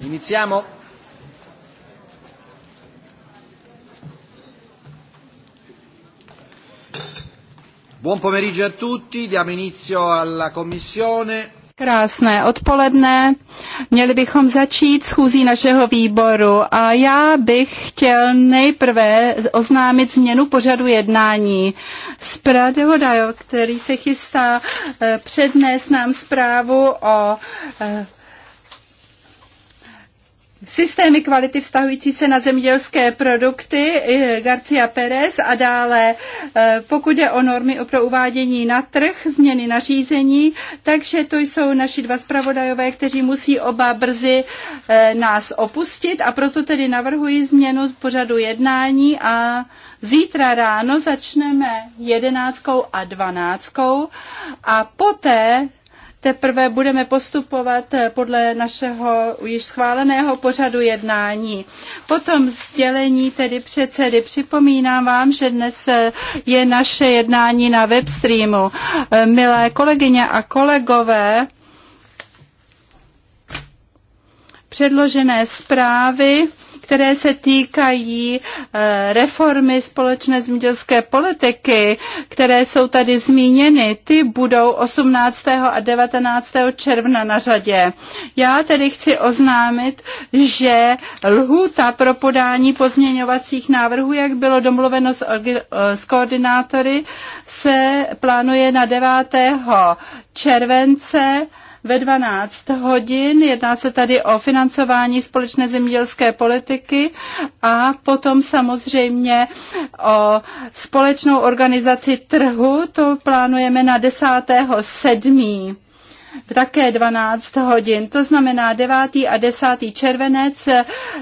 Iniziamo. Buon pomeriggio a tutti, diamo inizio alla commissione. Krásné odpoledne. Měli bychom začít schůzí našeho výboru a já bych chtěl nejprve oznámit změnu pořadu jednání. Zpravodaj, který se chystá eh, přednést nám zprávu o eh, systémy kvality vztahující se na zemědělské produkty Garcia Pérez a dále eh, pokud je o normy pro uvádění na trh, změny nařízení, takže to jsou naši dva zpravodajové, kteří musí oba brzy eh, nás opustit a proto tedy navrhuji změnu pořadu jednání a Zítra ráno začneme jedenáctkou a dvanáctkou a poté teprve budeme postupovat eh, podle našeho již schváleného pořadu jednání. Potom sdělení tedy předsedy. Připomínám vám, že dnes eh, je naše jednání na webstreamu. Eh, milé kolegyně a kolegové, předložené zprávy které se týkají eh, reformy společné zemědělské politiky, které jsou tady zmíněny, ty budou 18. a 19. června na řadě. Já tedy chci oznámit, že lhůta pro podání pozměňovacích návrhů, jak bylo domluveno s, s koordinátory, se plánuje na 9. července ve 12 hodin. Jedná se tady o financování společné zemědělské politiky a potom samozřejmě o společnou organizaci trhu. To plánujeme na 10. 7 také 12 hodin, to znamená 9. a 10. červenec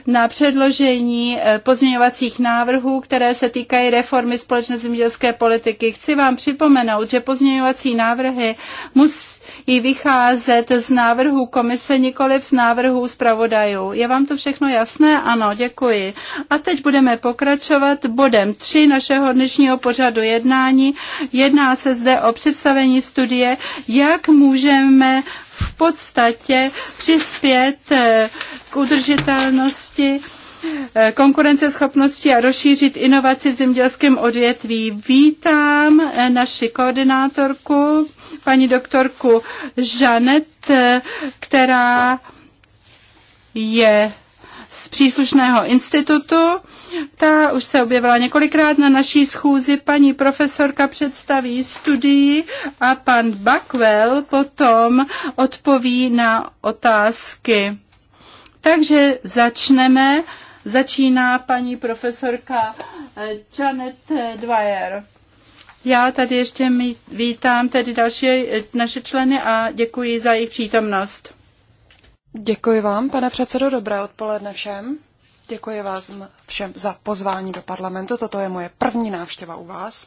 na předložení eh, pozměňovacích návrhů, které se týkají reformy společné zemědělské politiky. Chci vám připomenout, že pozměňovací návrhy musí i vycházet z návrhu komise, nikoliv z návrhu zpravodajů. Je vám to všechno jasné? Ano, děkuji. A teď budeme pokračovat bodem 3 našeho dnešního pořadu jednání. Jedná se zde o představení studie, jak můžeme v podstatě přispět eh, k udržitelnosti eh, konkurenceschopnosti a rozšířit inovaci v zemědělském odvětví. Vítám eh, naši koordinátorku paní doktorku Žanet, eh, která je z příslušného institutu. Ta už se objevila několikrát na naší schůzi. Paní profesorka představí studii a pan Buckwell potom odpoví na otázky. Takže začneme. Začíná paní profesorka eh, Janet Dwyer. Já tady ještě vítám tedy další eh, naše členy a děkuji za jejich přítomnost. Děkuji vám, pane předsedo, dobré odpoledne všem. Děkuji vás všem za pozvání do parlamentu. Toto je moje první návštěva u vás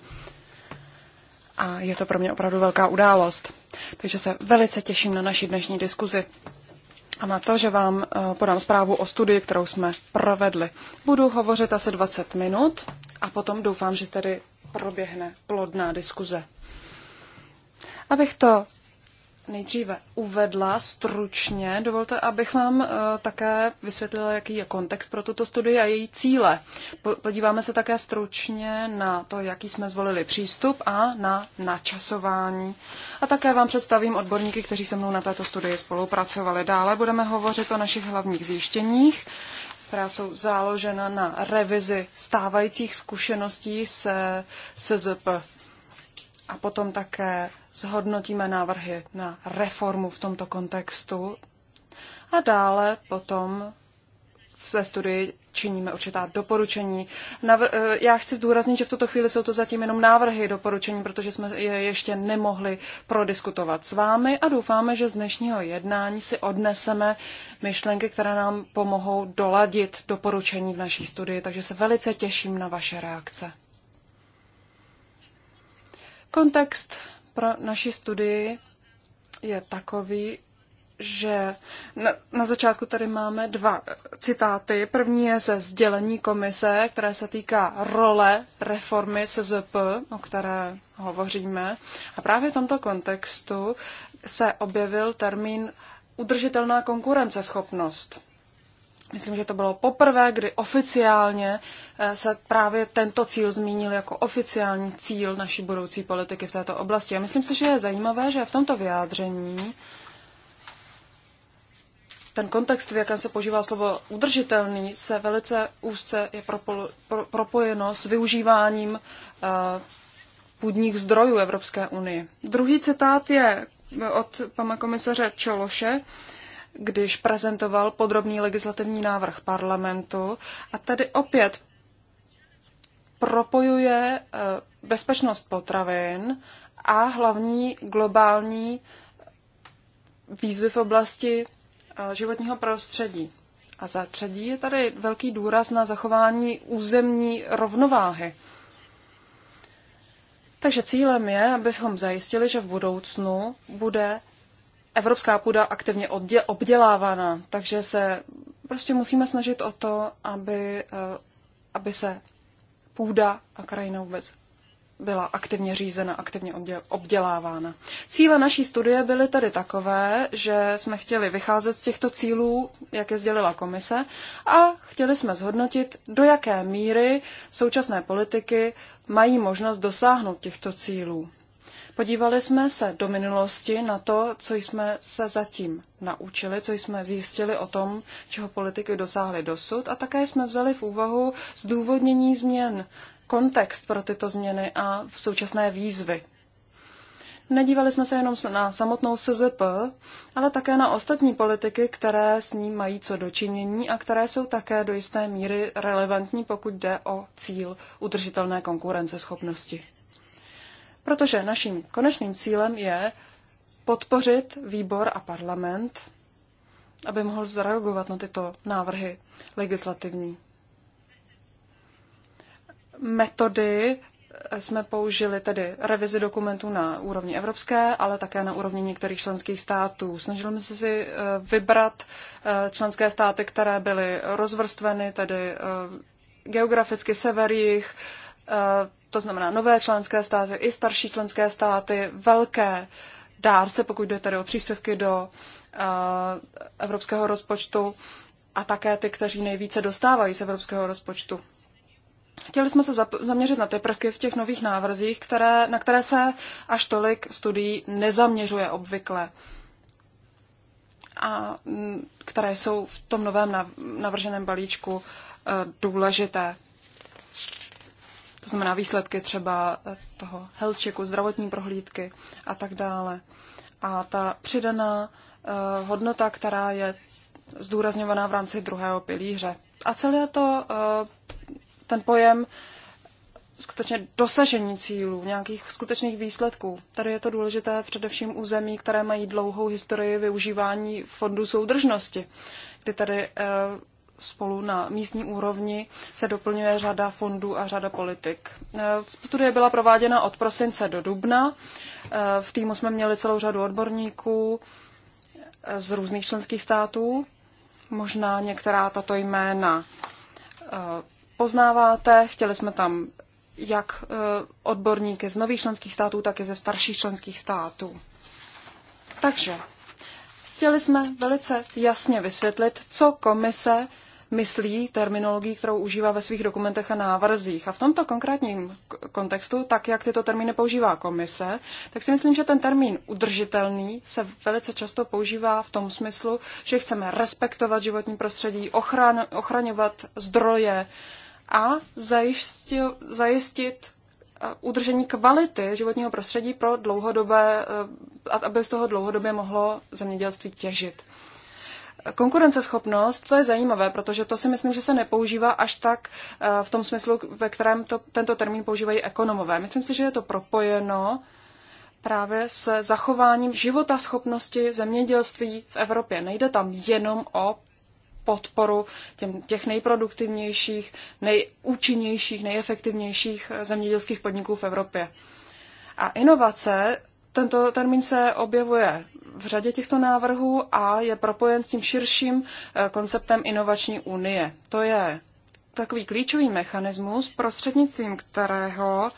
a je to pro mě opravdu velká událost. Takže se velice těším na naši dnešní diskuzi a na to, že vám eh, podám zprávu o studii, kterou jsme provedli. Budu hovořit asi 20 minut a potom doufám, že tedy proběhne plodná diskuze. Abych to nejdříve uvedla stručně, dovolte, abych vám eh, také vysvětlila, jaký je kontext pro tuto studii a její cíle. Podíváme se také stručně na to, jaký jsme zvolili přístup a na načasování. A také vám představím odborníky, kteří se mnou na této studii spolupracovali. Dále budeme hovořit o našich hlavních zjištěních, která jsou záložena na revizi stávajících zkušeností se SZP. A potom také zhodnotíme návrhy na reformu v tomto kontextu. A dále potom ve studii činíme určitá doporučení. Navr- eh, já chci zdůraznit, že v tuto chvíli jsou to zatím jenom návrhy doporučení, protože jsme je ještě nemohli prodiskutovat s vámi a doufáme, že z dnešního jednání si odneseme myšlenky, které nám pomohou doladit doporučení v naší studii, takže se velice těším na vaše reakce. Kontext pro naši studii je takový, že na, na začátku tady máme dva citáty. První je ze sdělení komise, které se týká role reformy SZP, o které hovoříme. A právě v tomto kontextu se objevil termín udržitelná konkurenceschopnost. Myslím, že to bylo poprvé, kdy oficiálně eh, se právě tento cíl zmínil jako oficiální cíl naší budoucí politiky v této oblasti. A myslím si, že je zajímavé, že v tomto vyjádření ten kontext, v jakém se používá slovo udržitelný, se velice úzce je pro, propojeno s využíváním uh, půdních zdrojů Evropské unie. Druhý citát je eh, od pana komisaře Čološe, když prezentoval podrobný legislativní návrh parlamentu. A tady opět propojuje eh, bezpečnost potravin a hlavní globální výzvy v oblasti Eh, životního prostředí. A za třetí je tady velký důraz na zachování územní rovnováhy. Takže cílem je, abychom zajistili, že v budoucnu bude evropská půda aktivně obdělávána. Takže se prostě musíme snažit o to, aby, eh, aby se půda a krajina vůbec byla aktivně řízena, aktivně obdělávána. Cíle naší studie byly tedy takové, že jsme chtěli vycházet z těchto cílů, jak je sdělila komise, a chtěli jsme zhodnotit, do jaké míry současné politiky mají možnost dosáhnout těchto cílů. Podívali jsme se do minulosti na to, co jsme se zatím naučili, co jsme zjistili o tom, čeho politiky dosáhly dosud a také jsme vzali v úvahu zdůvodnění změn kontext pro tyto změny a v současné výzvy. Nedívali jsme se jenom na samotnou SZP, ale také na ostatní politiky, které s ním mají co dočinění a které jsou také do jisté míry relevantní, pokud jde o cíl udržitelné konkurenceschopnosti. Protože naším konečným cílem je podpořit výbor a parlament, aby mohl zareagovat na tyto návrhy legislativní metody eh, jsme použili tedy revizi dokumentů na úrovni evropské, ale také na úrovni některých členských států. Snažili jsme se si eh, vybrat eh, členské státy, které byly rozvrstveny, tedy geograficky sever jich, to znamená nové členské státy i starší členské státy, velké dárce, pokud jde tedy o příspěvky do evropského rozpočtu a také ty, kteří nejvíce dostávají z evropského rozpočtu. Chtěli jsme se zaměřit na ty prvky v těch nových návrzích, které, na které se až tolik studií nezaměřuje obvykle a mm, které jsou v tom novém navrženém balíčku e, důležité. To znamená výsledky třeba e, toho helčeku, zdravotní prohlídky a tak dále. A ta přidaná e, hodnota, která je zdůrazňovaná v rámci druhého pilíře. A celé to ten pojem skutečně dosažení cílů, nějakých skutečných výsledků. Tady je to důležité především u zemí, které mají dlouhou historii využívání fondů soudržnosti, kdy tady eh, spolu na místní úrovni se doplňuje řada fondů a řada politik. Eh, studie byla prováděna od prosince do dubna. Eh, v týmu jsme měli celou řadu odborníků z různých členských států. Možná některá tato jména poznáváte. Chtěli jsme tam jak eh, odborníky z nových členských států, tak i ze starších členských států. Takže chtěli jsme velice jasně vysvětlit, co komise myslí terminologií, kterou užívá ve svých dokumentech a návrzích. A v tomto konkrétním kontextu, tak jak tyto termíny používá komise, tak si myslím, že ten termín udržitelný se velice často používá v tom smyslu, že chceme respektovat životní prostředí, ochran, ochraňovat zdroje, a zajistil, zajistit eh, udržení kvality životního prostředí pro dlouhodobé, eh, aby z toho dlouhodobě mohlo zemědělství těžit. Konkurenceschopnost, to je zajímavé, protože to si myslím, že se nepoužívá až tak eh, v tom smyslu, ve kterém to, tento termín používají ekonomové. Myslím si, že je to propojeno právě s zachováním života schopnosti zemědělství v Evropě. Nejde tam jenom o podporu těm, těch nejproduktivnějších, nejúčinnějších, nejefektivnějších eh, zemědělských podniků v Evropě. A inovace, tento termín se objevuje v řadě těchto návrhů a je propojen s tím širším eh, konceptem inovační unie. To je takový klíčový mechanismus, prostřednictvím kterého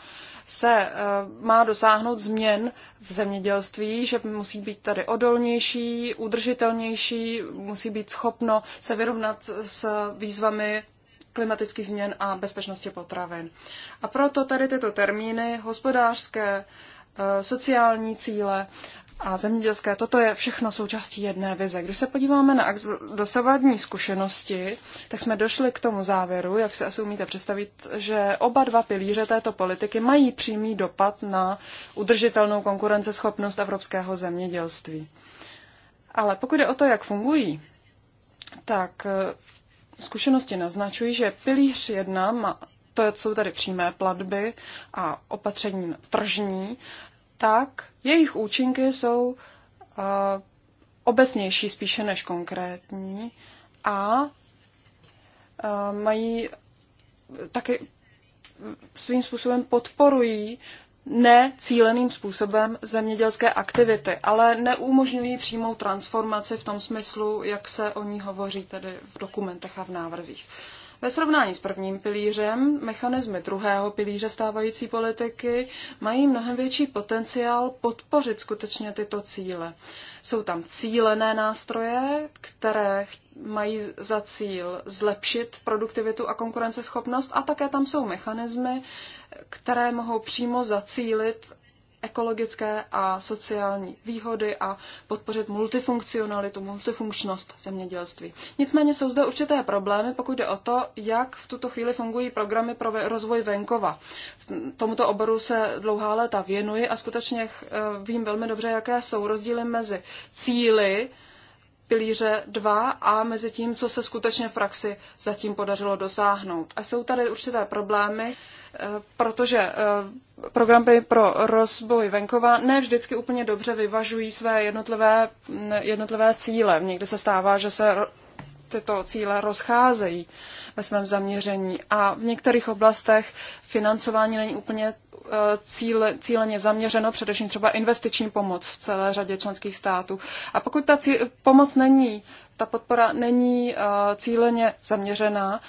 se eh, má dosáhnout změn v zemědělství, že musí být tady odolnější, udržitelnější, musí být schopno se vyrovnat s výzvami klimatických změn a bezpečnosti potravin. A proto tady tyto termíny hospodářské, eh, sociální cíle a zemědělské, toto je všechno součástí jedné vize. Když se podíváme na dosavadní zkušenosti, tak jsme došli k tomu závěru, jak se asi umíte představit, že oba dva pilíře této politiky mají přímý dopad na udržitelnou konkurenceschopnost evropského zemědělství. Ale pokud je o to, jak fungují, tak eh, zkušenosti naznačují, že pilíř jedna má to jsou tady přímé platby a opatření tržní tak jejich účinky jsou eh, obecnější spíše než konkrétní a eh, mají taky svým způsobem podporují necíleným způsobem zemědělské aktivity, ale neumožňují přímou transformaci v tom smyslu, jak se o ní hovoří tedy v dokumentech a v návrzích. Ve srovnání s prvním pilířem, mechanismy druhého pilíře stávající politiky mají mnohem větší potenciál podpořit skutečně tyto cíle. Jsou tam cílené nástroje, které mají za cíl zlepšit produktivitu a konkurenceschopnost a také tam jsou mechanismy, které mohou přímo zacílit ekologické a sociální výhody a podpořit multifunkcionalitu, multifunkčnost zemědělství. Nicméně jsou zde určité problémy, pokud jde o to, jak v tuto chvíli fungují programy pro rozvoj venkova. V tomuto oboru se dlouhá léta věnuji a skutečně eh, vím velmi dobře, jaké jsou rozdíly mezi cíly pilíře 2 a mezi tím, co se skutečně v praxi zatím podařilo dosáhnout. A jsou tady určité problémy, eh, protože eh, programy pro rozvoj venkova ne vždycky úplně dobře vyvažují své jednotlivé, jednotlivé cíle. Někdy se stává, že se tyto cíle rozcházejí ve svém zaměření a v některých oblastech financování není úplně eh, cíle, cíleně zaměřeno, především třeba investiční pomoc v celé řadě členských států. A pokud ta cí, pomoc není, ta podpora není eh, cíleně zaměřená,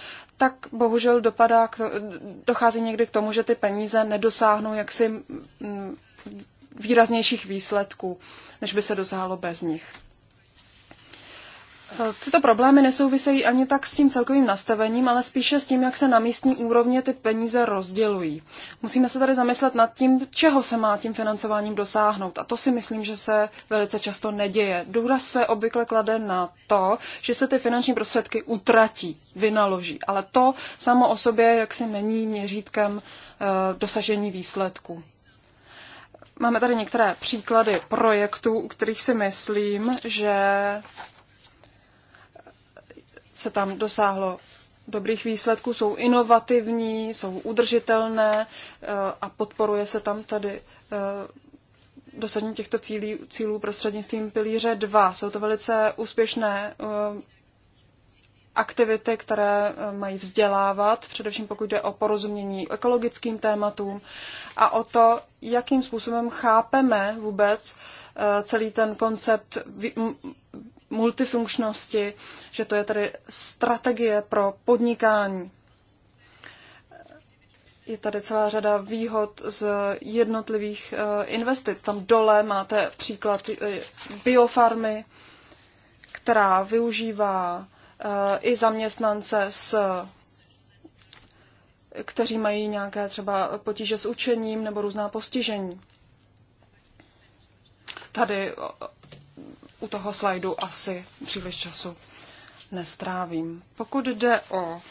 tak bohužel dopadá, dochází někdy k tomu, že ty peníze nedosáhnou jaksi mm, výraznějších výsledků, než by se dosáhlo bez nich. Tyto problémy nesouvisejí ani tak s tím celkovým nastavením, ale spíše s tím, jak se na místní úrovně ty peníze rozdělují. Musíme se tady zamyslet nad tím, čeho se má tím financováním dosáhnout. A to si myslím, že se velice často neděje. Důraz se obvykle klade na to, že se ty finanční prostředky utratí, vynaloží. Ale to samo o sobě jaksi není měřítkem eh, dosažení výsledků. Máme tady některé příklady projektů, u kterých si myslím, že se tam dosáhlo dobrých výsledků, jsou inovativní, jsou udržitelné eh, a podporuje se tam tady eh, dosažení těchto cílí, cílů prostřednictvím pilíře 2. Jsou to velice úspěšné eh, aktivity, které mají vzdělávat, především pokud jde o porozumění ekologickým tématům a o to, jakým způsobem chápeme vůbec celý ten koncept multifunkčnosti, že to je tady strategie pro podnikání. Je tady celá řada výhod z jednotlivých eh, investic. Tam dole máte příklad eh, biofarmy, která využívá eh, i zaměstnance s kteří mají nějaké třeba potíže s učením nebo různá postižení. Tady u toho slajdu asi příliš času nestrávím. Pokud jde o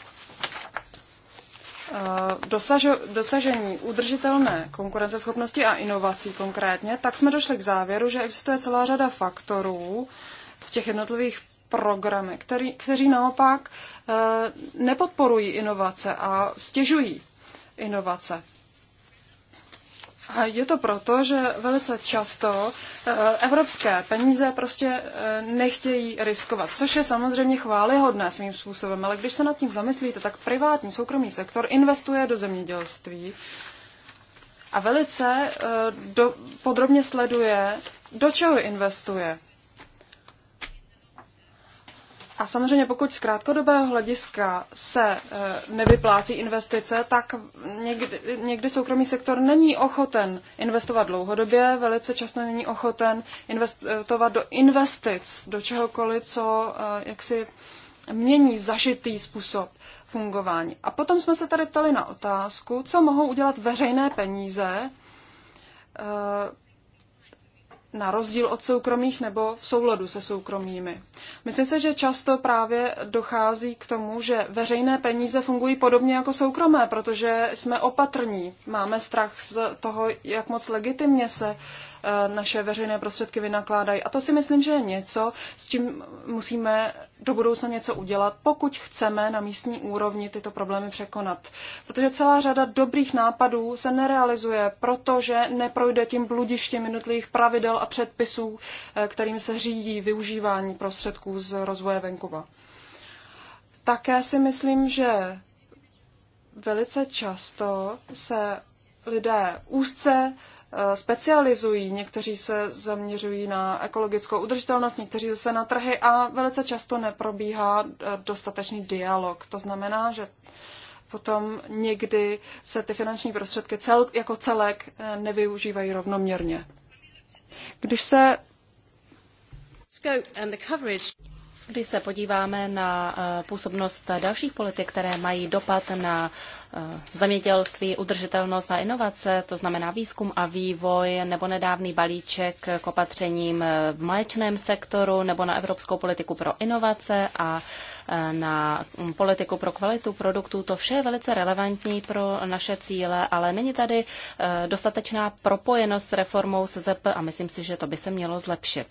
eh, dosažení udržitelné konkurenceschopnosti a inovací konkrétně, tak jsme došli k závěru, že existuje celá řada faktorů v těch jednotlivých programech, který, kteří naopak eh, nepodporují inovace a stěžují inovace. Je to proto, že velice často eh, evropské peníze prostě eh, nechtějí riskovat, což je samozřejmě chválihodné svým způsobem, ale když se nad tím zamyslíte, tak privátní soukromý sektor investuje do zemědělství a velice eh, do, podrobně sleduje, do čeho investuje. A samozřejmě pokud z krátkodobého hlediska se e, nevyplácí investice, tak někdy, někdy soukromý sektor není ochoten investovat dlouhodobě, velice často není ochoten investovat do investic, do čehokoliv, co e, jaksi mění zažitý způsob fungování. A potom jsme se tady ptali na otázku, co mohou udělat veřejné peníze e, na rozdíl od soukromých nebo v souladu se soukromými. Myslím se, že často právě dochází k tomu, že veřejné peníze fungují podobně jako soukromé, protože jsme opatrní, máme strach z toho, jak moc legitimně se Eh, naše veřejné prostředky vynakládají. A to si myslím, že je něco, s čím musíme do budoucna něco udělat, pokud chceme na místní úrovni tyto problémy překonat. Protože celá řada dobrých nápadů se nerealizuje, protože neprojde tím bludištěm jednotlivých pravidel a předpisů, eh, kterými se řídí využívání prostředků z rozvoje venkova. Také si myslím, že velice často se lidé úzce Eh, specializují, někteří se zaměřují na ekologickou udržitelnost, někteří zase na trhy a velice často neprobíhá eh, dostatečný dialog. To znamená, že potom někdy se ty finanční prostředky cel, jako celek eh, nevyužívají rovnoměrně. Když se když se podíváme na působnost dalších politik, které mají dopad na Eh, zemědělství, udržitelnost a inovace, to znamená výzkum a vývoj, nebo nedávný balíček k opatřením eh, v mléčném sektoru, nebo na evropskou politiku pro inovace a eh, na mm, politiku pro kvalitu produktů. To vše je velice relevantní pro naše cíle, ale není tady dostatečná propojenost s reformou SZP a myslím si, že to by se mělo zlepšit.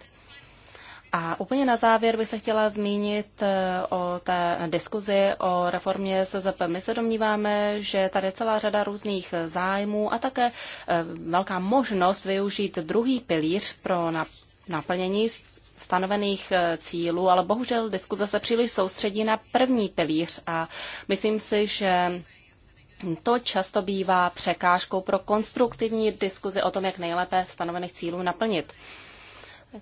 A úplně na závěr bych se chtěla zmínit eh, o té diskuzi o reformě SZP. My se domníváme, že tady je celá řada různých zájmů a také eh, velká možnost využít druhý pilíř pro naplnění stanovených eh, cílů, ale bohužel diskuze se příliš soustředí na první pilíř a myslím si, že to často bývá překážkou pro konstruktivní diskuzi o tom, jak nejlépe stanovených cílů naplnit.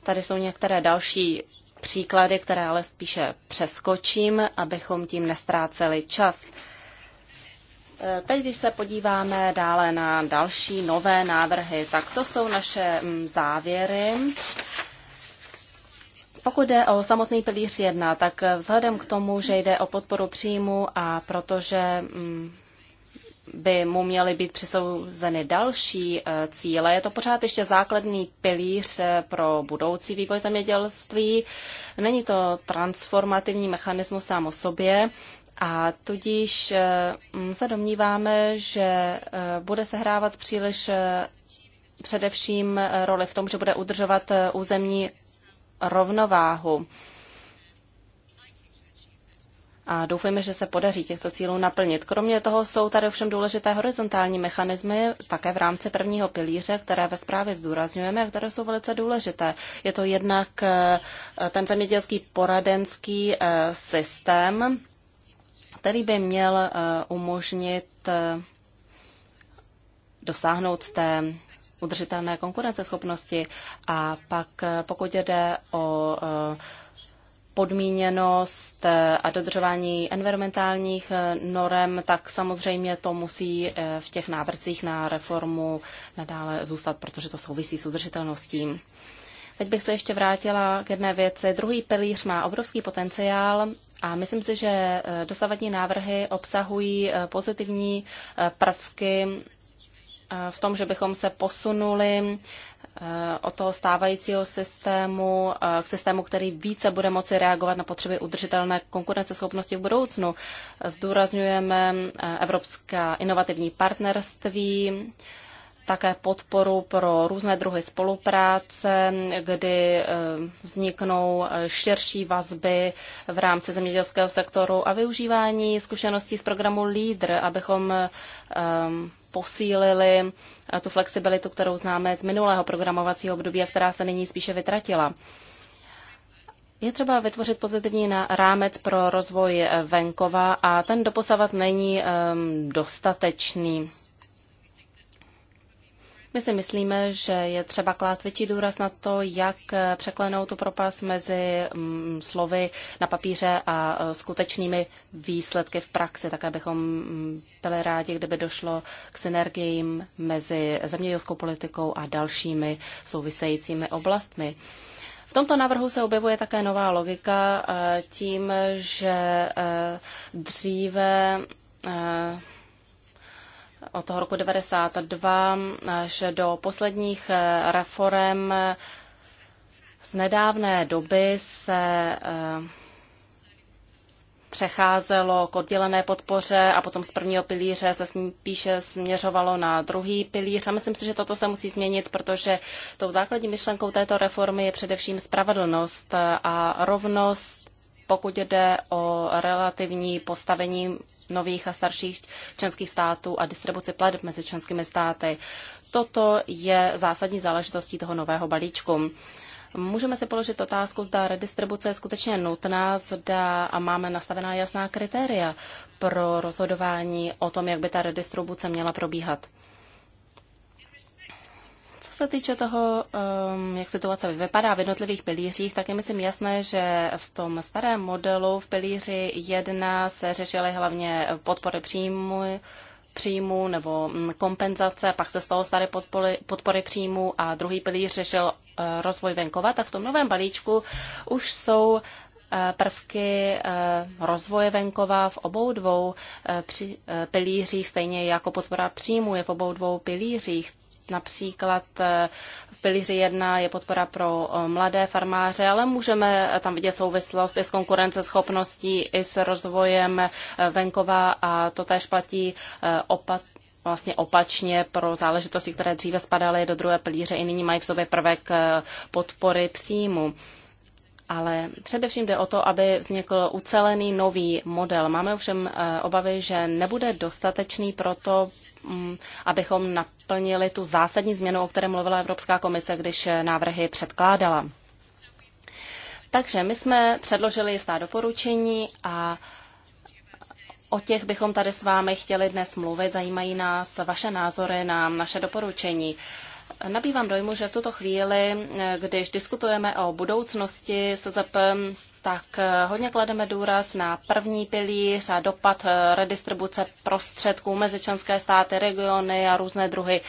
Tady jsou některé další příklady, které ale spíše přeskočím, abychom tím nestráceli čas. E, teď, když se podíváme dále na další nové návrhy, tak to jsou naše mm, závěry. Pokud jde o samotný pilíř 1, tak vzhledem k tomu, že jde o podporu příjmu a protože mm, by mu měly být přisouzeny další eh, cíle. Je to pořád ještě základní pilíř eh, pro budoucí vývoj zemědělství. Není to transformativní mechanismus sám o sobě. A tudíž eh, se domníváme, že bude sehrávat příliš především roli v tom, že bude udržovat územní rovnováhu a doufejme, že se podaří těchto cílů naplnit. Kromě toho jsou tady ovšem důležité horizontální mechanismy také v rámci prvního pilíře, které ve zprávě zdůrazňujeme a které jsou velice důležité. Je to jednak eh, ten zemědělský poradenský eh, systém, který by měl eh, umožnit dosáhnout té udržitelné konkurenceschopnosti. A pak pokud jde o podmíněnost eh, a dodržování environmentálních eh, norem, tak samozřejmě to musí eh, v těch návrzích na reformu nadále zůstat, protože to souvisí s udržitelností. Teď bych se ještě vrátila k jedné věci. Druhý pilíř má obrovský potenciál a myslím si, že dosavadní návrhy obsahují pozitivní prvky v tom, že bychom se posunuli Eh, od toho stávajícího systému eh, k systému, který více bude moci reagovat na potřeby udržitelné konkurenceschopnosti v budoucnu. Zdůrazňujeme eh, Evropská inovativní partnerství, také podporu pro různé druhy spolupráce, kdy vzniknou širší vazby v rámci zemědělského sektoru a využívání zkušeností z programu LEADER, abychom posílili tu flexibilitu, kterou známe z minulého programovacího období a která se nyní spíše vytratila. Je třeba vytvořit pozitivní rámec pro rozvoj venkova a ten doposavat není um, dostatečný. My si myslíme, že je třeba klást větší důraz na to, jak překlenout tu propas mezi mm, slovy na papíře a e, skutečnými výsledky v praxi. Také bychom mm, byli rádi, kdyby došlo k synergiím mezi zemědělskou politikou a dalšími souvisejícími oblastmi. V tomto návrhu se objevuje také nová logika e, tím, že e, dříve od toho roku 92 až do posledních reform z nedávné doby se eh, přecházelo k oddělené podpoře a potom z prvního pilíře se spíše směřovalo na druhý pilíř. A myslím si, že toto se musí změnit, protože tou základní myšlenkou této reformy je především spravedlnost a rovnost pokud jde o relativní postavení nových a starších členských států a distribuci plateb mezi členskými státy. Toto je zásadní záležitostí toho nového balíčku. Můžeme si položit otázku, zda redistribuce je skutečně nutná, zda a máme nastavená jasná kritéria pro rozhodování o tom, jak by ta redistribuce měla probíhat se týče toho, um, jak situace vypadá v jednotlivých pilířích, tak je myslím jasné, že v tom starém modelu v pilíři 1 se řešily hlavně podpory příjmu, příjmu nebo mm, kompenzace, pak se stalo staré podpory, podpory příjmu a druhý pilíř řešil uh, rozvoj venkova, tak v tom novém balíčku už jsou uh, prvky uh, rozvoje venkova v obou dvou pilířích, stejně jako podpora příjmu je v obou dvou pilířích. Například eh, v pilíři 1 je podpora pro eh, mladé farmáře, ale můžeme eh, tam vidět souvislost i s konkurenceschopností, i s rozvojem venkova a to též platí opat, vlastně opačně pro záležitosti, které dříve spadaly do druhé pilíře i nyní mají v sobě prvek podpory příjmu ale především jde o to, aby vznikl ucelený nový model. Máme ovšem eh, obavy, že nebude dostatečný proto, mm, abychom naplnili tu zásadní změnu, o které mluvila Evropská komise, když eh, návrhy předkládala. Takže my jsme předložili jistá doporučení a O těch bychom tady s vámi chtěli dnes mluvit. Zajímají nás vaše názory na naše doporučení. Nabývám dojmu, že v tuto chvíli, když diskutujeme o budoucnosti SZP, tak hodně klademe důraz na první pilíř a dopad eh, redistribuce prostředků mezi členské státy, regiony a různé druhy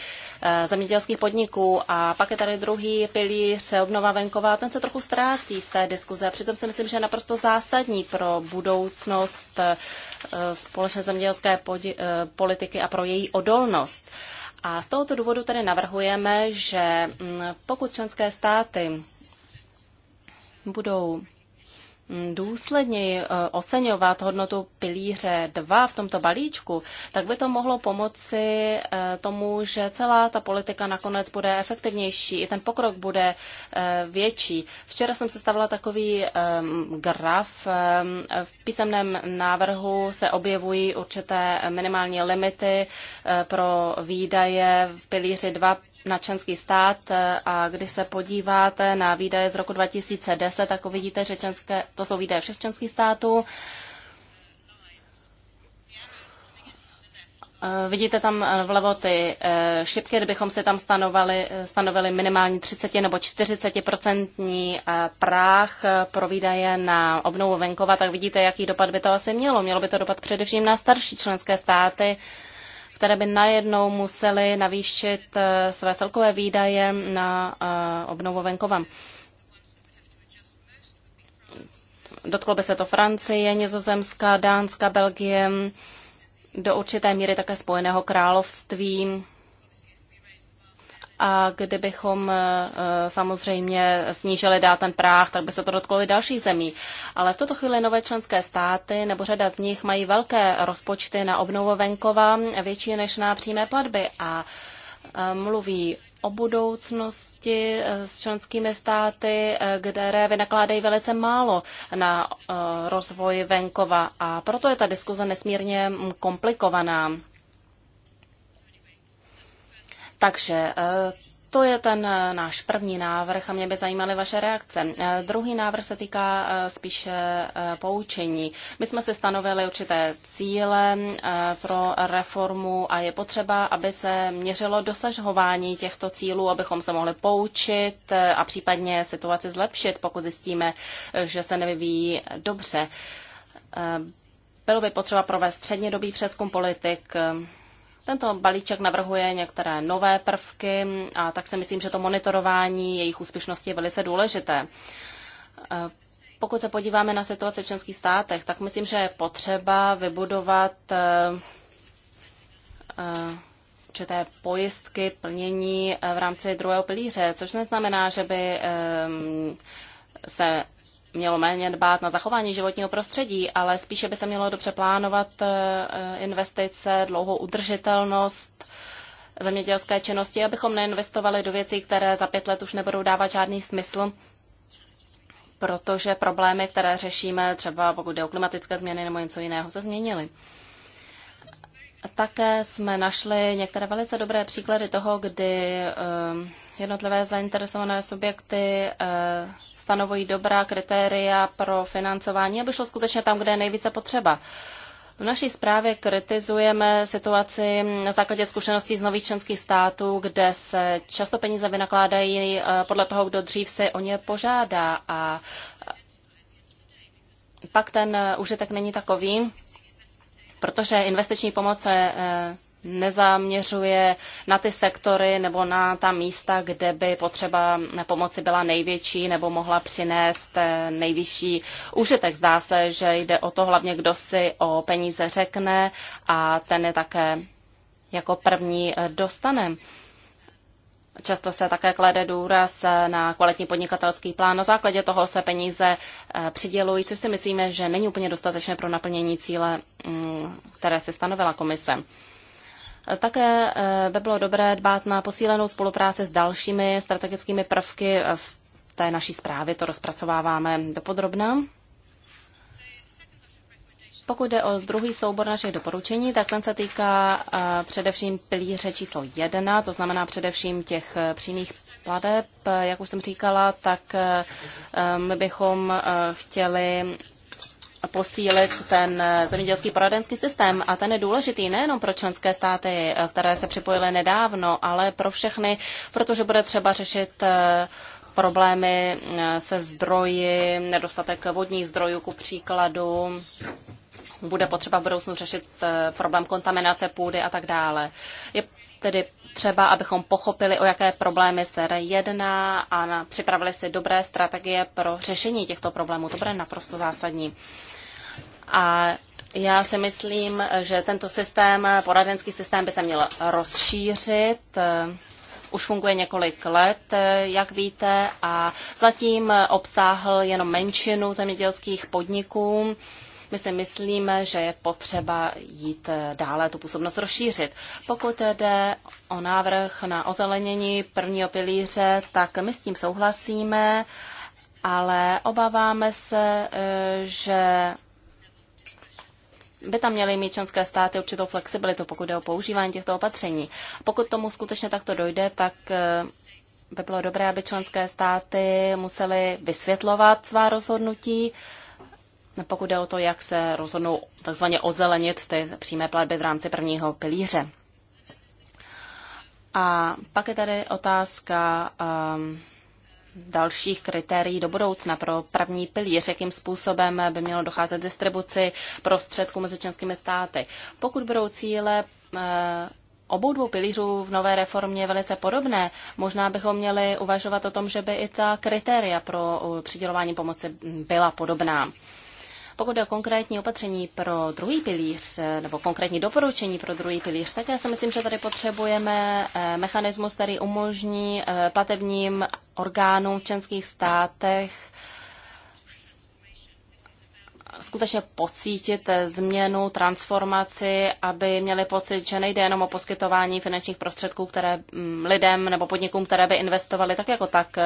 eh, zemědělských podniků. A pak je tady druhý pilíř, obnova venková, ten se trochu ztrácí z té diskuze. Přitom si myslím, že je naprosto zásadní pro budoucnost eh, společné zemědělské politiky a pro její odolnost. A z tohoto důvodu tedy navrhujeme, že mm, pokud členské státy budou Mm, důsledněji eh, oceňovat hodnotu pilíře 2 v tomto balíčku, tak by to mohlo pomoci eh, tomu, že celá ta politika nakonec bude efektivnější, i ten pokrok bude eh, větší. Včera jsem sestavila takový graf. V písemném návrhu se objevují určité minimální limity pro výdaje v pilíři 2 na členský stát e, a když se podíváte na výdaje z roku 2010, tak uvidíte, že členské, to jsou výdaje všech členských států. E, vidíte tam e, vlevo ty šipky, kdybychom si tam stanovali, stanovili minimálně 30 nebo 40% práh pro výdaje na obnovu venkova, tak vidíte, jaký dopad by to asi mělo. Mělo by to dopad především na starší členské státy, které by najednou musely navýšit eh, své celkové výdaje na eh, obnovu venkova. Dotklo by se to Francie, Nizozemska, Dánska, Belgie, do určité míry také Spojeného království a kdybychom eh, samozřejmě snížili dál ten práh, tak by se to dotklo i dalších zemí. Ale v tuto chvíli nové členské státy nebo řada z nich mají velké rozpočty na obnovu venkova, větší než na přímé platby a eh, mluví o budoucnosti eh, s členskými státy, které vynakládají velice málo na rozvoj venkova. A proto je ta diskuze nesmírně mm, komplikovaná. Takže eh, to je ten eh, náš první návrh a mě by zajímaly vaše reakce. Eh, druhý návrh se týká spíše poučení. My jsme si stanovili určité cíle pro reformu a je potřeba, aby se měřilo dosažování těchto cílů, abychom se mohli poučit a případně situaci zlepšit, pokud zjistíme, že se nevyvíjí dobře. Bylo by potřeba provést střednědobý přeskum politik tento balíček navrhuje některé nové prvky a tak si myslím, že to monitorování jejich úspěšnosti je velice důležité. Eh, pokud se podíváme na situaci v členských státech, tak myslím, že je potřeba vybudovat eh, eh, určité pojistky, plnění v rámci druhého pilíře, což neznamená, že by se mělo méně dbát na zachování životního prostředí, ale spíše by se mělo dobře plánovat eh, eh, investice, dlouhou udržitelnost zemědělské činnosti, abychom neinvestovali do věcí, které za pět let už nebudou dávat žádný smysl, protože problémy, které řešíme, třeba pokud jde o klimatické změny nebo něco jiného, se změnily. Také jsme našli některé velice dobré příklady toho, kdy eh, jednotlivé zainteresované subjekty eh, stanovují dobrá kritéria pro financování, aby šlo skutečně tam, kde je nejvíce potřeba. V naší zprávě kritizujeme situaci na základě zkušeností z nových členských států, kde se často peníze vynakládají eh, podle toho, kdo dřív se o ně požádá a eh, pak ten užitek není takový, protože investiční pomoc se nezaměřuje na ty sektory nebo na ta místa, kde by potřeba pomoci byla největší nebo mohla přinést eh, nejvyšší užitek. Zdá se, že jde o to hlavně, kdo si o peníze řekne a ten je také jako první eh, dostane. Často se také klade důraz eh, na kvalitní podnikatelský plán. Na základě toho se peníze přidělují, což si myslíme, že není úplně dostatečné pro naplnění cíle, mm, které se stanovila komise. Také eh, by bylo dobré dbát na posílenou spolupráci s dalšími strategickými prvky v té naší zprávě. To rozpracováváme dopodrobná. Pokud jde o druhý soubor našich doporučení, tak ten se týká eh, především pilíře číslo 1, to znamená především těch eh, přímých pladeb. Jak už jsem říkala, tak my bychom chtěli posílit ten eh, zemědělský poradenský systém a ten je důležitý nejenom pro členské státy, eh, které se připojily nedávno, ale pro všechny, protože bude třeba řešit eh, problémy se zdroji, nedostatek vodních zdrojů ku příkladu, bude potřeba v budoucnu řešit problém kontaminace půdy a tak dále. Je tedy třeba, abychom pochopili, o jaké problémy se jedná a připravili si dobré strategie pro řešení těchto problémů. To bude naprosto zásadní. A já si myslím, že tento systém, poradenský systém by se měl rozšířit. Už funguje několik let, jak víte, a zatím obsáhl jenom menšinu zemědělských podniků. My si myslíme, že je potřeba jít dále, tu působnost rozšířit. Pokud jde o návrh na ozelenění prvního pilíře, tak my s tím souhlasíme, ale obáváme se, že by tam měly mít členské státy určitou flexibilitu, pokud jde o používání těchto opatření. Pokud tomu skutečně takto dojde, tak eh, by bylo dobré, aby členské státy musely vysvětlovat svá rozhodnutí, pokud jde o to, jak se rozhodnou takzvaně ozelenit ty přímé platby v rámci prvního pilíře. A pak je tady otázka um, dalších kritérií do budoucna pro první pilíř, jakým způsobem by mělo docházet distribuci prostředků mezi členskými státy. Pokud budou cíle eh, obou dvou pilířů v nové reformě velice podobné, možná bychom měli uvažovat o tom, že by i ta kritéria pro eh, přidělování pomoci byla podobná. Pokud je o konkrétní opatření pro druhý pilíř, nebo konkrétní doporučení pro druhý pilíř, tak já si myslím, že tady potřebujeme eh, mechanismus, který umožní eh, platebním orgánům v členských státech eh, skutečně pocítit změnu, transformaci, aby měli pocit, že nejde jenom o poskytování finančních prostředků, které mm, lidem nebo podnikům, které by investovali tak jako tak,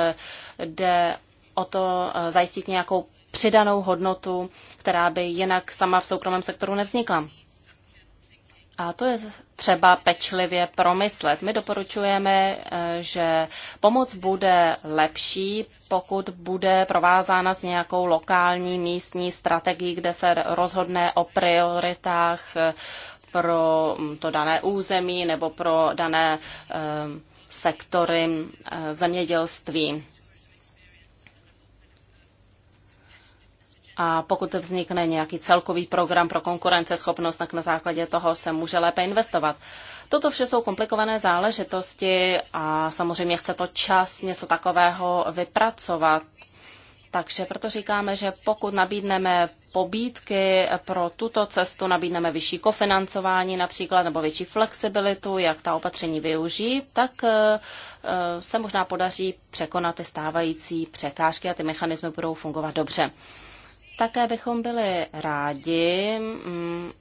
jde o to zajistit nějakou přidanou hodnotu, která by jinak sama v soukromém sektoru nevznikla. A to je třeba pečlivě promyslet. My doporučujeme, eh, že pomoc bude lepší, pokud bude provázána s nějakou lokální místní strategií, kde se rozhodne o prioritách eh, pro mm, to dané území nebo pro dané eh, sektory zemědělství. a pokud vznikne nějaký celkový program pro konkurenceschopnost, tak na základě toho se může lépe investovat. Toto vše jsou komplikované záležitosti a samozřejmě chce to čas něco takového vypracovat. Takže proto říkáme, že pokud nabídneme pobídky pro tuto cestu, nabídneme vyšší kofinancování například nebo větší flexibilitu, jak ta opatření využít, tak eh, eh, se možná podaří překonat ty stávající překážky a ty mechanismy budou fungovat dobře. Také bychom byli rádi, mm,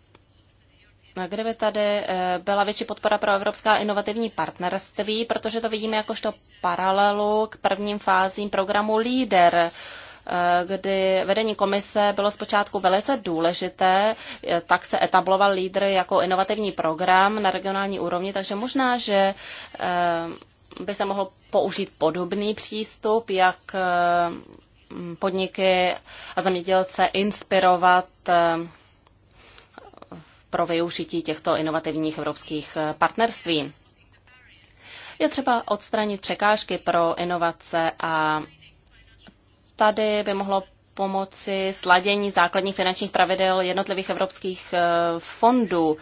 kdyby tady eh, byla větší podpora pro evropská inovativní partnerství, protože to vidíme jakožto paralelu k prvním fázím programu LEADER, eh, kdy vedení komise bylo zpočátku velice důležité, eh, tak se etabloval Leader jako inovativní program na regionální úrovni, takže možná, že by se mohl použít podobný přístup, jak podniky a zemědělce inspirovat eh, pro využití těchto inovativních evropských eh, partnerství. Je třeba odstranit překážky pro inovace a tady by mohlo pomoci sladění základních finančních pravidel jednotlivých evropských eh, fondů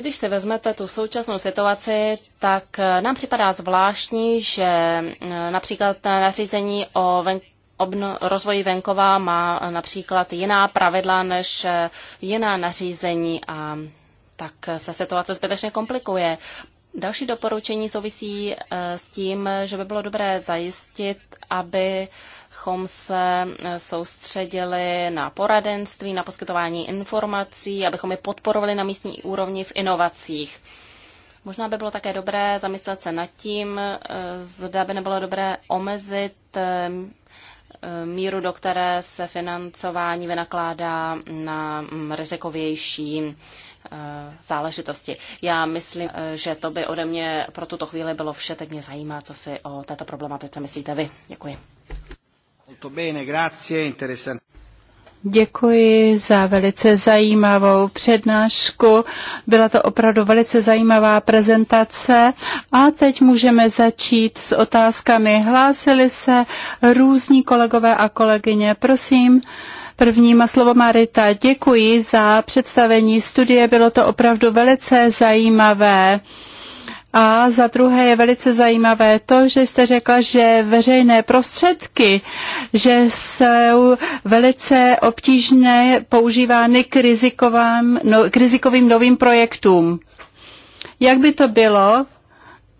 když si vezmete tu současnou situaci, tak eh, nám připadá zvláštní, že eh, například nařízení o ven, obno, rozvoji venkova má eh, například jiná pravidla než jiná nařízení a tak se situace zbytečně komplikuje. Další doporučení souvisí s tím, že by bylo dobré zajistit, aby abychom se eh, soustředili na poradenství, na poskytování informací, abychom je podporovali na místní úrovni v inovacích. Možná by bylo také dobré zamyslet se nad tím, eh, zda by nebylo dobré omezit eh, míru, do které se financování vynakládá na mm, rizikovější záležitosti. Já myslím, že to by ode mě pro tuto chvíli bylo vše. Teď mě zajímá, co si o této problematice myslíte vy. Děkuji. Děkuji za velice zajímavou přednášku. Byla to opravdu velice zajímavá prezentace. A teď můžeme začít s otázkami. Hlásili se různí kolegové a kolegyně. Prosím. První má slovo Marita. Děkuji za představení studie, bylo to opravdu velice zajímavé. A za druhé je velice zajímavé to, že jste řekla, že veřejné prostředky, že jsou velice obtížně používány k, rizikovám, no, k rizikovým novým projektům. Jak by to bylo,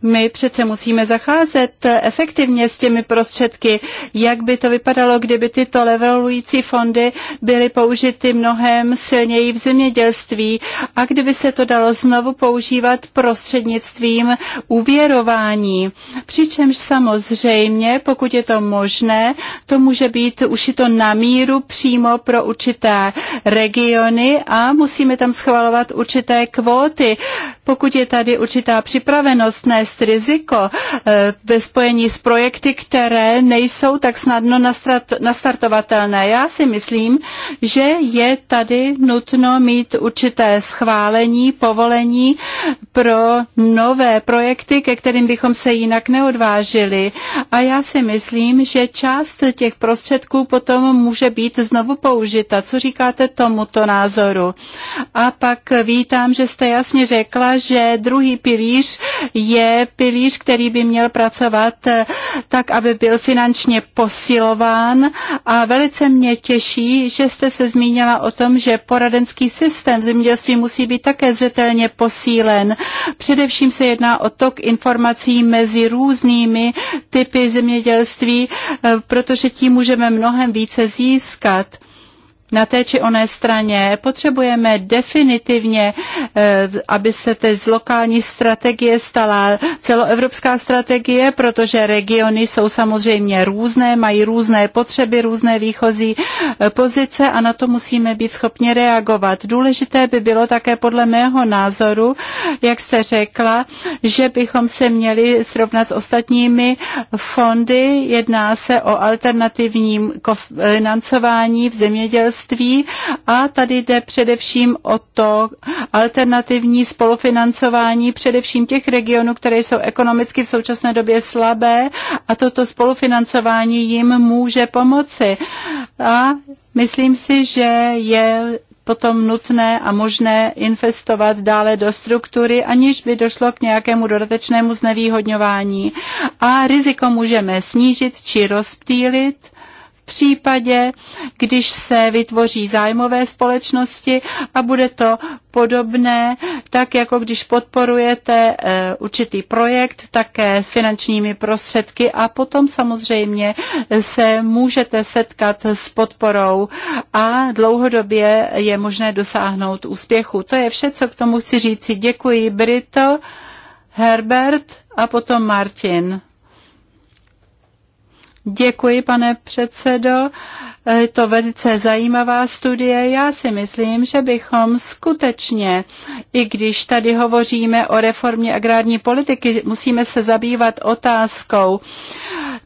my přece musíme zacházet efektivně s těmi prostředky. Jak by to vypadalo, kdyby tyto levelující fondy byly použity mnohem silněji v zemědělství a kdyby se to dalo znovu používat prostřednictvím uvěrování. Přičemž samozřejmě, pokud je to možné, to může být ušito na míru přímo pro určité regiony a musíme tam schvalovat určité kvóty. Pokud je tady určitá připravenost nést nést riziko eh, ve spojení s projekty, které nejsou tak snadno nastartovatelné. Já si myslím, že je tady nutno mít určité schválení, povolení pro nové projekty, ke kterým bychom se jinak neodvážili. A já si myslím, že část těch prostředků potom může být znovu použita. Co říkáte tomuto názoru? A pak vítám, že jste jasně řekla, že druhý pilíř je pilíř, který by měl pracovat eh, tak, aby byl finančně posilován a velice mě těší, že jste se zmínila o tom, že poradenský systém v zemědělství musí být také zřetelně posílen. Především se jedná o tok informací mezi různými typy zemědělství, eh, protože tím můžeme mnohem více získat na té či oné straně. Potřebujeme definitivně, eh, aby se té z lokální strategie stala celoevropská strategie, protože regiony jsou samozřejmě různé, mají různé potřeby, různé výchozí eh, pozice a na to musíme být schopni reagovat. Důležité by bylo také podle mého názoru, jak jste řekla, že bychom se měli srovnat s ostatními fondy. Jedná se o alternativní eh, financování v zemědělství letectví a tady jde především o to alternativní spolufinancování především těch regionů, které jsou ekonomicky v současné době slabé a toto spolufinancování jim může pomoci. A myslím si, že je potom nutné a možné investovat dále do struktury, aniž by došlo k nějakému dodatečnému znevýhodňování. A riziko můžeme snížit či rozptýlit v případě, když se vytvoří zájmové společnosti a bude to podobné, tak jako když podporujete eh, určitý projekt také s finančními prostředky a potom samozřejmě se můžete setkat s podporou a dlouhodobě je možné dosáhnout úspěchu. To je vše, co k tomu chci říci. Děkuji Brito, Herbert a potom Martin. Děkuji, pane předsedo. Je to velice zajímavá studie. Já si myslím, že bychom skutečně, i když tady hovoříme o reformě agrární politiky, musíme se zabývat otázkou,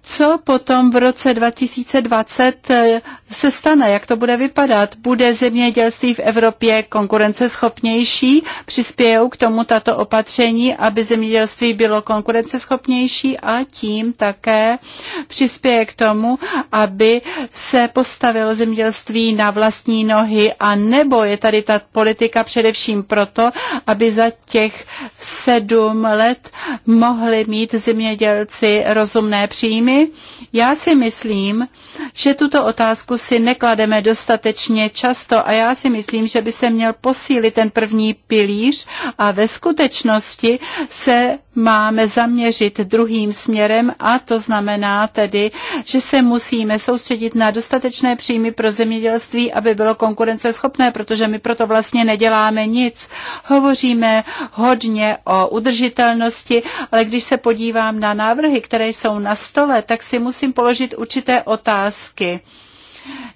co potom v roce 2020 e, se stane, jak to bude vypadat. Bude zemědělství v Evropě konkurenceschopnější? Přispějou k tomu tato opatření, aby zemědělství bylo konkurenceschopnější a tím také přispějí přispěje k tomu, aby se postavilo zemědělství na vlastní nohy a nebo je tady ta politika především proto, aby za těch sedm let mohli mít zemědělci rozumné příjmy? Já si myslím, že tuto otázku si neklademe dostatečně často a já si myslím, že by se měl posílit ten první pilíř a ve skutečnosti se máme zaměřit druhým směrem a to znamená tedy že se musíme soustředit na dostatečné příjmy pro zemědělství, aby bylo konkurenceschopné, protože my proto vlastně neděláme nic. Hovoříme hodně o udržitelnosti, ale když se podívám na návrhy, které jsou na stole, tak si musím položit určité otázky.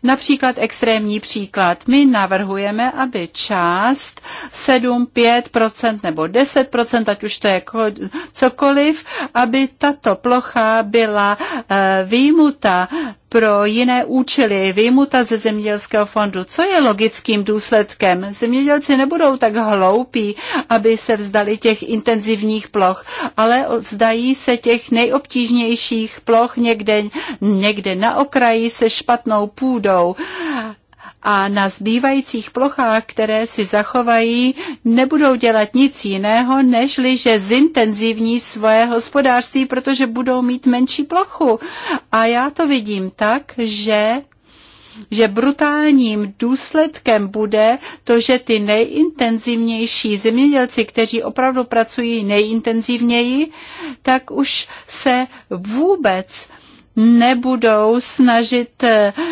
Například extrémní příklad. My navrhujeme, aby část 7, 5% nebo 10%, ať už to je cokoliv, aby tato plocha byla eh, výjimuta pro jiné účely vyjmuta ze zemědělského fondu, co je logickým důsledkem. Zemědělci nebudou tak hloupí, aby se vzdali těch intenzivních ploch, ale vzdají se těch nejobtížnějších ploch někde, někde na okraji se špatnou půdou a na zbývajících plochách, které si zachovají, nebudou dělat nic jiného, nežli že zintenzivní svoje hospodářství, protože budou mít menší plochu. A já to vidím tak, že že brutálním důsledkem bude to, že ty nejintenzivnější zemědělci, kteří opravdu pracují nejintenzivněji, tak už se vůbec nebudou snažit uh,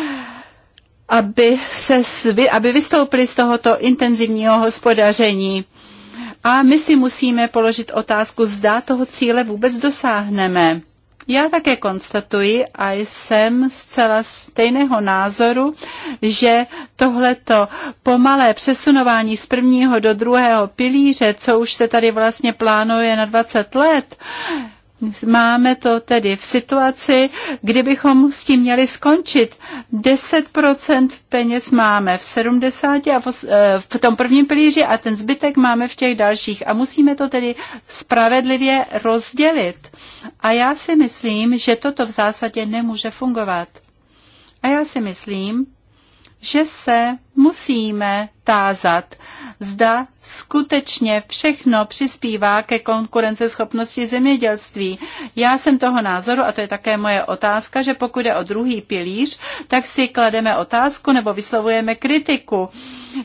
aby, se, aby vystoupili z tohoto intenzivního hospodaření. A my si musíme položit otázku, zda toho cíle vůbec dosáhneme. Já také konstatuji a jsem zcela stejného názoru, že tohleto pomalé přesunování z prvního do druhého pilíře, co už se tady vlastně plánuje na 20 let, Máme to tedy v situaci, kdybychom s tím měli skončit. 10% peněz máme v 70 a v, eh, v tom prvním pilíři a ten zbytek máme v těch dalších. A musíme to tedy spravedlivě rozdělit. A já si myslím, že toto v zásadě nemůže fungovat. A já si myslím, že se musíme tázat, zda skutečně všechno přispívá ke konkurenceschopnosti zemědělství. Já jsem toho názoru, a to je také moje otázka, že pokud je o druhý pilíř, tak si klademe otázku nebo vyslovujeme kritiku,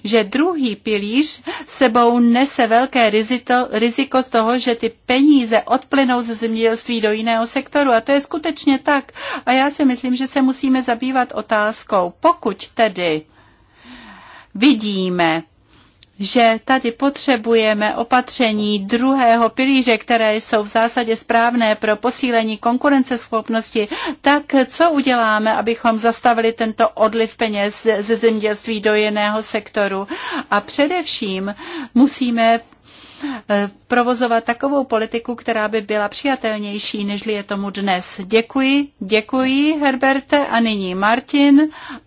že druhý pilíř sebou nese velké rizito, riziko z toho, že ty peníze odplynou ze zemědělství do jiného sektoru. A to je skutečně tak. A já si myslím, že se musíme zabývat otázkou, pokud tedy vidíme že tady potřebujeme opatření druhého pilíře, které jsou v zásadě správné pro posílení konkurenceschopnosti, tak co uděláme, abychom zastavili tento odliv peněz ze zemědělství do jiného sektoru? A především musíme Eh, provozovat takovou politiku, která by byla přijatelnější, než je tomu dnes. Děkuji, děkuji Herberte a nyní Martin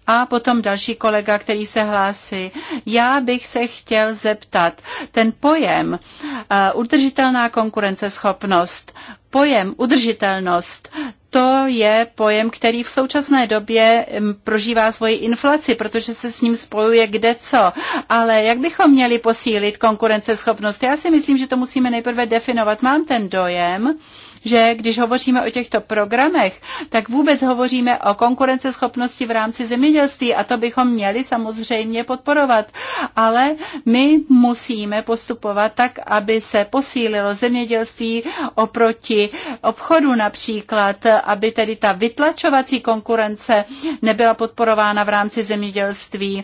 a potom další kolega, který se hlásí. Já bych se chtěl zeptat, ten pojem uh, udržitelná konkurenceschopnost, pojem udržitelnost, to je pojem, který v současné době prožívá svoji inflaci, protože se s ním spojuje kde co. Ale jak bychom měli posílit konkurenceschopnost? Já si myslím, že to musíme nejprve definovat. Mám ten dojem, že když hovoříme o těchto programech, tak vůbec hovoříme o konkurenceschopnosti v rámci zemědělství a to bychom měli samozřejmě podporovat. Ale my musíme postupovat tak, aby se posílilo zemědělství oproti obchodu například, aby tedy ta vytlačovací konkurence nebyla podporována v rámci zemědělství,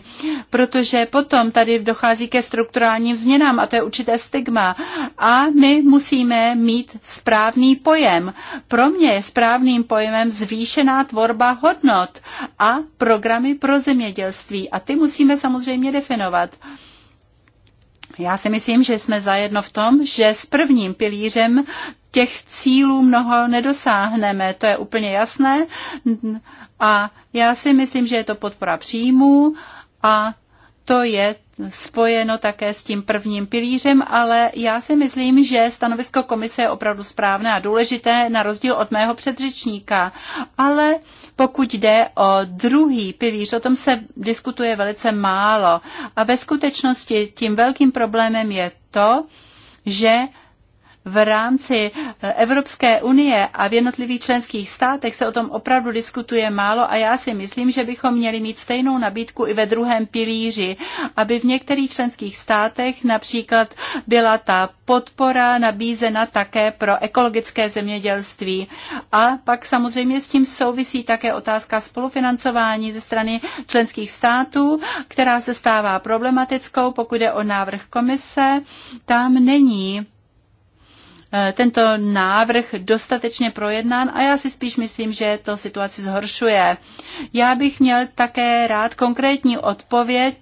protože potom tady dochází ke strukturálním změnám a to je určité stigma. A my musíme mít správný pojem. Pro mě je správným pojmem zvýšená tvorba hodnot a programy pro zemědělství. A ty musíme samozřejmě definovat. Já si myslím, že jsme zajedno v tom, že s prvním pilířem těch cílů mnoho nedosáhneme, to je úplně jasné. A já si myslím, že je to podpora příjmů a to je spojeno také s tím prvním pilířem, ale já si myslím, že stanovisko komise je opravdu správné a důležité, na rozdíl od mého předřečníka. Ale pokud jde o druhý pilíř, o tom se diskutuje velice málo. A ve skutečnosti tím velkým problémem je to, že v rámci eh, Evropské unie a v jednotlivých členských státech se o tom opravdu diskutuje málo a já si myslím, že bychom měli mít stejnou nabídku i ve druhém pilíři, aby v některých členských státech například byla ta podpora nabízena také pro ekologické zemědělství. A pak samozřejmě s tím souvisí také otázka spolufinancování ze strany členských států, která se stává problematickou, pokud je o návrh komise. Tam není Eh, tento návrh dostatečně projednán a já si spíš myslím, že to situaci zhoršuje. Já bych měl také rád konkrétní odpověď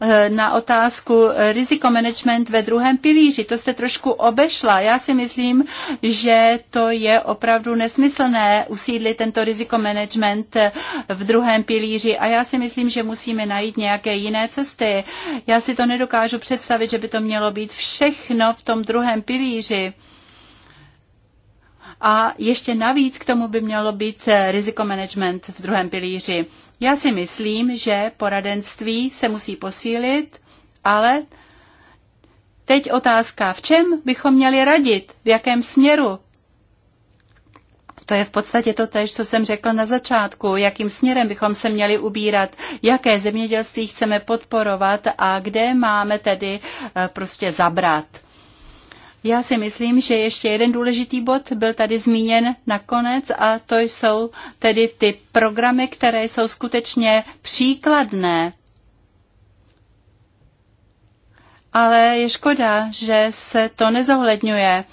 Eh, na otázku eh, rizikomanagement ve druhém pilíři. To jste trošku obešla. Já si myslím, že to je opravdu nesmyslné usídlit tento rizikomanagement eh, v druhém pilíři a já si myslím, že musíme najít nějaké jiné cesty. Já si to nedokážu představit, že by to mělo být všechno v tom druhém pilíři a ještě navíc k tomu by mělo být eh, riziko management v druhém pilíři. Já si myslím, že poradenství se musí posílit, ale teď otázka, v čem bychom měli radit, v jakém směru? To je v podstatě to tež, co jsem řekl na začátku, jakým směrem bychom se měli ubírat, jaké zemědělství chceme podporovat a kde máme tedy eh, prostě zabrat. Já si myslím, že ještě jeden důležitý bod byl tady zmíněn nakonec a to jsou tedy ty programy, které jsou skutečně příkladné. Ale je škoda, že se to nezohledňuje.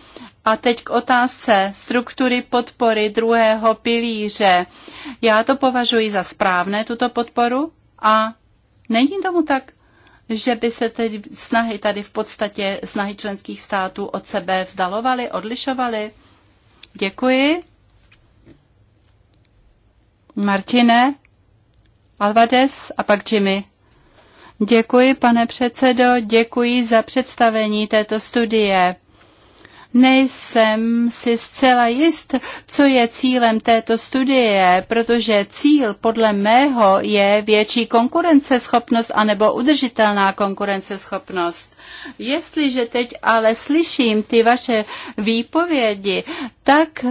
A teď k otázce struktury podpory druhého pilíře. Já to považuji za správné, tuto podporu, a není tomu tak že by se tedy snahy tady v podstatě snahy členských států od sebe vzdalovaly, odlišovaly? Děkuji. Martine, Alvarez a pak Jimmy. Děkuji, pane předsedo, děkuji za představení této studie nejsem si zcela jist, co je cílem této studie, protože cíl podle mého je větší konkurenceschopnost anebo udržitelná konkurenceschopnost. Jestliže teď ale slyším ty vaše výpovědi, tak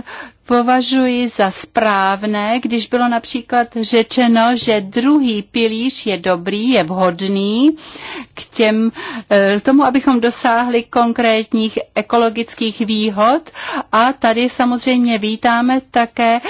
považuji za správné, když bylo například řečeno, že druhý pilíř je dobrý, je vhodný k, těm, k eh, tomu, abychom dosáhli konkrétních ekologických výhod. A tady samozřejmě vítáme také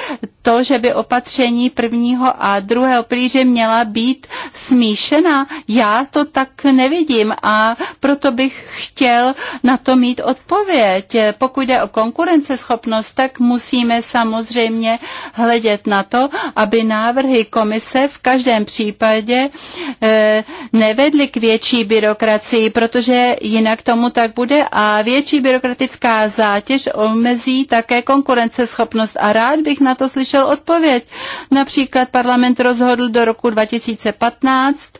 to, že by opatření prvního a druhého pilíře měla být smíšena. Já to tak nevidím a proto bych chtěl na to mít odpověď. Pokud jde o konkurenceschopnost, tak musím musíme samozřejmě hledět na to, aby návrhy komise v každém případě e, nevedly k větší byrokracii, protože jinak tomu tak bude a větší byrokratická zátěž omezí také konkurenceschopnost. A rád bych na to slyšel odpověď. Například parlament rozhodl do roku 2015,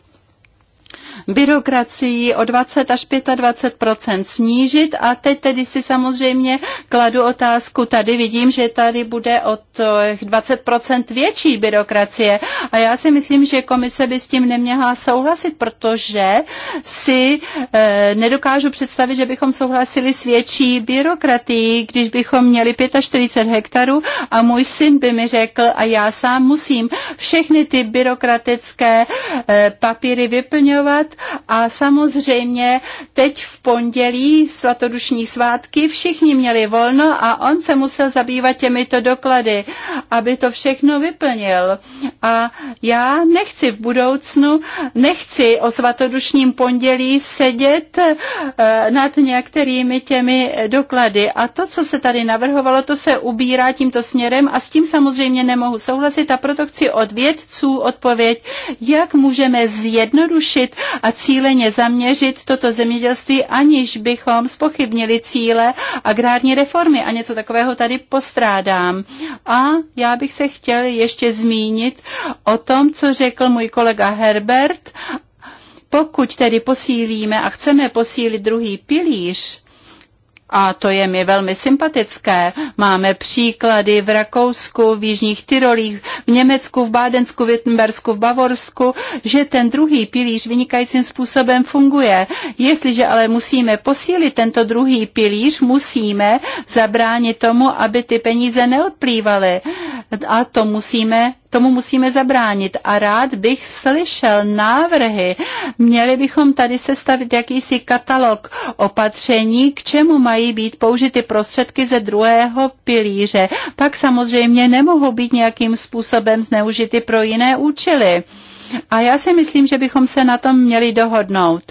byrokracii o 20 až 25 snížit. A teď tedy si samozřejmě kladu otázku, tady vidím, že tady bude od 20 větší byrokracie. A já si myslím, že komise by s tím neměla souhlasit, protože si e, nedokážu představit, že bychom souhlasili s větší byrokratií, když bychom měli 45 hektarů a můj syn by mi řekl, a já sám musím všechny ty byrokratické e, papíry vyplňovat a samozřejmě teď v pondělí svatodušní svátky všichni měli volno a on se musel zabývat těmito doklady, aby to všechno vyplnil. A já nechci v budoucnu, nechci o svatodušním pondělí sedět eh, nad některými těmi doklady. A to, co se tady navrhovalo, to se ubírá tímto směrem a s tím samozřejmě nemohu souhlasit a proto chci od vědců odpověď, jak můžeme zjednodušit a cíleně zaměřit toto zemědělství, aniž bychom spochybnili cíle agrární reformy. A něco takového tady postrádám. A já bych se chtěl ještě zmínit o tom, co řekl můj kolega Herbert. Pokud tedy posílíme a chceme posílit druhý pilíř, a to je mi velmi sympatické. Máme příklady v Rakousku, v Jižních Tyrolích, v Německu, v Bádensku, v Wittenbersku, v Bavorsku, že ten druhý pilíř vynikajícím způsobem funguje. Jestliže ale musíme posílit tento druhý pilíř, musíme zabránit tomu, aby ty peníze neodplývaly a to musíme, tomu musíme zabránit. A rád bych slyšel návrhy. Měli bychom tady sestavit jakýsi katalog opatření, k čemu mají být použity prostředky ze druhého pilíře. Pak samozřejmě nemohou být nějakým způsobem zneužity pro jiné účely. A já si myslím, že bychom se na tom měli dohodnout.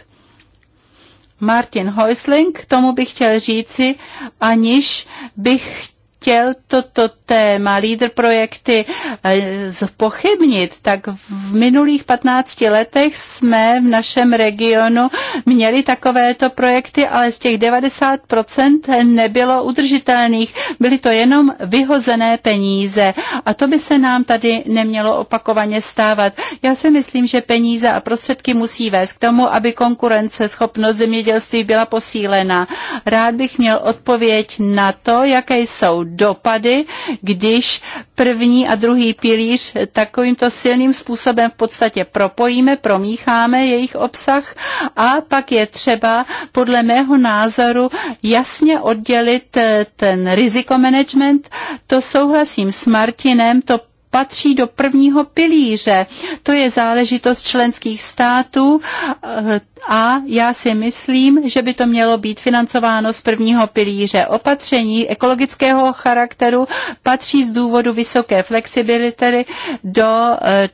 Martin Heusling, k tomu bych chtěl říci, aniž bych chtěl toto téma lídr projekty eh, zpochybnit, tak v minulých 15 letech jsme v našem regionu měli takovéto projekty, ale z těch 90% nebylo udržitelných. Byly to jenom vyhozené peníze a to by se nám tady nemělo opakovaně stávat. Já si myslím, že peníze a prostředky musí vést k tomu, aby konkurence, schopnost zemědělství byla posílena. Rád bych měl odpověď na to, jaké jsou dopady, když první a druhý pilíř takovýmto silným způsobem v podstatě propojíme, promícháme jejich obsah a pak je třeba podle mého názoru jasně oddělit eh, ten rizikomanagement. To souhlasím s Martinem, to patří do prvního pilíře. To je záležitost členských států eh, a já si myslím, že by to mělo být financováno z prvního pilíře. Opatření ekologického charakteru patří z důvodu vysoké flexibility do eh,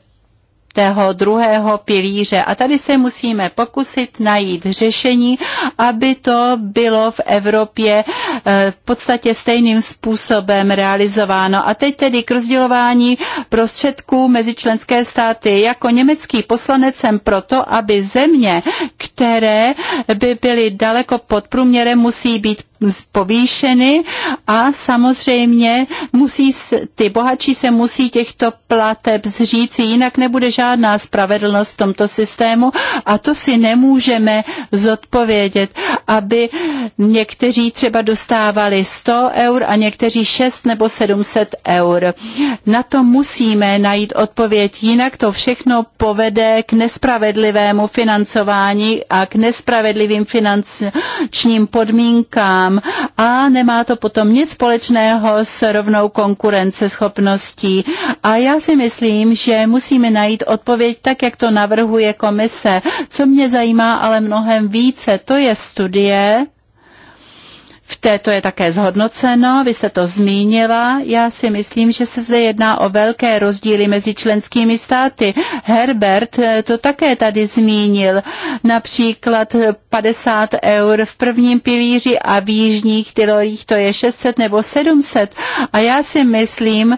tého druhého pilíře. A tady se musíme pokusit najít řešení, aby to bylo v Evropě eh, v podstatě stejným způsobem realizováno. A teď tedy k rozdělování prostředků mezi členské státy. Jako německý poslanec jsem proto, aby země, které by byly daleko pod průměrem, musí být povýšeny a samozřejmě musí, ty bohatší se musí těchto plateb zříci, jinak nebude žádná spravedlnost v tomto systému a to si nemůžeme zodpovědět, aby někteří třeba dostávali 100 eur a někteří 6 nebo 700 eur. Na to musíme najít odpověď, jinak to všechno povede k nespravedlivému financování a k nespravedlivým finančním podmínkám firmám a nemá to potom nic společného s rovnou konkurenceschopností. A já si myslím, že musíme najít odpověď tak, jak to navrhuje komise. Co mě zajímá ale mnohem více, to je studie, v této je také zhodnoceno, vy jste to zmínila. Já si myslím, že se zde jedná o velké rozdíly mezi členskými státy. Herbert eh, to také tady zmínil. Například 50 eur v prvním pilíři a v jižních tylorích to je 600 nebo 700. A já si myslím,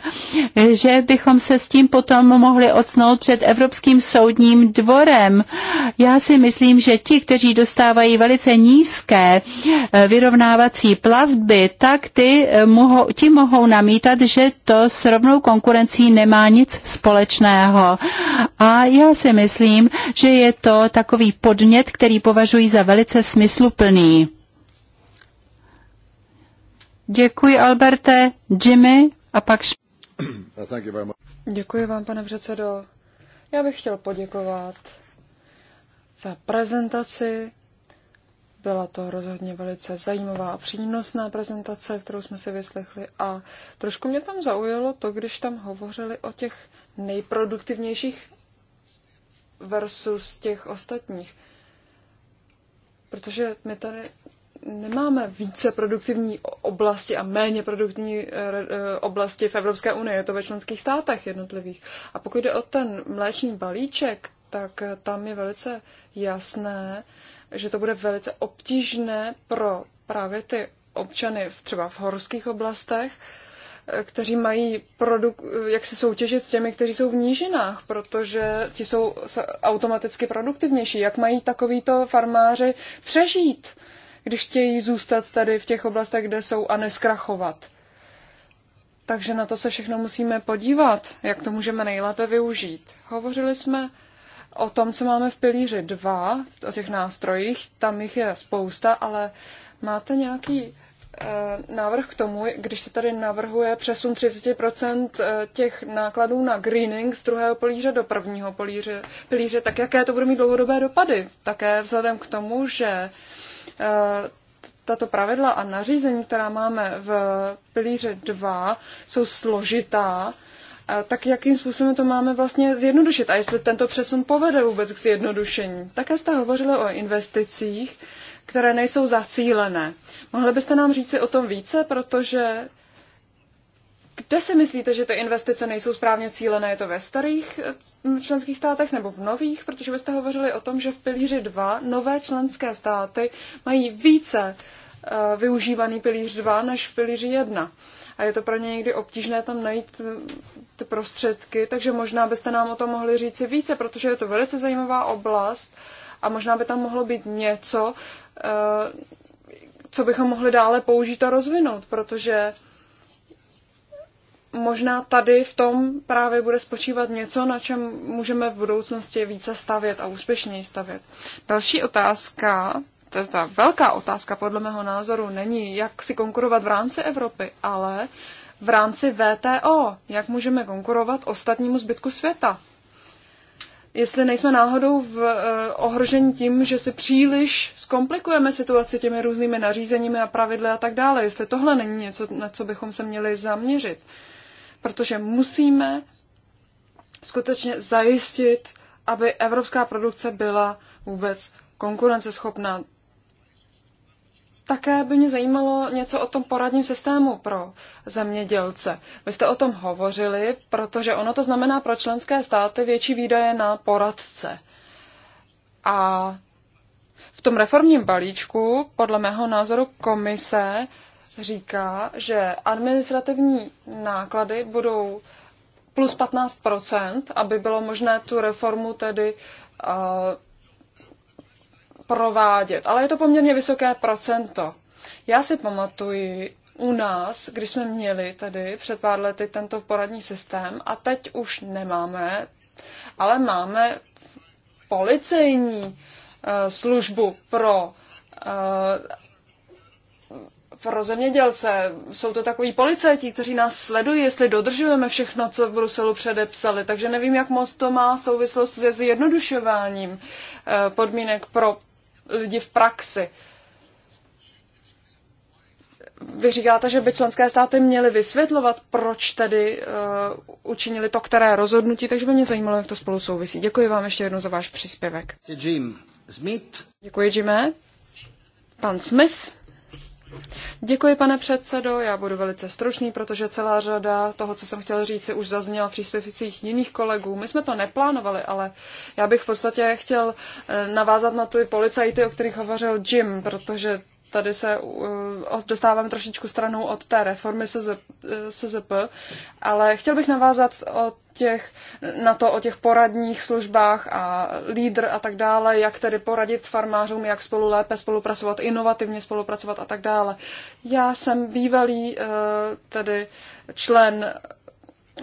že bychom se s tím potom mohli odsnout před Evropským soudním dvorem. Já si myslím, že ti, kteří dostávají velice nízké eh, vyrovnávací domácí plavby, tak ty eh, mohou, ti mohou namítat, že to s rovnou konkurencí nemá nic společného. A já si myslím, že je to takový podnět, který považuji za velice smysluplný. Děkuji, Alberte. Jimmy a pak... Děkuji vám, pane předsedo. Já bych chtěl poděkovat za prezentaci byla to rozhodně velice zajímavá a přínosná prezentace, kterou jsme si vyslechli a trošku mě tam zaujalo to, když tam hovořili o těch nejproduktivnějších versus těch ostatních. Protože my tady nemáme více produktivní oblasti a méně produktivní eh, eh, oblasti v Evropské unii, je to ve členských státech jednotlivých. A pokud jde o ten mléčný balíček, tak tam je velice jasné, že to bude velice obtížné pro právě ty občany v, třeba v horských oblastech, eh, kteří mají produk- jak se soutěžit s těmi, kteří jsou v nížinách, protože ti jsou automaticky produktivnější. Jak mají takovýto farmáři přežít, když chtějí zůstat tady v těch oblastech, kde jsou a neskrachovat? Takže na to se všechno musíme podívat, jak to můžeme nejlépe využít. Hovořili jsme o tom, co máme v pilíři dva, o těch nástrojích, tam jich je spousta, ale máte nějaký eh, návrh k tomu, když se tady navrhuje přesun 30% eh, těch nákladů na greening z druhého pilíře do prvního pilíře, pilíře, tak jaké to bude mít dlouhodobé dopady? Také vzhledem k tomu, že eh, tato pravidla a nařízení, která máme v pilíře 2, jsou složitá tak jakým způsobem to máme vlastně zjednodušit a jestli tento přesun povede vůbec k zjednodušení. Také jste hovořili o investicích, které nejsou zacílené. Mohli byste nám říci o tom více, protože kde si myslíte, že ty investice nejsou správně cílené? Je to ve starých mm, členských státech nebo v nových? Protože vy jste hovořili o tom, že v pilíři 2 nové členské státy mají více eh, využívaný pilíř 2 než v pilíři 1 a je to pro ně někdy obtížné tam najít eh, ty prostředky, takže možná byste nám o tom mohli říci více, protože je to velice zajímavá oblast a možná by tam mohlo být něco, eh, co bychom mohli dále použít a rozvinout, protože možná tady v tom právě bude spočívat něco, na čem můžeme v budoucnosti více stavět a úspěšněji stavět. Další otázka ta velká otázka podle mého názoru není, jak si konkurovat v rámci Evropy, ale v rámci VTO, jak můžeme konkurovat ostatnímu zbytku světa. Jestli nejsme náhodou v eh, ohrožení tím, že si příliš zkomplikujeme situaci těmi různými nařízeními a pravidly a tak dále, jestli tohle není něco, na co bychom se měli zaměřit. Protože musíme skutečně zajistit, aby evropská produkce byla vůbec konkurenceschopná. Také by mě zajímalo něco o tom poradním systému pro zemědělce. Vy jste o tom hovořili, protože ono to znamená pro členské státy větší výdaje na poradce. A v tom reformním balíčku, podle mého názoru, komise říká, že administrativní náklady budou plus 15%, aby bylo možné tu reformu tedy uh, provádět, ale je to poměrně vysoké procento. Já si pamatuji u nás, když jsme měli tady před pár lety tento poradní systém a teď už nemáme, ale máme policejní eh, službu pro eh, pro zemědělce. Jsou to takový policajti, kteří nás sledují, jestli dodržujeme všechno, co v Bruselu předepsali. Takže nevím, jak moc to má souvislost se zjednodušováním eh, podmínek pro lidi v praxi. Vy říkáte, že by členské státy měly vysvětlovat, proč tedy uh, učinili to, které rozhodnutí, takže by mě zajímalo, jak to spolu souvisí. Děkuji vám ještě jednou za váš příspěvek. Jim Smith. Děkuji, Jimé. Pan Smith. Děkuji, pane předsedo. Já budu velice stručný, protože celá řada toho, co jsem chtěl říct, už zazněla v příspěvcích jiných kolegů. My jsme to neplánovali, ale já bych v podstatě chtěl eh, navázat na ty policajty, o kterých hovořil Jim, protože tady se eh, dostáváme trošičku stranou od té reformy SZP, eh, ale chtěl bych navázat o těch, na to o těch poradních službách a lídr a tak dále, jak tedy poradit farmářům, jak spolu lépe spolupracovat, inovativně spolupracovat a tak dále. Já jsem bývalý eh, tedy člen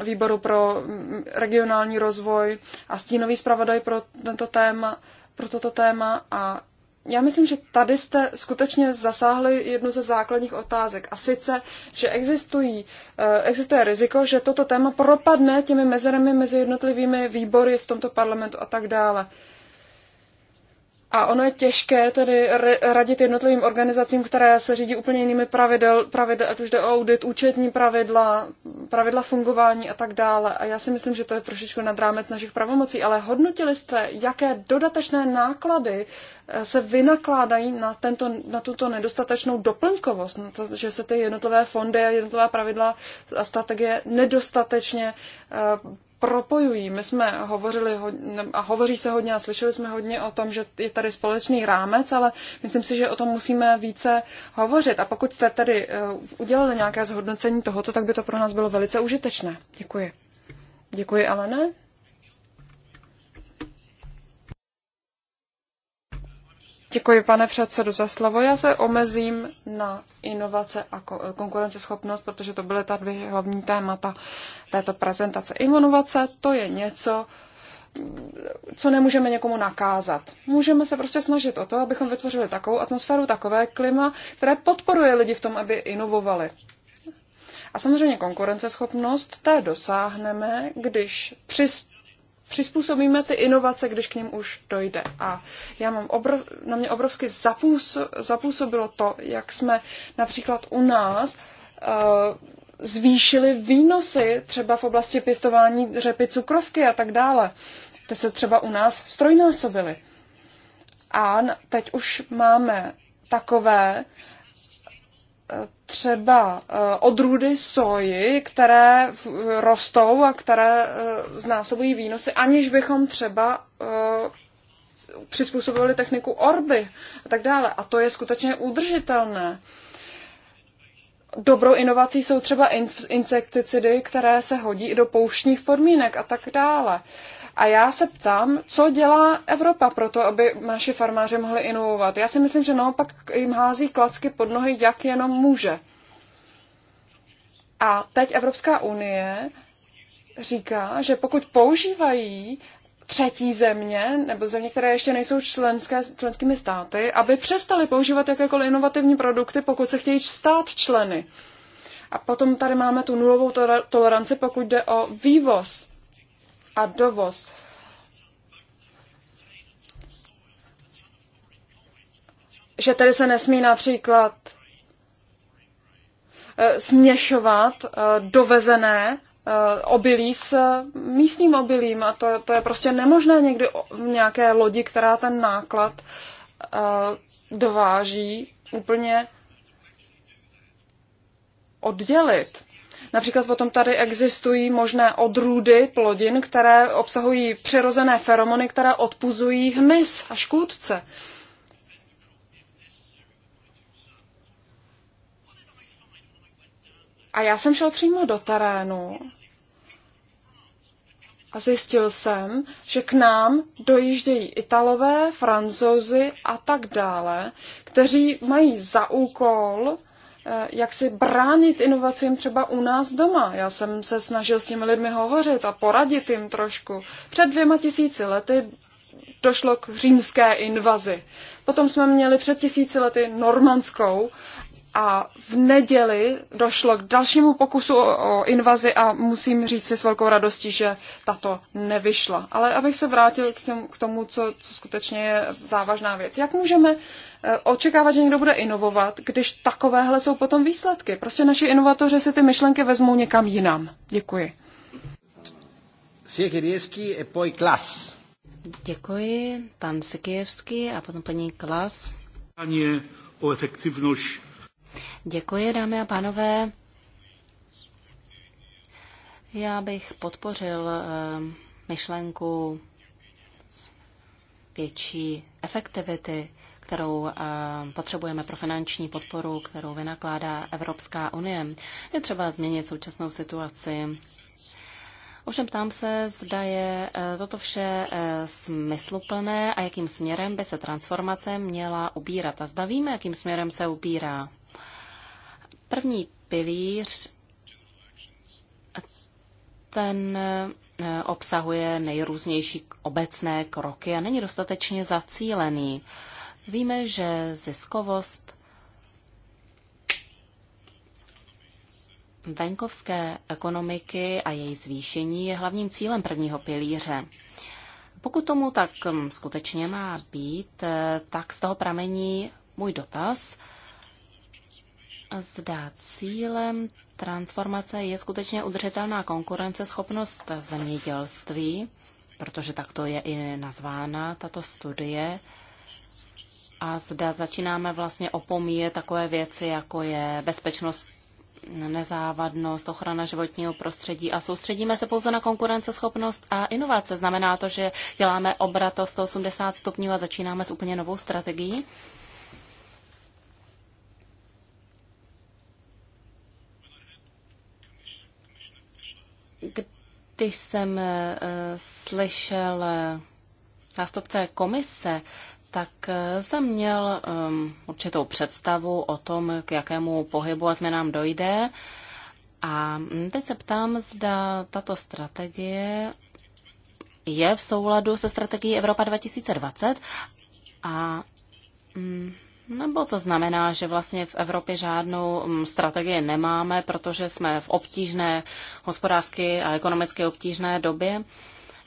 výboru pro mm, regionální rozvoj a stínový zpravodaj pro tento téma, pro toto téma a já myslím, že tady jste skutečně zasáhli jednu ze základních otázek. A sice, že existují, eh, existuje riziko, že toto téma propadne těmi mezerami mezi jednotlivými výbory v tomto parlamentu a tak dále. A ono je těžké tedy radit jednotlivým organizacím, které se řídí úplně jinými pravidel, pravidel ať už jde o audit, účetní pravidla, pravidla fungování a tak dále. A já si myslím, že to je trošičku nad rámec našich pravomocí, ale hodnotili jste, jaké dodatečné náklady eh, se vynakládají na, tento, na tuto nedostatečnou doplňkovost, na to, že se ty jednotlivé fondy a jednotlivá pravidla a strategie nedostatečně eh, propojují. My jsme hovořili hodně, a hovoří se hodně a slyšeli jsme hodně o tom, že je tady společný rámec, ale myslím si, že o tom musíme více hovořit. A pokud jste tady eh, udělali nějaké zhodnocení tohoto, tak by to pro nás bylo velice užitečné. Děkuji. Děkuji, Alene. Děkuji, pane předsedo, za slovo. Já se omezím na inovace a konkurenceschopnost, protože to byly ta dvě hlavní témata této prezentace. Inovace to je něco, co nemůžeme někomu nakázat. Můžeme se prostě snažit o to, abychom vytvořili takovou atmosféru, takové klima, které podporuje lidi v tom, aby inovovali. A samozřejmě konkurenceschopnost té dosáhneme, když přispíváme přizpůsobíme ty inovace, když k ním už dojde. A já mám obrov, na mě obrovsky zapůso, zapůsobilo to, jak jsme například u nás uh, zvýšili výnosy třeba v oblasti pěstování řepy, cukrovky a tak dále. Ty se třeba u nás strojnásobily. A teď už máme takové uh, třeba eh, odrůdy soji, které rostou a které eh, znásobují výnosy, aniž bychom třeba eh, přizpůsobili techniku orby a tak dále. A to je skutečně udržitelné. Dobrou inovací jsou třeba insekticidy, které se hodí i do pouštních podmínek a tak dále. Uh, a já se ptám, co dělá Evropa pro to, aby naši farmáři mohli inovovat. Já si myslím, že naopak jim hází klacky pod nohy, jak jenom může. A teď Evropská unie říká, že pokud používají třetí země, nebo země, které ještě nejsou členské, členskými státy, aby přestali používat jakékoliv inovativní produkty, pokud se chtějí stát členy. A potom tady máme tu nulovou toleranci, pokud jde o vývoz a dovoz. Že tady se nesmí například eh, směšovat eh, dovezené eh, obilí s místním obilím a to, to je prostě nemožné někdy v nějaké lodi, která ten náklad dováží, úplně oddělit. Například potom tady existují možné odrůdy plodin, které obsahují přirozené feromony, které odpuzují hmyz a škůdce. A já jsem šel přímo do terénu a zjistil jsem, že k nám dojíždějí Italové, Francouzi a tak dále, kteří mají za úkol Eh, jak si bránit inovacím třeba u nás doma. Já jsem se snažil s těmi lidmi hovořit a poradit jim trošku. Před dvěma tisíci lety došlo k římské invazi. Potom jsme měli před tisíci lety normanskou a v neděli došlo k dalšímu pokusu o, o invazi a musím říct si s velkou radostí, že tato nevyšla. Ale abych se vrátil k, těm, k tomu, co, co skutečně je závažná věc. Jak můžeme eh, očekávat, že někdo bude inovovat, když takovéhle jsou potom výsledky? Prostě naši inovatoři si ty myšlenky vezmou někam jinam. Děkuji. Siekierský a poj Klas. Děkuji, pan Sikievský a potom paní Klas. o efektivnost Děkuji, dámy a pánové. Já bych podpořil eh, myšlenku větší efektivity, kterou eh, potřebujeme pro finanční podporu, kterou vynakládá Evropská unie. Je třeba změnit současnou situaci. Ovšem ptám se, zda je eh, toto vše smysluplné a jakým směrem by se transformace měla ubírat. A zda víme, jakým směrem se ubírá. První pilíř ten eh, obsahuje nejrůznější obecné kroky a není dostatečně zacílený. Víme, že ziskovost venkovské ekonomiky a její zvýšení je hlavním cílem prvního pilíře. Pokud tomu tak hm, skutečně má být, eh, tak z toho pramení můj dotaz – zda cílem transformace je skutečně udržitelná konkurenceschopnost zemědělství, protože takto je i nazvána tato studie. A zda začínáme vlastně opomíjet takové věci, jako je bezpečnost nezávadnost, ochrana životního prostředí a soustředíme se pouze na konkurenceschopnost a inovace. Znamená to, že děláme obrat o 180 stupňů a začínáme s úplně novou strategií? Když jsem eh, slyšel eh, zástupce komise, tak eh, jsem měl ehm, určitou představu o tom, k jakému pohybu a změnám dojde. A hm, teď se ptám, zda tato strategie je v souladu se strategií Evropa 2020 a hm, nebo to znamená, že vlastně v Evropě žádnou mm, strategii nemáme, protože jsme v obtížné hospodářské a ekonomicky obtížné době.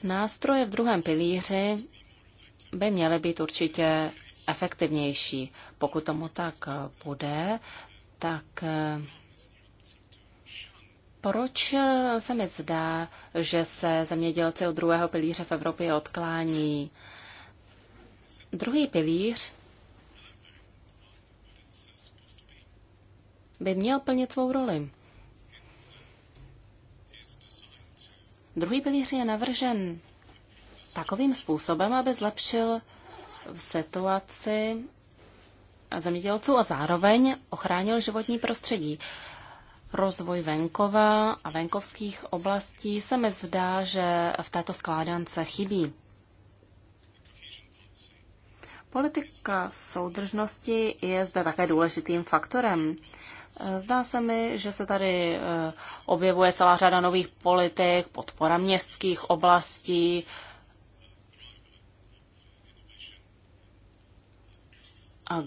Nástroje v druhém pilíři by měly být určitě efektivnější. Pokud tomu tak eh, bude, tak eh, proč eh, se mi zdá, že se zemědělci od druhého pilíře v Evropě odklání? Druhý pilíř by měl plnit svou roli. Druhý pilíř je navržen takovým způsobem, aby zlepšil situaci zemědělců a zároveň ochránil životní prostředí. Rozvoj venkova a venkovských oblastí se mi zdá, že v této skládance chybí. Politika soudržnosti je zde také důležitým faktorem. Zdá se mi, že se tady eh, objevuje celá řada nových politik, podpora městských oblastí.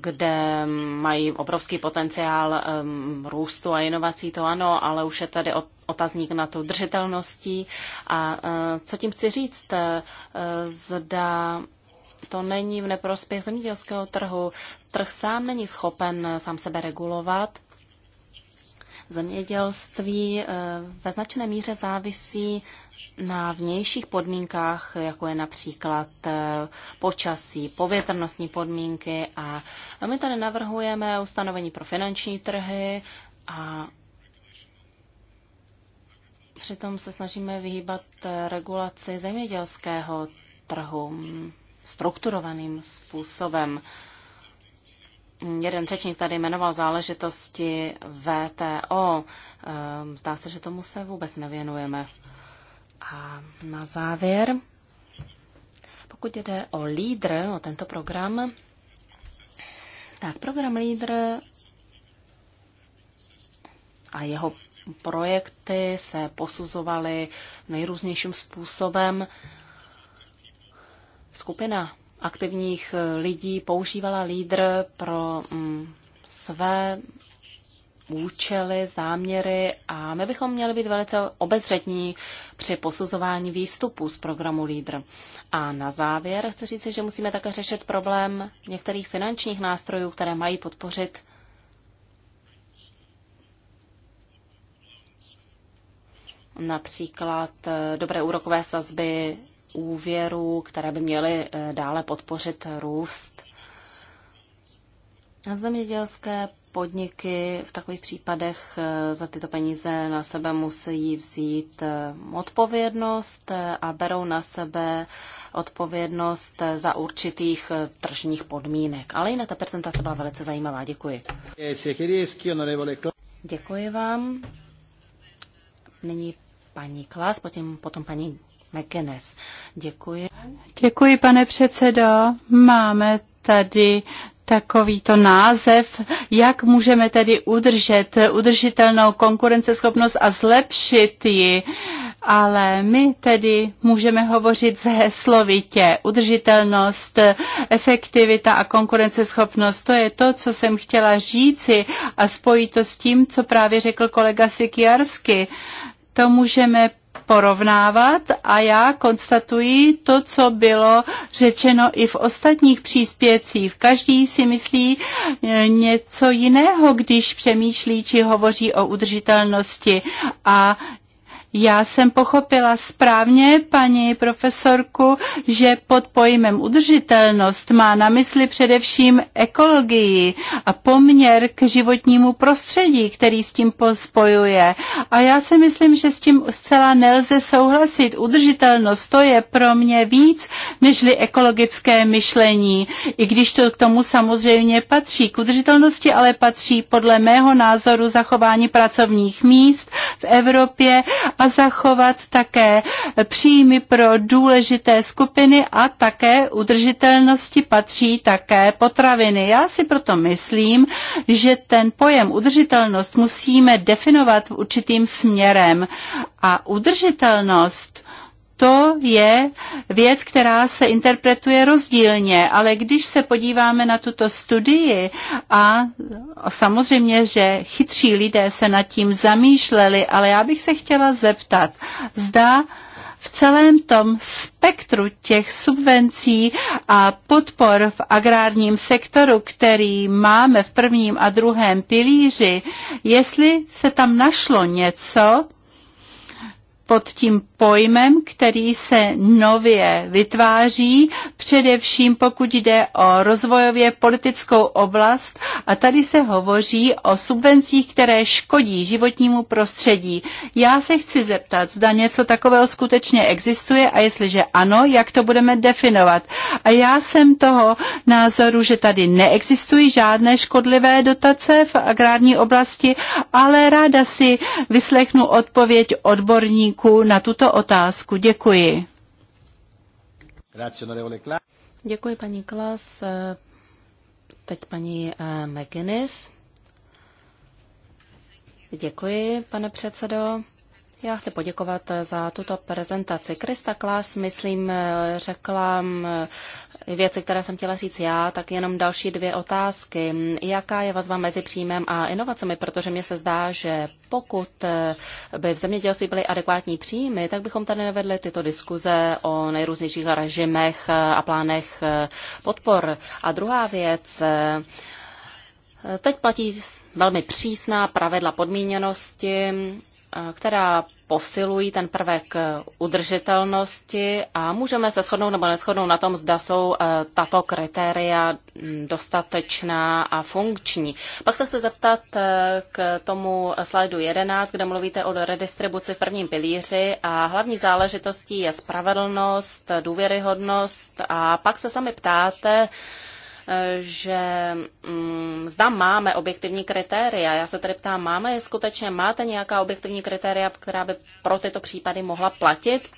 kde mají obrovský potenciál um, růstu a inovací, to ano, ale už je tady otazník na tu držitelností. A uh, co tím chci říct, uh, zda to není v neprospěch zemědělského trhu. Trh sám není schopen sám sebe regulovat zemědělství eh, ve značné míře závisí na vnějších podmínkách, jako je například eh, počasí, povětrnostní podmínky a my tady navrhujeme ustanovení pro finanční trhy a přitom se snažíme vyhýbat eh, regulaci zemědělského trhu strukturovaným způsobem jeden řečník tady jmenoval záležitosti VTO. Ehm, zdá se, že tomu se vůbec nevěnujeme. A na závěr, pokud jde o lídr, o tento program, tak program lídr a jeho projekty se posuzovaly nejrůznějším způsobem. Skupina aktivních eh, lidí používala lídr pro mm, své účely, záměry a my bychom měli být velice obezřetní při posuzování výstupů z programu LEADER. A na závěr chci říct, že musíme také řešit problém některých finančních nástrojů, které mají podpořit například eh, dobré úrokové sazby úvěrů, které by měly eh, dále podpořit růst. A zemědělské podniky v takových případech eh, za tyto peníze na sebe musí vzít eh, odpovědnost a berou na sebe odpovědnost za určitých tržních podmínek. Ale jinak ta prezentace byla velice zajímavá. Děkuji. Děkuji vám. Nyní paní Klas, potom, potom paní McInnes. Děkuji. Děkuji, pane předsedo. Máme tady takovýto název, jak můžeme tedy udržet udržitelnou konkurenceschopnost a zlepšit ji. Ale my tedy můžeme hovořit z heslovitě. Udržitelnost, efektivita a konkurenceschopnost, to je to, co jsem chtěla říci a spojit to s tím, co právě řekl kolega Sikiarsky. To můžeme porovnávat a já konstatuji to, co bylo řečeno i v ostatních příspěvcích. Každý si myslí eh, něco jiného, když přemýšlí či hovoří o udržitelnosti a já jsem pochopila správně, paní profesorku, že pod pojmem udržitelnost má na mysli především ekologii a poměr k životnímu prostředí, který s tím pospojuje. A já si myslím, že s tím zcela nelze souhlasit. Udržitelnost to je pro mě víc nežli ekologické myšlení, i když to k tomu samozřejmě patří. K udržitelnosti ale patří podle mého názoru zachování pracovních míst v Evropě a zachovat také příjmy pro důležité skupiny a také udržitelnosti patří také potraviny. Já si proto myslím, že ten pojem udržitelnost musíme definovat v určitým směrem a udržitelnost to je věc, která se interpretuje rozdílně, ale když se podíváme na tuto studii a samozřejmě, že chytří lidé se nad tím zamýšleli, ale já bych se chtěla zeptat, zda v celém tom spektru těch subvencí a podpor v agrárním sektoru, který máme v prvním a druhém pilíři, jestli se tam našlo něco, pod tím pojmem, který se nově vytváří, především pokud jde o rozvojově politickou oblast. A tady se hovoří o subvencích, které škodí životnímu prostředí. Já se chci zeptat, zda něco takového skutečně existuje a jestliže ano, jak to budeme definovat. A já jsem toho názoru, že tady neexistují žádné škodlivé dotace v agrární oblasti, ale ráda si vyslechnu odpověď odborníků řečníků na tuto otázku. Děkuji. Děkuji paní Klas. Teď paní eh, McGuinness. Děkuji, pane předsedo. Já chci poděkovat eh, za tuto prezentaci. Krista Klas, myslím, eh, řekla mm, věci, které jsem chtěla říct já, tak jenom další dvě otázky. Jaká je vazba mezi příjmem a inovacemi? Protože mně se zdá, že pokud eh, by v zemědělství byly adekvátní příjmy, tak bychom tady nevedli tyto diskuze o nejrůznějších režimech a plánech eh, podpor. A druhá věc, eh, Teď platí velmi přísná pravidla podmíněnosti Eh, která posilují ten prvek eh, udržitelnosti a můžeme se shodnout nebo neschodnout na tom, zda jsou eh, tato kritéria mm, dostatečná a funkční. Pak se chci zeptat k tomu slajdu 11, kde mluvíte o redistribuci v prvním pilíři a hlavní záležitostí je spravedlnost, důvěryhodnost a pak se sami ptáte, že mm, zda máme objektivní kritéria. Já se tedy ptám, máme je skutečně, máte nějaká objektivní kritéria, která by pro tyto případy mohla platit?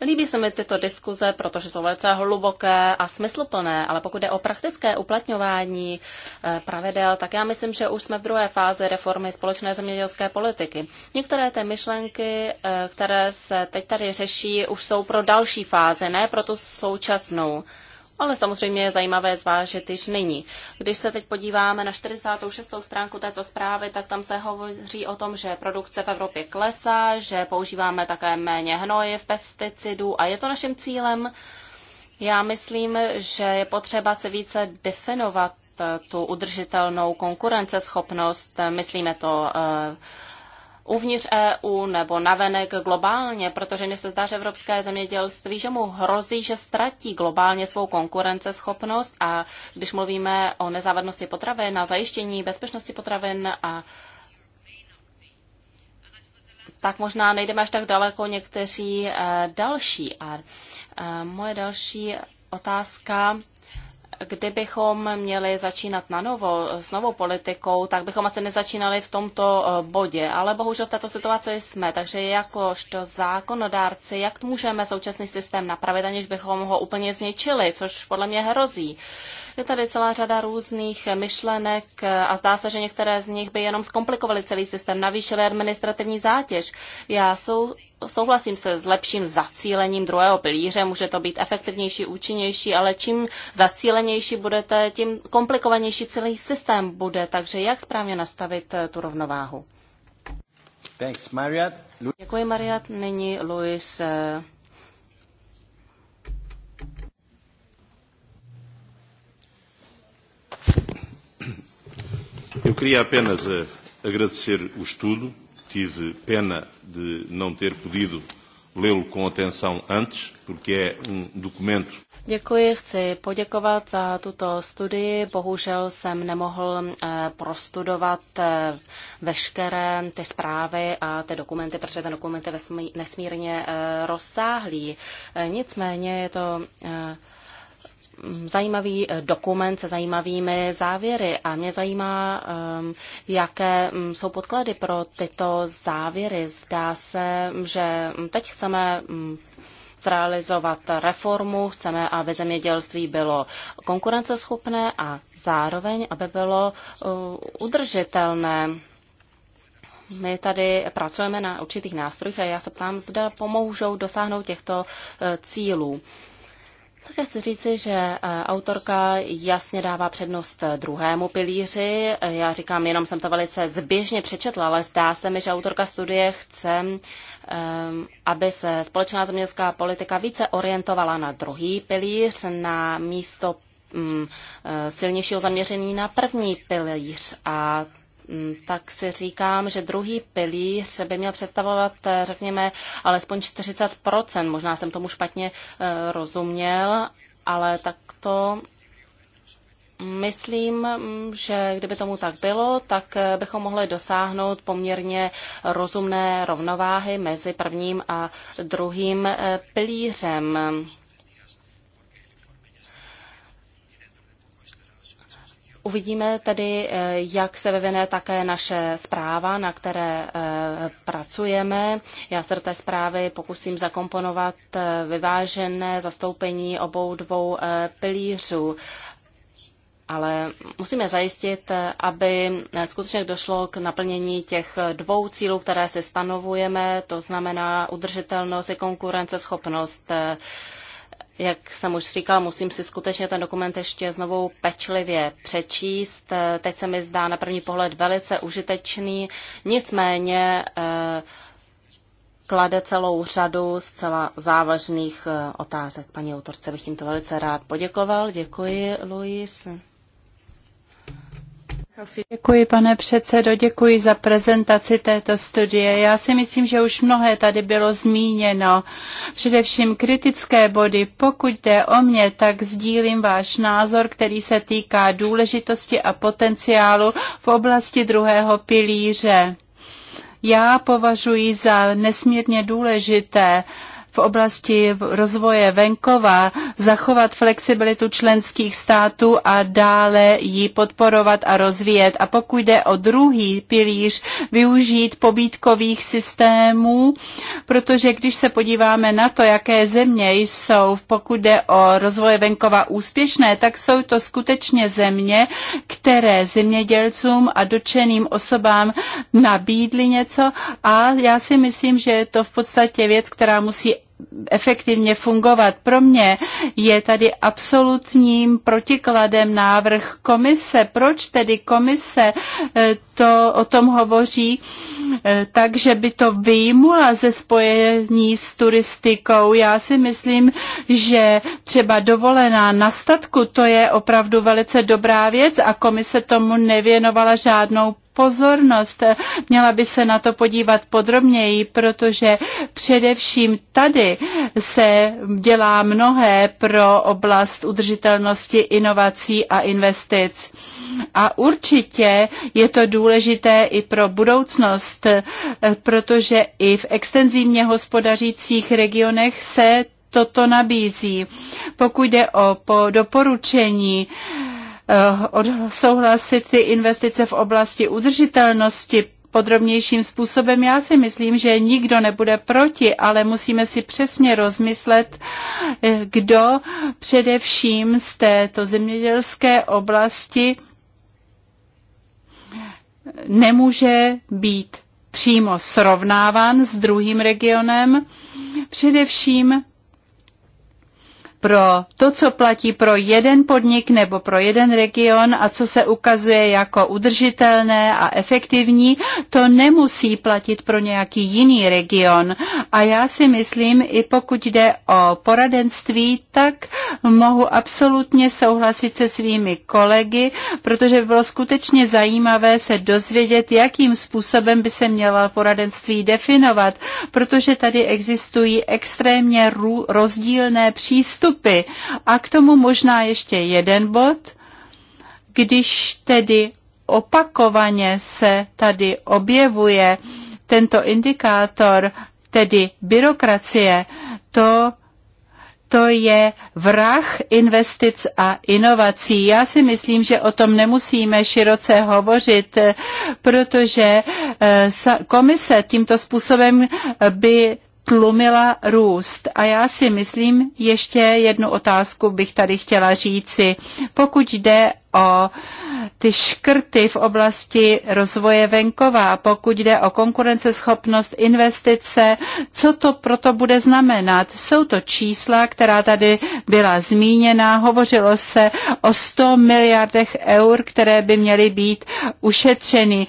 Líbí se mi tyto diskuze, protože jsou velice hluboké a smysluplné, ale pokud jde o praktické uplatňování eh, pravidel, tak já myslím, že už jsme v druhé fázi reformy společné zemědělské politiky. Některé ty myšlenky, eh, které se teď tady řeší, už jsou pro další fáze, ne pro tu současnou ale samozřejmě je zajímavé zvážit když nyní. Když se teď podíváme na 46. stránku této zprávy, tak tam se hovoří o tom, že produkce v Evropě klesá, že používáme také méně v pesticidů a je to naším cílem. Já myslím, že je potřeba se více definovat tu udržitelnou konkurenceschopnost. Myslíme to eh, uvnitř EU nebo navenek globálně, protože mi se zdá, že evropské zemědělství, že mu hrozí, že ztratí globálně svou konkurenceschopnost a když mluvíme o nezávadnosti potravin a zajištění bezpečnosti potravin a tak možná nejdeme až tak daleko někteří eh, další. A eh, moje další otázka kdybychom měli začínat na novo s novou politikou, tak bychom asi nezačínali v tomto eh, bodě, ale bohužel v této situaci jsme, takže jakožto zákonodárci, jak můžeme současný systém napravit, aniž bychom ho úplně zničili, což podle mě hrozí. Je tady celá řada různých myšlenek a zdá se, že některé z nich by jenom zkomplikovaly celý systém, navýšily administrativní zátěž. Já sou, souhlasím se s lepším zacílením druhého pilíře, může to být efektivnější, účinnější, ale čím zacílenější budete, tím komplikovanější celý systém bude. Takže jak správně nastavit eh, tu rovnováhu? Thanks, Mariat. Děkuji, Mariat. Nyní Luis eh, Eu queria apenas eh, agradecer o estudo. Tive pena de não ter podido lê-lo com atenção antes, porque é um documento. Děkuji, chci poděkovat za tuto studii. Bohužel jsem nemohl eh, prostudovat eh, veškeré ty zprávy a ty dokumenty, protože ten dokument je nesmírně rozsáhlý. Nicméně je to zajímavý eh, dokument se zajímavými závěry a mě zajímá, eh, jaké mm, jsou podklady pro tyto závěry. Zdá se, že teď chceme mm, zrealizovat reformu, chceme, aby zemědělství bylo konkurenceschopné a zároveň, aby bylo eh, udržitelné. My tady pracujeme na určitých nástrojích a já se ptám, zda pomůžou dosáhnout těchto cílů. Také chci říci, že eh, autorka jasně dává přednost eh, druhému pilíři. Eh, já říkám, jenom jsem to velice zběžně přečetla, ale zdá se mi, že autorka studie chce, aby se společná zemědělská politika více orientovala na druhý pilíř, na místo mm, silnějšího zaměření na první pilíř a Mm, tak si říkám, že druhý pilíř by měl představovat, eh, řekněme, alespoň 40%. Možná jsem tomu špatně eh, rozuměl, ale tak to Myslím, mm, že kdyby tomu tak bylo, tak eh, bychom mohli dosáhnout poměrně rozumné rovnováhy mezi prvním a druhým pilířem. Uvidíme tedy, eh, jak se vyvine také naše zpráva, na které eh, pracujeme. Já se do té zprávy pokusím zakomponovat eh, vyvážené zastoupení obou dvou pilířů ale musíme zajistit, aby skutečně došlo k naplnění těch dvou cílů, které si stanovujeme, to znamená udržitelnost i konkurenceschopnost. Jak jsem už říkal, musím si skutečně ten dokument ještě znovu pečlivě přečíst. Eh, Teď se mi zdá na první pohled velice užitečný, nicméně eh, klade celou řadu zcela závažných eh, otázek. Paní autorce bych tímto velice rád poděkoval. Děkuji, Luis. Děkuji, pane předsedo, děkuji za prezentaci této studie. Já si myslím, že už mnohé tady bylo zmíněno. Především kritické body. Pokud jde o mě, tak sdílím váš názor, který se týká důležitosti a potenciálu v oblasti druhého pilíře já považuji za nesmírně důležité, v oblasti rozvoje venkova, zachovat flexibilitu členských států a dále ji podporovat a rozvíjet. A pokud jde o druhý pilíř, využít pobídkových systémů, protože když se podíváme na to, jaké země jsou, pokud jde o rozvoje venkova úspěšné, tak jsou to skutečně země, které zemědělcům a dočeným osobám nabídly něco a já si myslím, že je to v podstatě věc, která musí efektivně fungovat. Pro mě je tady absolutním protikladem návrh komise. Proč tedy komise eh, to o tom hovoří, eh, takže by to vyjmula ze spojení s turistikou. Já si myslím, že třeba dovolená na statku, to je opravdu velice dobrá věc a komise tomu nevěnovala žádnou pozornost. Měla by se na to podívat podrobněji, protože především tady se dělá mnohé pro oblast udržitelnosti inovací a investic. A určitě je to důležité i pro budoucnost, eh, protože i v extenzivně hospodařících regionech se toto nabízí. Pokud jde o po doporučení, eh, odsouhlasit ty investice v oblasti udržitelnosti podrobnějším způsobem. Já si myslím, že nikdo nebude proti, ale musíme si přesně rozmyslet, eh, kdo především z této zemědělské oblasti nemůže být přímo srovnáván s druhým regionem, především pro to, co platí pro jeden podnik nebo pro jeden region a co se ukazuje jako udržitelné a efektivní, to nemusí platit pro nějaký jiný region. A já si myslím, i pokud jde o poradenství, tak mohu absolutně souhlasit se svými kolegy, protože by bylo skutečně zajímavé se dozvědět, jakým způsobem by se měla poradenství definovat, protože tady existují extrémně rozdílné přístupy postupy. A k tomu možná ještě jeden bod. Když tedy opakovaně se tady objevuje tento indikátor, tedy byrokracie, to to je vrah investic a inovací. Já si myslím, že o tom nemusíme široce hovořit, eh, protože eh, komise tímto způsobem by tlumila růst. A já si myslím, ještě jednu otázku bych tady chtěla říci. Pokud jde o ty škrty v oblasti rozvoje venkova, pokud jde o konkurenceschopnost, investice, co to proto bude znamenat? Jsou to čísla, která tady byla zmíněna, hovořilo se o 100 miliardech eur, které by měly být ušetřeny.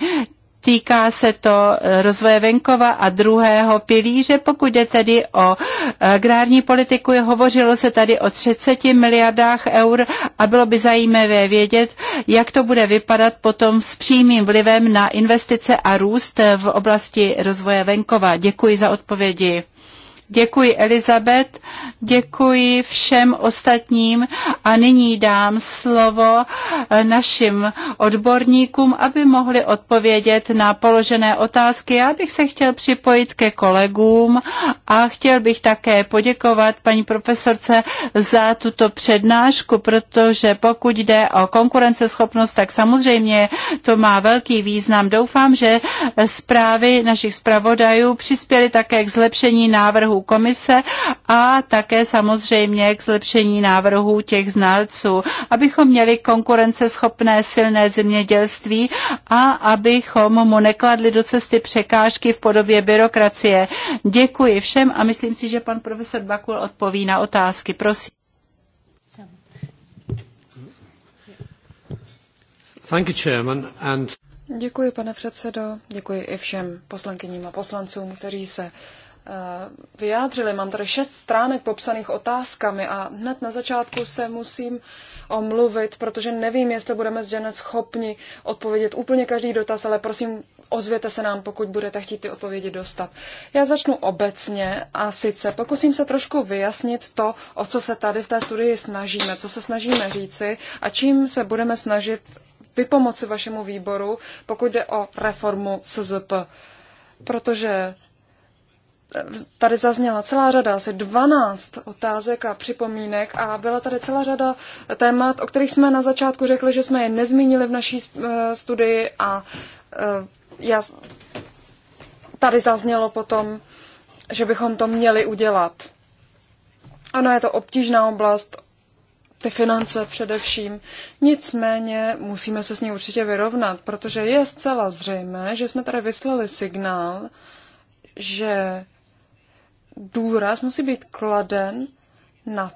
Týká se to eh, rozvoje venkova a druhého pilíře. Pokud jde tedy o agrární politiku, hovořilo se tady o 30 miliardách eur a bylo by zajímavé vědět, jak to bude vypadat potom s přímým vlivem na investice a růst v oblasti rozvoje venkova. Děkuji za odpovědi. Děkuji Elizabet, děkuji všem ostatním a nyní dám slovo eh, našim odborníkům, aby mohli odpovědět na položené otázky. Já bych se chtěl připojit ke kolegům a chtěl bych také poděkovat paní profesorce za tuto přednášku, protože pokud jde o konkurenceschopnost, tak samozřejmě to má velký význam. Doufám, že zprávy našich zpravodajů přispěly také k zlepšení návrhu návrhů komise a také samozřejmě k zlepšení návrhů těch znalců, abychom měli konkurenceschopné silné zemědělství a abychom mu nekladli do cesty překážky v podobě byrokracie. Děkuji všem a myslím si, že pan profesor Bakul odpoví na otázky. Prosím. Děkuji, pane předsedo, děkuji i všem poslankyním a poslancům, kteří se Eh, vyjádřili. Mám tady šest stránek popsaných otázkami a hned na začátku se musím omluvit, protože nevím, jestli budeme s Janet schopni odpovědět úplně každý dotaz, ale prosím, ozvěte se nám, pokud budete chtít ty odpovědi dostat. Já začnu obecně a sice pokusím se trošku vyjasnit to, o co se tady v té studii snažíme, co se snažíme říci a čím se budeme snažit vypomoci vašemu výboru, pokud jde o reformu SZP. Protože tady zazněla celá řada, asi 12 otázek a připomínek a byla tady celá řada témat, o kterých jsme na začátku řekli, že jsme je nezmínili v naší eh, studii a eh, já, tady zaznělo potom, že bychom to měli udělat. Ano, je to obtížná oblast, ty finance především. Nicméně musíme se s ní určitě vyrovnat, protože je zcela zřejmé, že jsme tady vyslali signál, že důraz musí být kladen na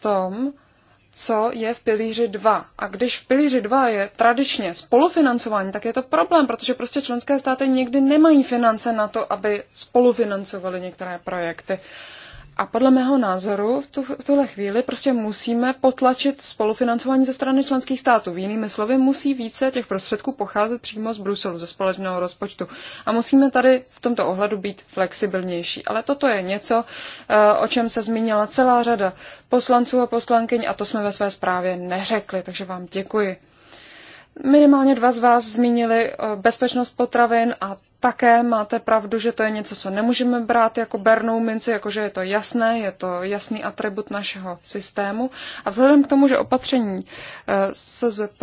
tom, co je v pilíři 2. A když v pilíři 2 je tradičně spolufinancování, tak je to problém, protože prostě členské státy někdy nemají finance na to, aby spolufinancovali některé projekty. Uh, a podle mého názoru v, tu, v tuhle chvíli prostě musíme potlačit spolufinancování ze strany členských států. V jinými slovy, musí více těch prostředků pocházet přímo z Bruselu, ze společného rozpočtu. A musíme tady v tomto ohledu být flexibilnější. Ale toto je něco, eh, o čem se zmínila celá řada poslanců a poslankyň a to jsme ve své zprávě neřekli. Takže vám děkuji. Minimálně dva z vás zmínili eh, bezpečnost potravin a také máte pravdu, že to je něco, co nemůžeme brát jako bernou minci, jakože je to jasné, je to jasný atribut našeho systému. A vzhledem k tomu, že opatření eh, SZP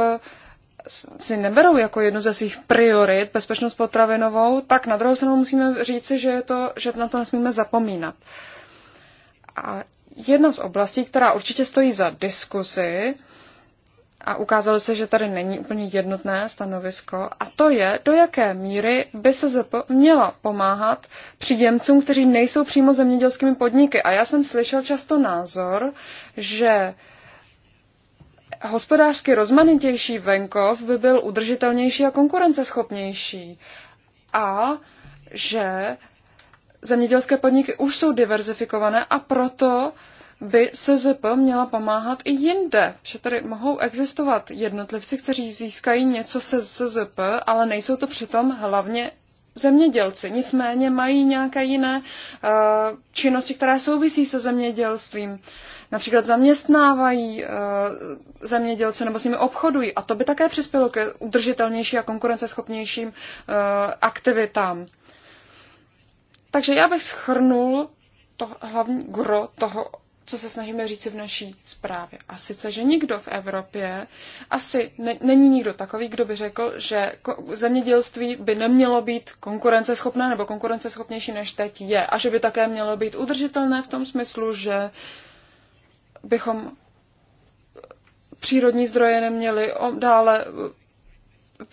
si neberou jako jednu ze svých priorit bezpečnost potravinovou, tak na druhou stranu musíme říci, že, je to, že na to nesmíme zapomínat. A jedna z oblastí, která určitě stojí za diskusi a ukázalo se, že tady není úplně jednotné stanovisko, a to je, do jaké míry by se měla pomáhat příjemcům, kteří nejsou přímo zemědělskými podniky. A já jsem slyšel často názor, že hospodářsky rozmanitější venkov by byl udržitelnější a konkurenceschopnější. A že zemědělské podniky už jsou diverzifikované a proto uh, by SZP měla pomáhat i jinde, že tady mohou existovat jednotlivci, kteří získají něco se SZP, ale nejsou to přitom hlavně zemědělci. Nicméně mají nějaké jiné uh, činnosti, které souvisí se zemědělstvím. Například zaměstnávají uh, zemědělce nebo s nimi obchodují. A to by také přispělo k udržitelnější a konkurenceschopnějším uh, aktivitám. Takže já bych schrnul to hlavní gro toho, co se snažíme říct v naší zprávě. A sice, že nikdo v Evropě, asi ne, není nikdo takový, kdo by řekl, že zemědělství by nemělo být konkurenceschopné nebo konkurenceschopnější než teď je. A že by také mělo být udržitelné v tom smyslu, že bychom přírodní zdroje neměli dále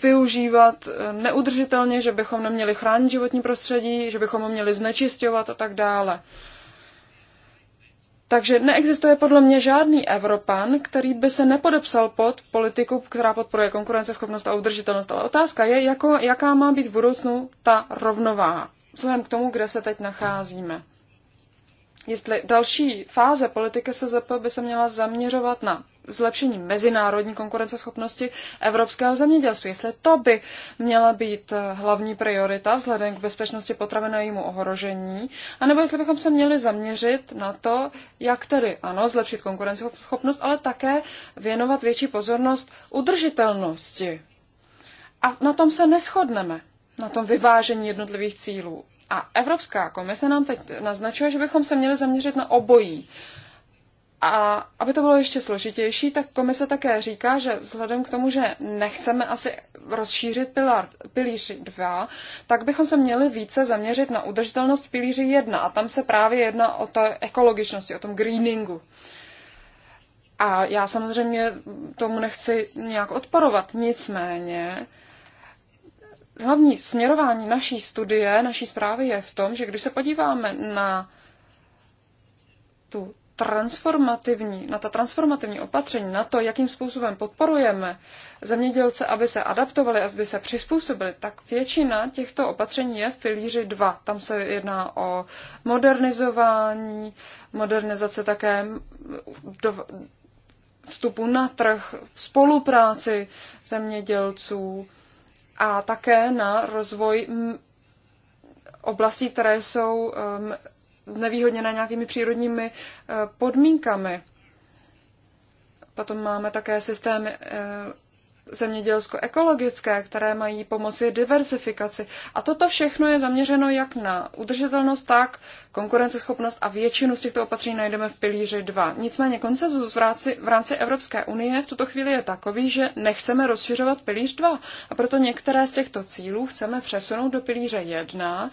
využívat eh, neudržitelně, že bychom neměli chránit životní prostředí, že bychom ho měli znečisťovat a tak dále. Takže neexistuje podle mě žádný Evropan, který by se nepodepsal pod politiku, která podporuje konkurenceschopnost a udržitelnost. Ale otázka je, jako, jaká má být v budoucnu ta rovnováha, vzhledem k tomu, kde se teď nacházíme. Jestli další fáze politiky SZP by se měla zaměřovat na zlepšení mezinárodní konkurenceschopnosti evropského zemědělství. Jestli to by měla být eh, hlavní priorita vzhledem k bezpečnosti jejímu ohrožení, anebo jestli bychom se měli zaměřit na to, jak tedy ano, zlepšit konkurenceschopnost, ale také věnovat větší pozornost udržitelnosti. A na tom se neschodneme, na tom vyvážení jednotlivých cílů. A Evropská komise nám teď naznačuje, že bychom se měli zaměřit na obojí. A aby to bylo ještě složitější, tak komise také říká, že vzhledem k tomu, že nechceme asi rozšířit pilar, pilíř 2, tak bychom se měli více zaměřit na udržitelnost pilíři 1. A tam se právě jedná o té ekologičnosti, o tom greeningu. A já samozřejmě tomu nechci nějak odporovat, nicméně hlavní směrování naší studie, naší zprávy je v tom, že když se podíváme na tu transformativní, na ta transformativní opatření, na to, jakým způsobem podporujeme zemědělce, aby se adaptovali, aby se přizpůsobili, tak většina těchto opatření je v pilíři 2. Tam se jedná o modernizování, modernizace také do, vstupu na trh, spolupráci zemědělců a také na rozvoj oblastí, které jsou znevýhodněna nějakými přírodními eh, podmínkami. Potom máme také systémy eh, zemědělsko-ekologické, které mají pomoci diversifikaci. A toto všechno je zaměřeno jak na udržitelnost, tak konkurenceschopnost a většinu z těchto opatření najdeme v pilíři 2. Nicméně koncenzus v rámci, v rámci Evropské unie v tuto chvíli je takový, že nechceme rozšiřovat pilíř 2 a proto některé z těchto cílů chceme přesunout do pilíře 1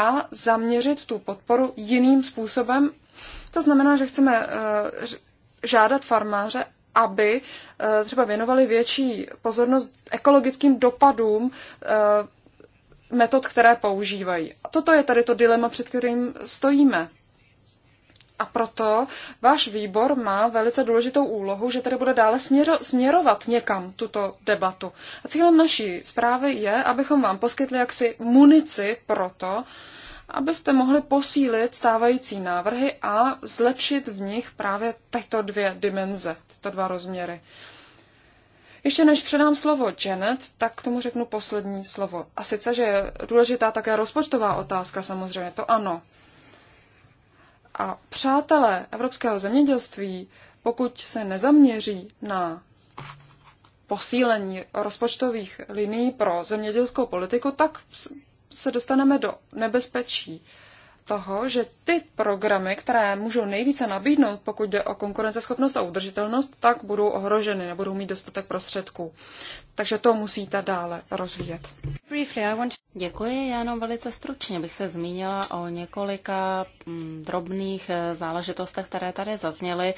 a zaměřit tu podporu jiným způsobem. To znamená, že chceme eh, žádat farmáře, aby eh, třeba věnovali větší pozornost ekologickým dopadům eh, metod, které používají. A toto je tady to dilema, před kterým stojíme a proto váš výbor má velice důležitou úlohu, že tady bude dále směro, směrovat někam tuto debatu. A cílem naší zprávy je, abychom vám poskytli jaksi munici pro to, abyste mohli posílit stávající návrhy a zlepšit v nich právě tyto dvě dimenze, tyto dva rozměry. Ještě než předám slovo Janet, tak k tomu řeknu poslední slovo. A sice, že je důležitá také rozpočtová otázka samozřejmě, to ano. A přátelé evropského zemědělství, pokud se nezaměří na posílení rozpočtových linií pro zemědělskou politiku, tak se dostaneme do nebezpečí toho, že ty programy, které můžou nejvíce nabídnout, pokud jde o konkurenceschopnost a udržitelnost, tak budou ohroženy, nebudou mít dostatek prostředků. Takže to musíte dále rozvíjet. Děkuji, já jenom velice stručně bych se zmínila o několika mm, drobných eh, záležitostech, které tady zazněly.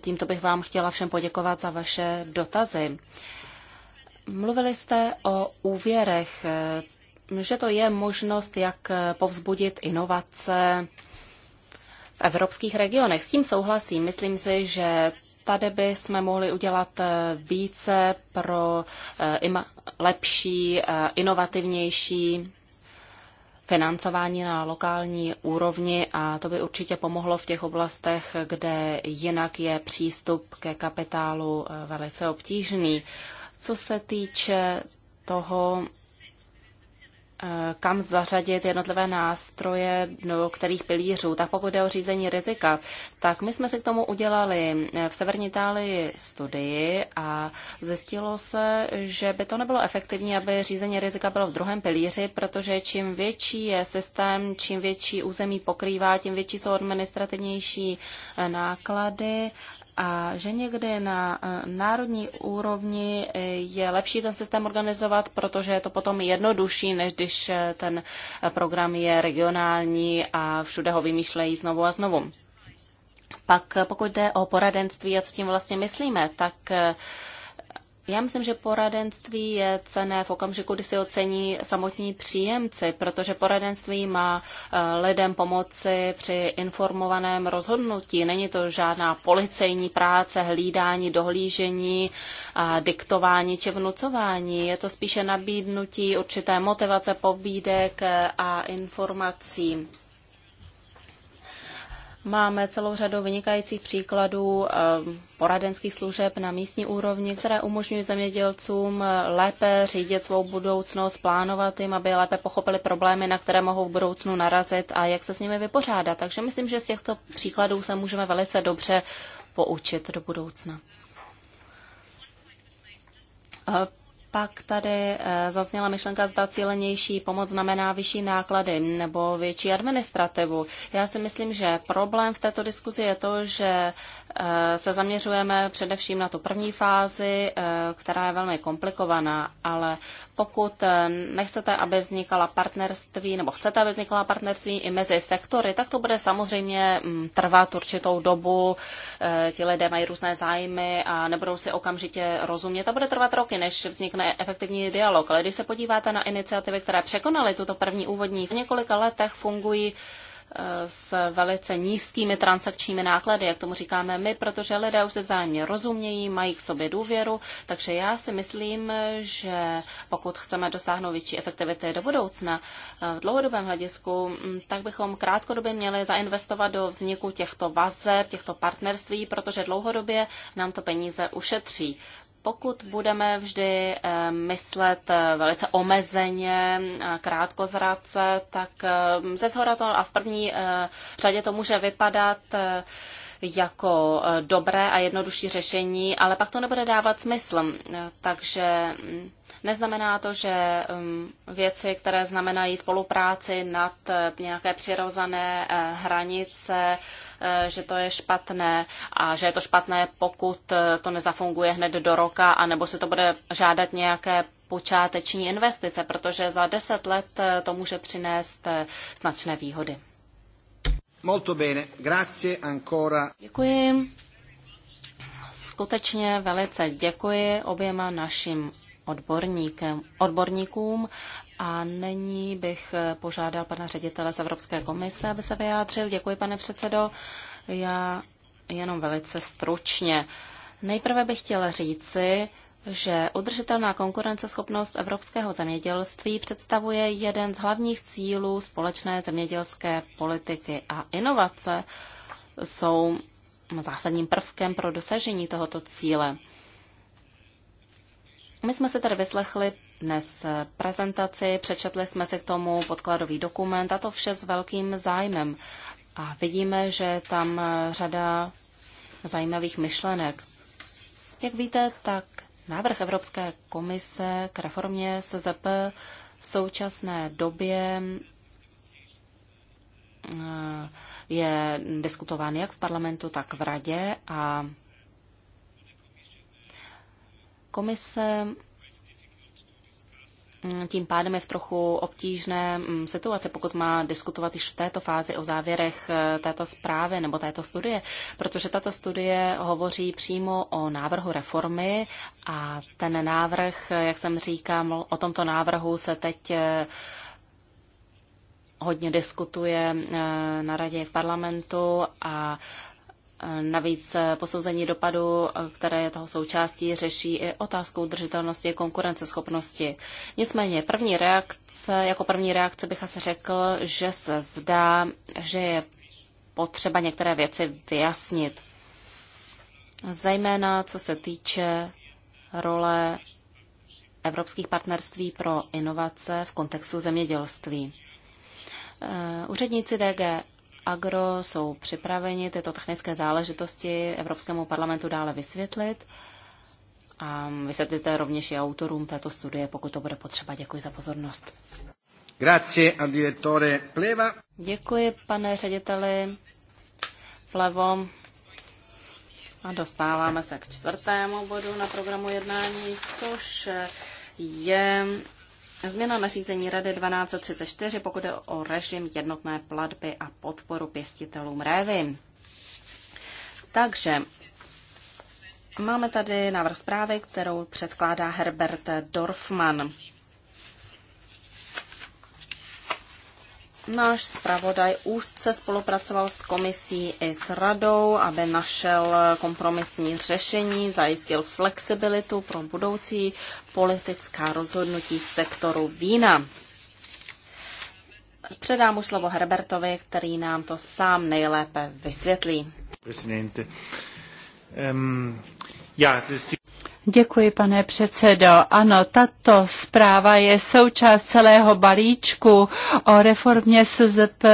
Tímto bych vám chtěla všem poděkovat za vaše dotazy. Mluvili jste o úvěrech eh, že to je možnost, jak povzbudit inovace v evropských regionech. S tím souhlasím. Myslím si, že tady by jsme mohli udělat eh, více pro eh, lepší, eh, inovativnější financování na lokální úrovni a to by určitě pomohlo v těch oblastech, kde jinak je přístup ke kapitálu velice obtížný. Co se týče toho, Eh, kam zařadit jednotlivé nástroje do no, kterých pilířů. Tak pokud jde o řízení rizika, tak my jsme si k tomu udělali eh, v Severní Itálii studii a zjistilo se, že by to nebylo efektivní, aby řízení rizika bylo v druhém pilíři, protože čím větší je systém, čím větší území pokrývá, tím větší jsou administrativnější eh, náklady a že někde na eh, národní úrovni eh, je lepší ten systém organizovat, protože je to potom jednodušší, než když eh, ten program je regionální a všude ho vymýšlejí znovu a znovu. Pak pokud jde o poradenství a co tím vlastně myslíme, tak já myslím, že poradenství je cené v okamžiku, kdy si ocení samotní příjemci, protože poradenství má eh, lidem pomoci při informovaném rozhodnutí. Není to žádná policejní práce, hlídání, dohlížení, diktování či vnucování. Je to spíše nabídnutí určité motivace, pobídek eh, a informací. Máme celou řadu vynikajících příkladů ehm, poradenských služeb na místní úrovni, které umožňují zemědělcům eh, lépe řídit svou budoucnost, plánovat jim, aby lépe pochopili problémy, na které mohou v budoucnu narazit a jak se s nimi vypořádat. Takže myslím, že z těchto příkladů se můžeme velice dobře poučit do budoucna. Eh, pak tady eh, zazněla myšlenka, zda cílenější pomoc znamená vyšší náklady nebo větší administrativu. Já si myslím, že problém v této diskuzi je to, že eh, se zaměřujeme především na tu první fázi, eh, která je velmi komplikovaná, ale pokud eh, nechcete, aby vznikala partnerství, nebo chcete, aby vznikala partnerství i mezi sektory, tak to bude samozřejmě mm, trvat určitou dobu. Eh, ti lidé mají různé zájmy a nebudou si okamžitě rozumět a bude trvat roky, než vznikne efektivní dialog. Ale když se podíváte na iniciativy, které překonaly tuto první úvodní, v několika letech fungují s velice nízkými transakčními náklady, jak tomu říkáme my, protože lidé už se vzájemně rozumějí, mají k sobě důvěru, takže já si myslím, že pokud chceme dosáhnout větší efektivity do budoucna eh, v dlouhodobém hledisku, mm, tak bychom krátkodobě měli zainvestovat do vzniku těchto vazeb, těchto partnerství, protože dlouhodobě nám to peníze ušetří pokud budeme vždy eh, myslet eh, velice omezeně, eh, krátkozrace, tak ze zhora to a v první řadě to může vypadat jako eh, dobré a jednodušší řešení, ale pak to nebude dávat smysl. Eh, takže mm, neznamená to, že mm, věci, které znamenají spolupráci nad eh, nějaké přirozené hranice, že to je špatné a že je to špatné, pokud to nezafunguje hned do roka, anebo se to bude žádat nějaké počáteční investice, protože za deset let to může přinést značné výhody. Molto bene, grazie ancora. Děkuji. Skutečně velice děkuji oběma našim odborníkem, odborníkům a nyní bych požádal pana ředitele z Evropské komise, aby se vyjádřil. Děkuji, pane předsedo. Já jenom velice stručně. Nejprve bych chtěla říci, že udržitelná konkurenceschopnost evropského zemědělství představuje jeden z hlavních cílů společné zemědělské politiky a inovace jsou zásadním prvkem pro dosažení tohoto cíle. My jsme se tady vyslechli dnes prezentaci, přečetli jsme si k tomu podkladový dokument a to vše s velkým zájmem. A vidíme, že tam řada zajímavých myšlenek. Jak víte, tak Návrh Evropské komise k reformě SZP v současné době eh, je diskutován jak v parlamentu, tak v radě a komise Mm, tím pádem je v trochu obtížné mm, situace, pokud má diskutovat již v této fázi o závěrech eh, této zprávy nebo této studie, protože tato studie hovoří přímo o návrhu reformy a ten návrh, eh, jak jsem říkám, o tomto návrhu se teď eh, hodně diskutuje na radě v parlamentu a Navíc posouzení dopadu, které je toho součástí, řeší i otázku udržitelnosti konkurenceschopnosti. Nicméně první reakce, jako první reakce bych asi řekl, že se zdá, že je potřeba některé věci vyjasnit. Zejména co se týče role evropských partnerství pro inovace v kontextu zemědělství. Eh, úředníci DG Agro jsou připraveni tyto technické záležitosti Evropskému parlamentu dále vysvětlit a vysvětlíte rovněž i autorům této studie, pokud to bude potřeba. Děkuji za pozornost. Grazie al direttore Pleva. Děkuji, pane řediteli Plevo. A dostáváme se k čtvrtému bodu na programu jednání, což je Změna nařízení Rady 1234, pokud jde o režim jednotné platby a podporu pěstitelům révy. Takže máme tady návrh zprávy, kterou předkládá Herbert Dorfman. Náš zpravodaj úzce spolupracoval s komisí i s radou, aby našel kompromisní řešení, zajistil flexibilitu pro budoucí politická rozhodnutí v sektoru vína. Předám už slovo Herbertovi, který nám to sám nejlépe vysvětlí. Um, ehm, yeah, Děkuji, pane předsedo. Ano, tato zpráva je součást celého balíčku o reformě SZP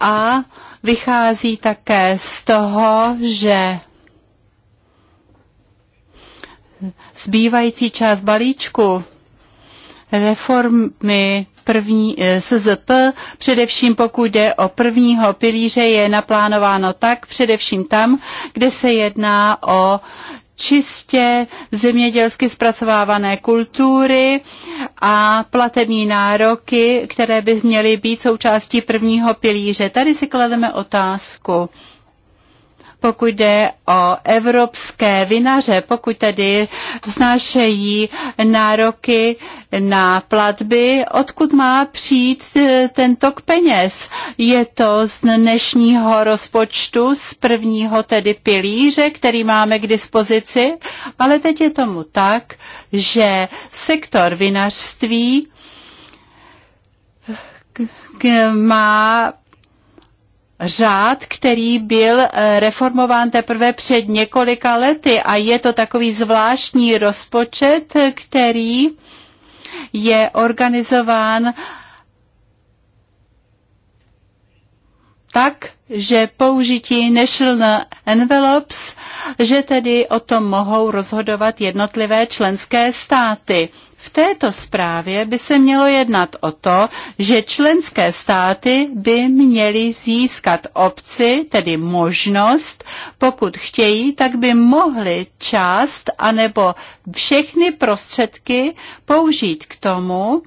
a vychází také z toho, že zbývající část balíčku reformy první eh, SZP, především pokud jde o prvního pilíře, je naplánováno tak, především tam, kde se jedná o čistě zemědělsky zpracovávané kultury a platební nároky, které by měly být součástí prvního pilíře. Tady si klademe otázku, pokud jde o evropské vinaře, pokud tedy vznášejí nároky na platby, odkud má přijít e, ten tok peněz. Je to z dnešního rozpočtu, z prvního tedy pilíře, který máme k dispozici, ale teď je tomu tak, že sektor vinařství má řád, který byl eh, reformován teprve před několika lety a je to takový zvláštní rozpočet, který je organizován tak, že použití National Envelopes, že tedy o tom mohou rozhodovat jednotlivé členské státy. V této zprávě by se mělo jednat o to, že členské státy by měly získat obci, tedy možnost, pokud chtějí, tak by mohly část anebo všechny prostředky použít k tomu,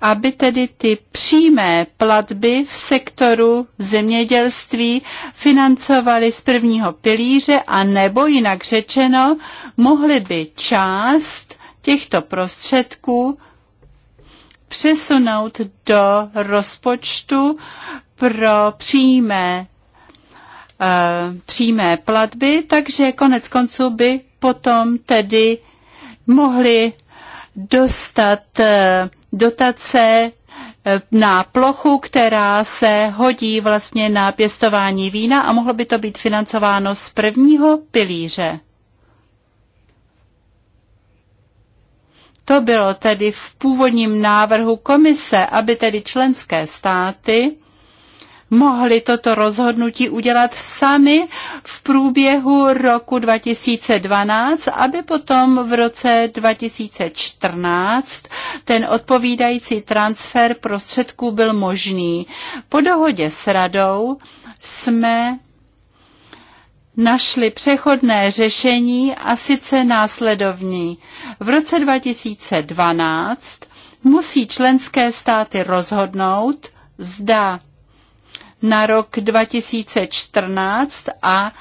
aby tedy ty přímé platby v sektoru zemědělství financovaly z prvního pilíře a nebo jinak řečeno, mohly by část těchto prostředků přesunout do rozpočtu pro přímé, uh, přímé platby, takže konec konců by potom tedy mohli dostat uh, dotace eh, na plochu, která se hodí vlastně na pěstování vína a mohlo by to být financováno z prvního pilíře. To bylo tedy v původním návrhu komise, aby tedy členské státy mohli toto rozhodnutí udělat sami v průběhu roku 2012, aby potom v roce 2014 ten odpovídající transfer prostředků byl možný. Po dohodě s radou jsme našli přechodné řešení a sice následovní. V roce 2012 musí členské státy rozhodnout, zda na rok 2014 a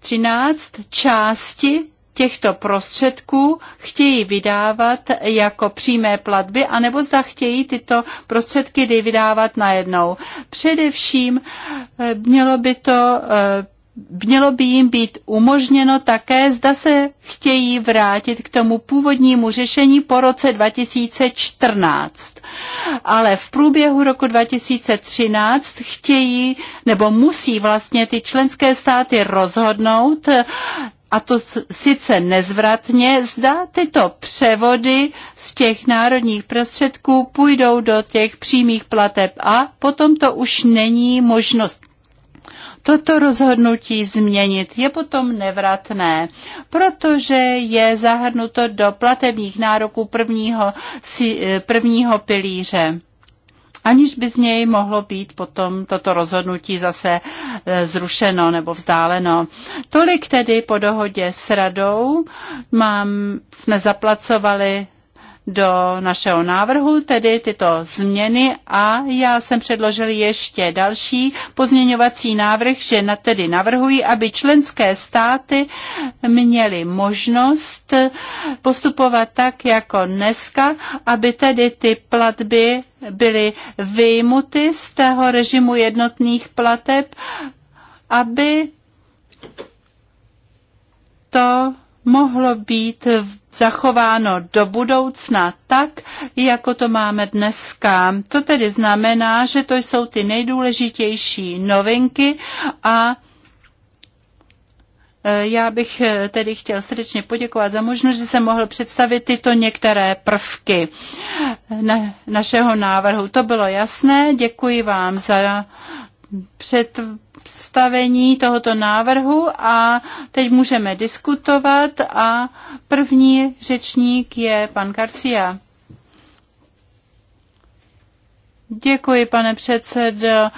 13 e, části těchto prostředků chtějí vydávat jako přímé platby, anebo zda chtějí tyto prostředky vydávat najednou. Především e, mělo by to e, mělo by jim být umožněno také, zda se chtějí vrátit k tomu původnímu řešení po roce 2014. Ale v průběhu roku 2013 chtějí nebo musí vlastně ty členské státy rozhodnout, a to sice nezvratně, zda tyto převody z těch národních prostředků půjdou do těch přímých plateb a potom to už není možnost toto rozhodnutí změnit je potom nevratné, protože je zahrnuto do platebních nároků prvního, eh, prvního pilíře aniž by z něj mohlo být potom toto rozhodnutí zase eh, zrušeno nebo vzdáleno. Tolik tedy po dohodě s radou mám, jsme zaplacovali do našeho návrhu, tedy tyto změny a já jsem předložil ještě další pozměňovací návrh, že na, tedy navrhuji, aby členské státy měly možnost postupovat tak jako dneska, aby tedy ty platby byly vyjmuty z tého režimu jednotných plateb, aby to mohlo být zachováno do budoucna tak, jako to máme dneska. To tedy znamená, že to jsou ty nejdůležitější novinky a e, já bych e, tedy chtěl srdečně poděkovat za možnost, že jsem mohl představit tyto některé prvky e, na, našeho návrhu. To bylo jasné. Děkuji vám za představení tohoto návrhu a teď můžeme diskutovat a první řečník je pan Garcia. Děkuji, pane předsedo.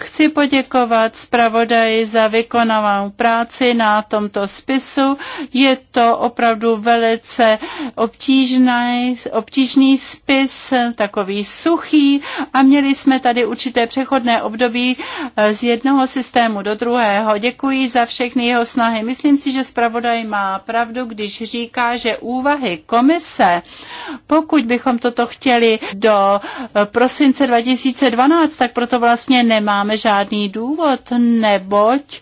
Chci poděkovat zpravodaji za vykonanou práci na tomto spisu. Je to opravdu velice obtížný, obtížný spis, takový suchý a měli jsme tady určité přechodné období eh, z jednoho systému do druhého. Děkuji za všechny jeho snahy. Myslím si, že zpravodaj má pravdu, když říká, že úvahy komise, pokud bychom toto chtěli do eh, prosince 2012, tak proto vlastně nemáme nemáme žádný důvod, neboť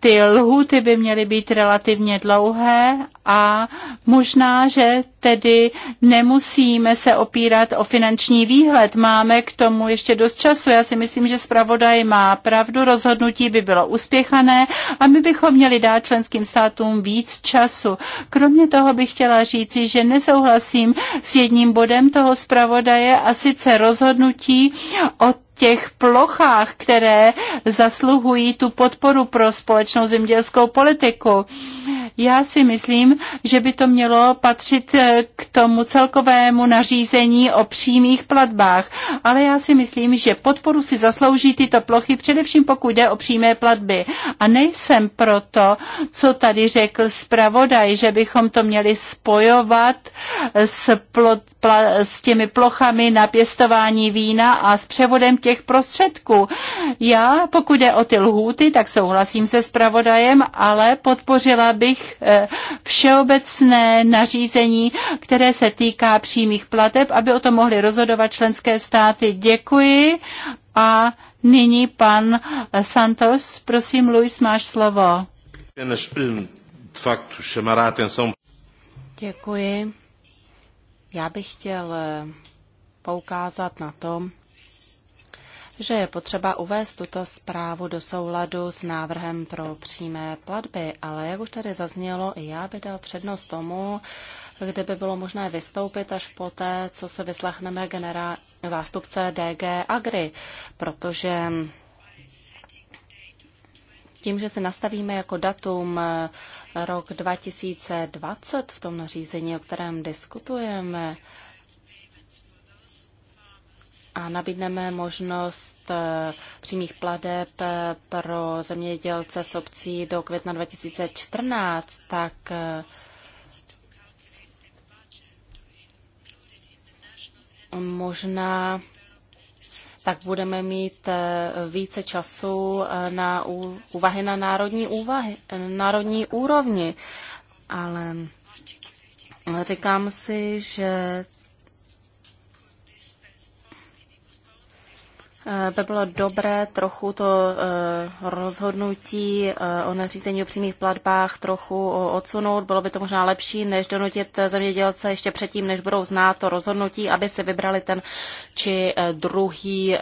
ty lhuty by měly být relativně dlouhé a možná, že tedy nemusíme se opírat o finanční výhled. Máme k tomu ještě dost času. Já si myslím, že zpravodaj má pravdu, rozhodnutí by bylo uspěchané a my bychom měli dát členským státům víc času. Kromě toho bych chtěla říci, že nesouhlasím s jedním bodem toho zpravodaje a sice rozhodnutí o těch plochách, které zasluhují tu podporu pro společnou zemědělskou politiku. Já si myslím, že by to mělo patřit eh, k tomu celkovému nařízení o přímých platbách, ale já si myslím, že podporu si zaslouží tyto plochy, především pokud jde o přímé platby. A nejsem proto, co tady řekl zpravodaj, že bychom to měli spojovat s, plot, pla, s těmi plochami na pěstování vína a s převodem těch prostředků. Já, pokud jde o ty lhůty, tak souhlasím souhlasím se zpravodajem, ale podpořila bych eh, všeobecné nařízení, které se týká přímých plateb, aby o tom mohly rozhodovat členské státy. Děkuji a nyní pan eh, Santos. Prosím, Luis, máš slovo. Děkuji. Já bych chtěl eh, poukázat na to, že je potřeba uvést tuto zprávu do souladu s návrhem pro přímé platby, ale jak už tady zaznělo, i já bych dal přednost tomu, kde by bylo možné vystoupit až poté, co se vyslechneme generá- zástupce DG Agri, protože tím, že si nastavíme jako datum eh, rok 2020 v tom nařízení, o kterém diskutujeme, a nabídneme možnost eh, přímých pladeb eh, pro zemědělce s obcí do května 2014, tak eh, možná tak budeme mít více času na úvahy na národní, úvahy, národní úrovni. Ale říkám si, že Eh, by bylo dobré trochu to eh, rozhodnutí eh, o nařízení o přímých platbách trochu odsunout. Bylo by to možná lepší, než donutit zemědělce ještě předtím, než budou znát to rozhodnutí, aby si vybrali ten či druhý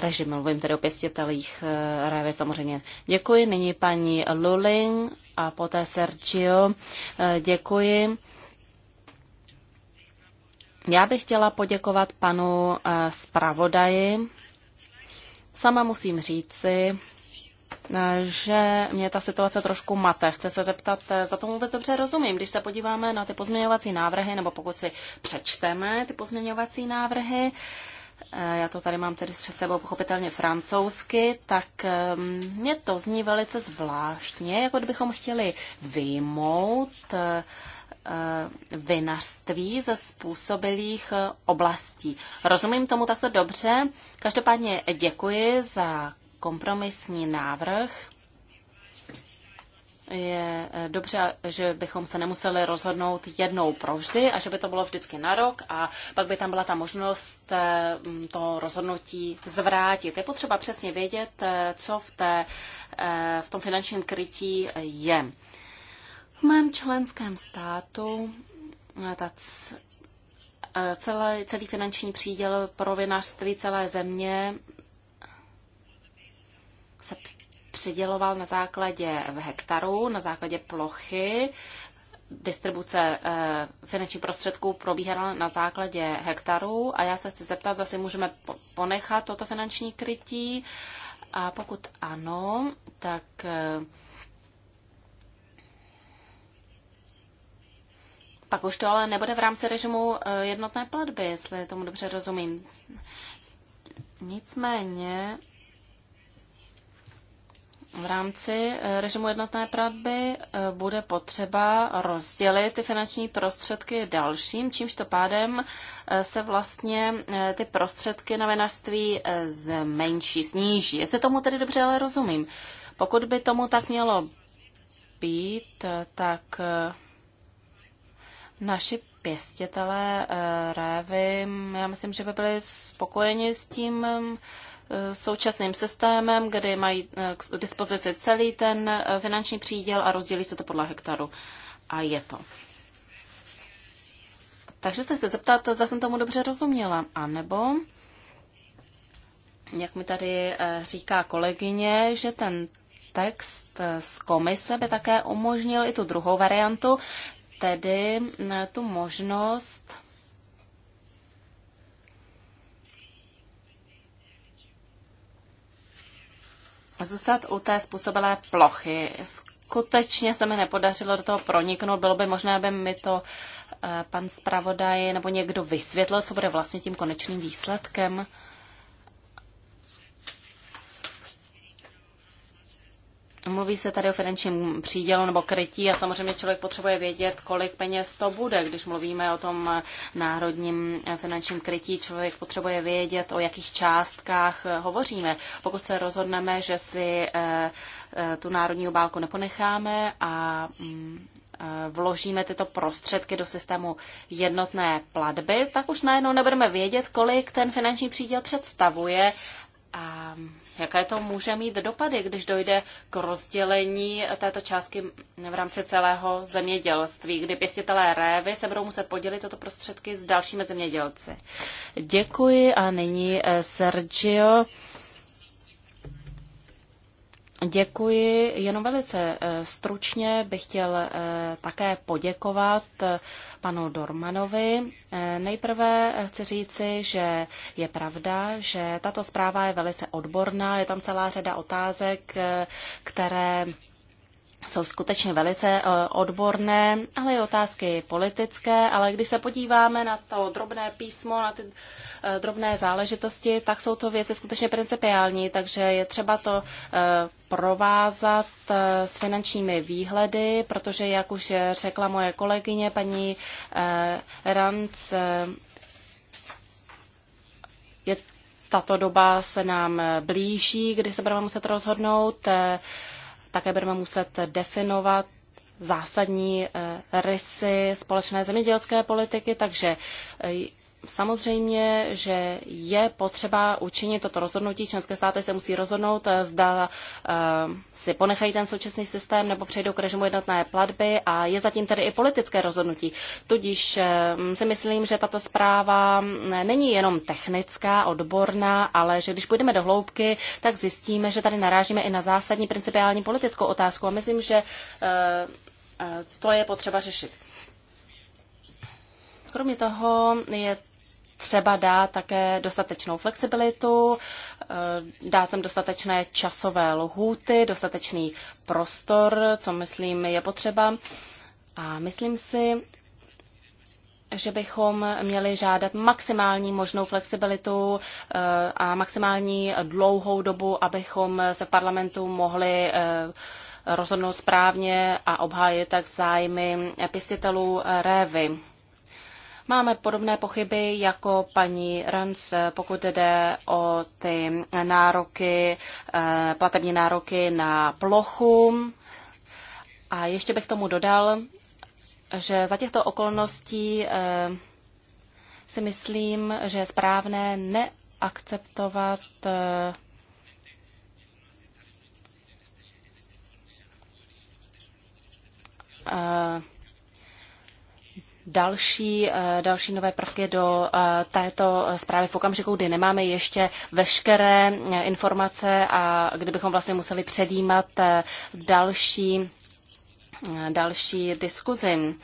režim. Mluvím tedy o pěstitelích rávy samozřejmě. Děkuji. Nyní paní Luling a poté Sergio. Děkuji. Já bych chtěla poděkovat panu eh, zpravodaji. Sama musím říci, eh, že mě ta situace trošku mate. Chce se zeptat, eh, za to vůbec dobře rozumím. Když se podíváme na ty pozměňovací návrhy, nebo pokud si přečteme ty pozměňovací návrhy, já to tady mám tedy před sebou pochopitelně francouzsky, tak mě to zní velice zvláštně, jako kdybychom chtěli vyjmout Eh, vinařství ze způsobilých eh, oblastí. Rozumím tomu takto dobře. Každopádně děkuji za kompromisní návrh. Je eh, dobře, že bychom se nemuseli rozhodnout jednou provždy a že by to bylo vždycky na rok a pak by tam byla ta možnost to rozhodnutí zvrátit. Je potřeba přesně vědět, co v, té, v tom finančním krytí je mém členském státu eh, ta eh, celé, celý finanční příděl pro vinařství celé země se přiděloval na základě hektaru, na základě plochy. Distribuce eh, finančních prostředků probíhala na základě hektaru. a já se chci zeptat, zase můžeme ponechat toto finanční krytí a pokud ano, tak Pak už to ale nebude v rámci režimu eh, jednotné platby, jestli tomu dobře rozumím. Nicméně v rámci eh, režimu jednotné platby eh, bude potřeba rozdělit ty finanční prostředky dalším, čímž to pádem se vlastně ty prostředky na vinařství zmenší, sníží. Jestli tomu tedy dobře ale rozumím. Pokud by tomu tak mělo být, tak naši pěstitelé eh, révy, já myslím, že by byli spokojeni s tím mm, eh, současným systémem, kdy mají eh, k dispozici celý ten finanční příděl a rozdělí se to podle hektaru. A je to. Takže se chci zeptat, zda jsem tomu dobře rozuměla, a nebo jak mi tady říká kolegyně, že ten text z komise by také umožnil i tu druhou variantu, tedy na tu možnost zůstat u té způsobilé plochy. Skutečně se mi nepodařilo do toho proniknout. Bylo by možné, aby mi to eh, pan zpravodaj nebo někdo vysvětlil, co bude vlastně tím konečným výsledkem. Mluví se tady o finančním přídělu nebo krytí a samozřejmě člověk potřebuje vědět, kolik peněz to bude. Když mluvíme o tom národním finančním krytí, člověk potřebuje vědět, o jakých částkách hovoříme. Pokud se rozhodneme, že si eh, eh, tu národní obálku neponecháme a mm, eh, vložíme tyto prostředky do systému jednotné platby, tak už najednou nebudeme vědět, kolik ten finanční příděl představuje. A Jaké to může mít dopady, když dojde k rozdělení této částky v rámci celého zemědělství, kdy pěstitelé révy se budou muset podělit toto prostředky s dalšími zemědělci? Děkuji a nyní eh, Sergio. Děkuji. Jenom velice eh, stručně bych chtěl eh, také poděkovat eh, panu Dormanovi. Nejprve chci říci, že je pravda, že tato zpráva je velice odborná. Je tam celá řada otázek, které jsou skutečně velice eh, odborné, ale i otázky politické, ale když se podíváme na to drobné písmo, na ty eh, drobné záležitosti, tak jsou to věci skutečně principiální, takže je třeba to eh, provázat s finančními výhledy, protože, jak už řekla moje kolegyně, paní Ranc, je tato doba se nám blíží, kdy se budeme muset rozhodnout, také budeme muset definovat zásadní eh, rysy společné zemědělské politiky, takže eh, Samozřejmě, že je potřeba učinit toto rozhodnutí. Členské státy se musí rozhodnout, eh, zda eh, si ponechají ten současný systém nebo přejdou k režimu jednotné platby a je zatím tedy i politické rozhodnutí. Tudíž eh, si myslím, že tato zpráva není jenom technická, odborná, ale že když půjdeme do hloubky, tak zjistíme, že tady narážíme i na zásadní principiální politickou otázku a myslím, že to je potřeba řešit. Kromě toho je třeba dát také dostatečnou flexibilitu, eh, dát sem dostatečné časové lhůty, dostatečný prostor, co myslím je potřeba. A myslím si, že bychom měli žádat maximální možnou flexibilitu eh, a maximální dlouhou dobu, abychom se v parlamentu mohli eh, rozhodnout správně a obhájit tak zájmy pěstitelů révy. Máme podobné pochyby jako paní Rans, pokud jde o ty nároky, eh, platební nároky na plochu. A ještě bych tomu dodal, že za těchto okolností eh, si myslím, že je správné neakceptovat eh, další, eh, další nové prvky do eh, této zprávy v okamžiku, kdy nemáme ještě veškeré eh, informace a kdybychom vlastně museli předjímat další, další diskuzi.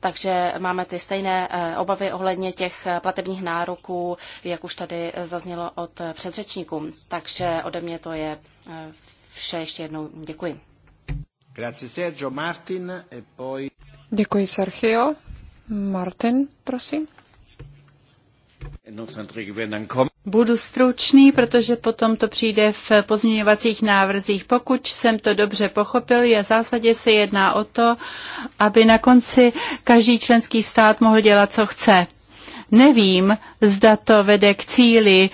Takže máme ty stejné obavy ohledně těch platebních nároků, jak už tady zaznělo od předřečníků. Takže ode mě to je vše. Ještě jednou děkuji. E Děkuji Sergio. Martin, prosím. Budu stručný, protože potom to přijde v pozměňovacích návrzích. Pokud jsem to dobře pochopil, je v zásadě se jedná o to, aby na konci každý členský stát mohl dělat, co chce. Nevím, zda to vede k cíli,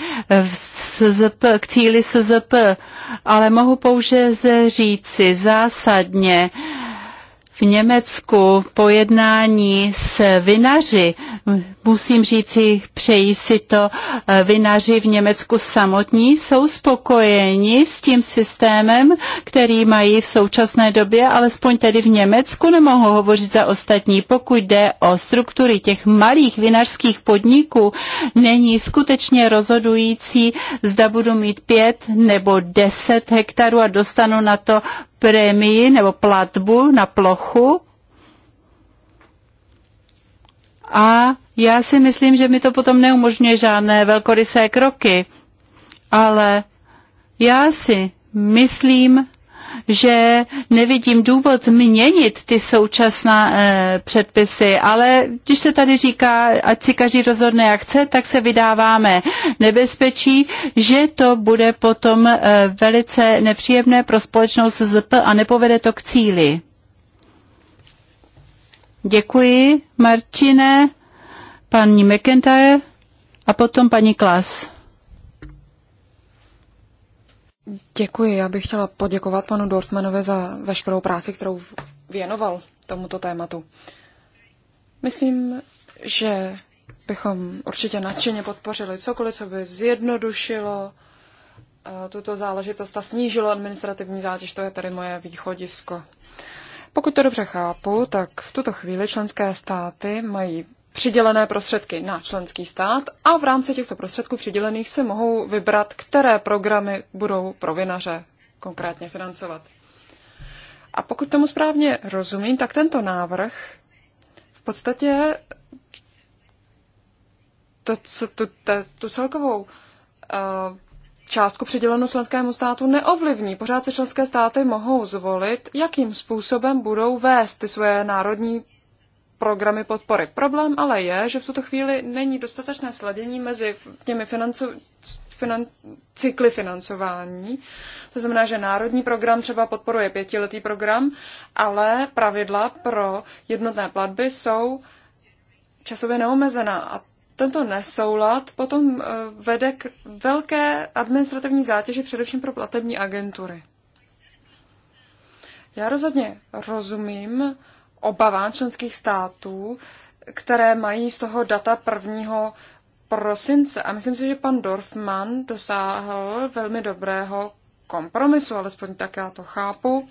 SZP, k cíli SZP, ale mohu pouze říci zásadně, v Německu po jednání s vinaři, musím říci, přejí si to eh, vinaři v Německu samotní, jsou spokojeni s tím systémem, který mají v současné době, alespoň tedy v Německu nemohou hovořit za ostatní. Pokud jde o struktury těch malých vinařských podniků, není skutečně rozhodující, zda budu mít pět nebo deset hektarů a dostanu na to prémii nebo platbu na plochu. A já si myslím, že mi to potom neumožňuje žádné velkorysé kroky. Ale já si myslím, že nevidím důvod měnit ty současná e, předpisy, ale když se tady říká, ať si každý rozhodne, jak chce, tak se vydáváme nebezpečí, že to bude potom e, velice nepříjemné pro společnost ZP a nepovede to k cíli. Děkuji, Martine, paní McIntyre a potom paní Klas. Děkuji. Já bych chtěla poděkovat panu Dorfmanovi za veškerou práci, kterou věnoval tomuto tématu. Myslím, že bychom určitě nadšeně podpořili cokoliv, co by zjednodušilo eh, tuto záležitost a snížilo administrativní zátěž. To je tady moje východisko. Pokud to dobře chápu, tak v tuto chvíli členské státy mají přidělené prostředky na členský stát a v rámci těchto prostředků přidělených se mohou vybrat, které programy budou pro vinaře konkrétně financovat. A pokud tomu správně rozumím, tak tento návrh v podstatě to, tu, te, tu celkovou uh, částku přidělenou členskému státu neovlivní. Pořád se členské státy mohou zvolit, jakým způsobem budou vést ty svoje národní programy podpory. Problém ale je, že v tuto chvíli není dostatečné sladění mezi těmi financo, finan, cykly financování. To znamená, že národní program třeba podporuje pětiletý program, ale pravidla pro jednotné platby jsou časově neomezená a tento nesoulad potom eh, vede k velké administrativní zátěži především pro platební agentury. Já rozhodně rozumím obavám členských států, které mají z toho data prvního prosince. A myslím si, že pan Dorfman dosáhl velmi dobrého kompromisu, alespoň tak já to chápu.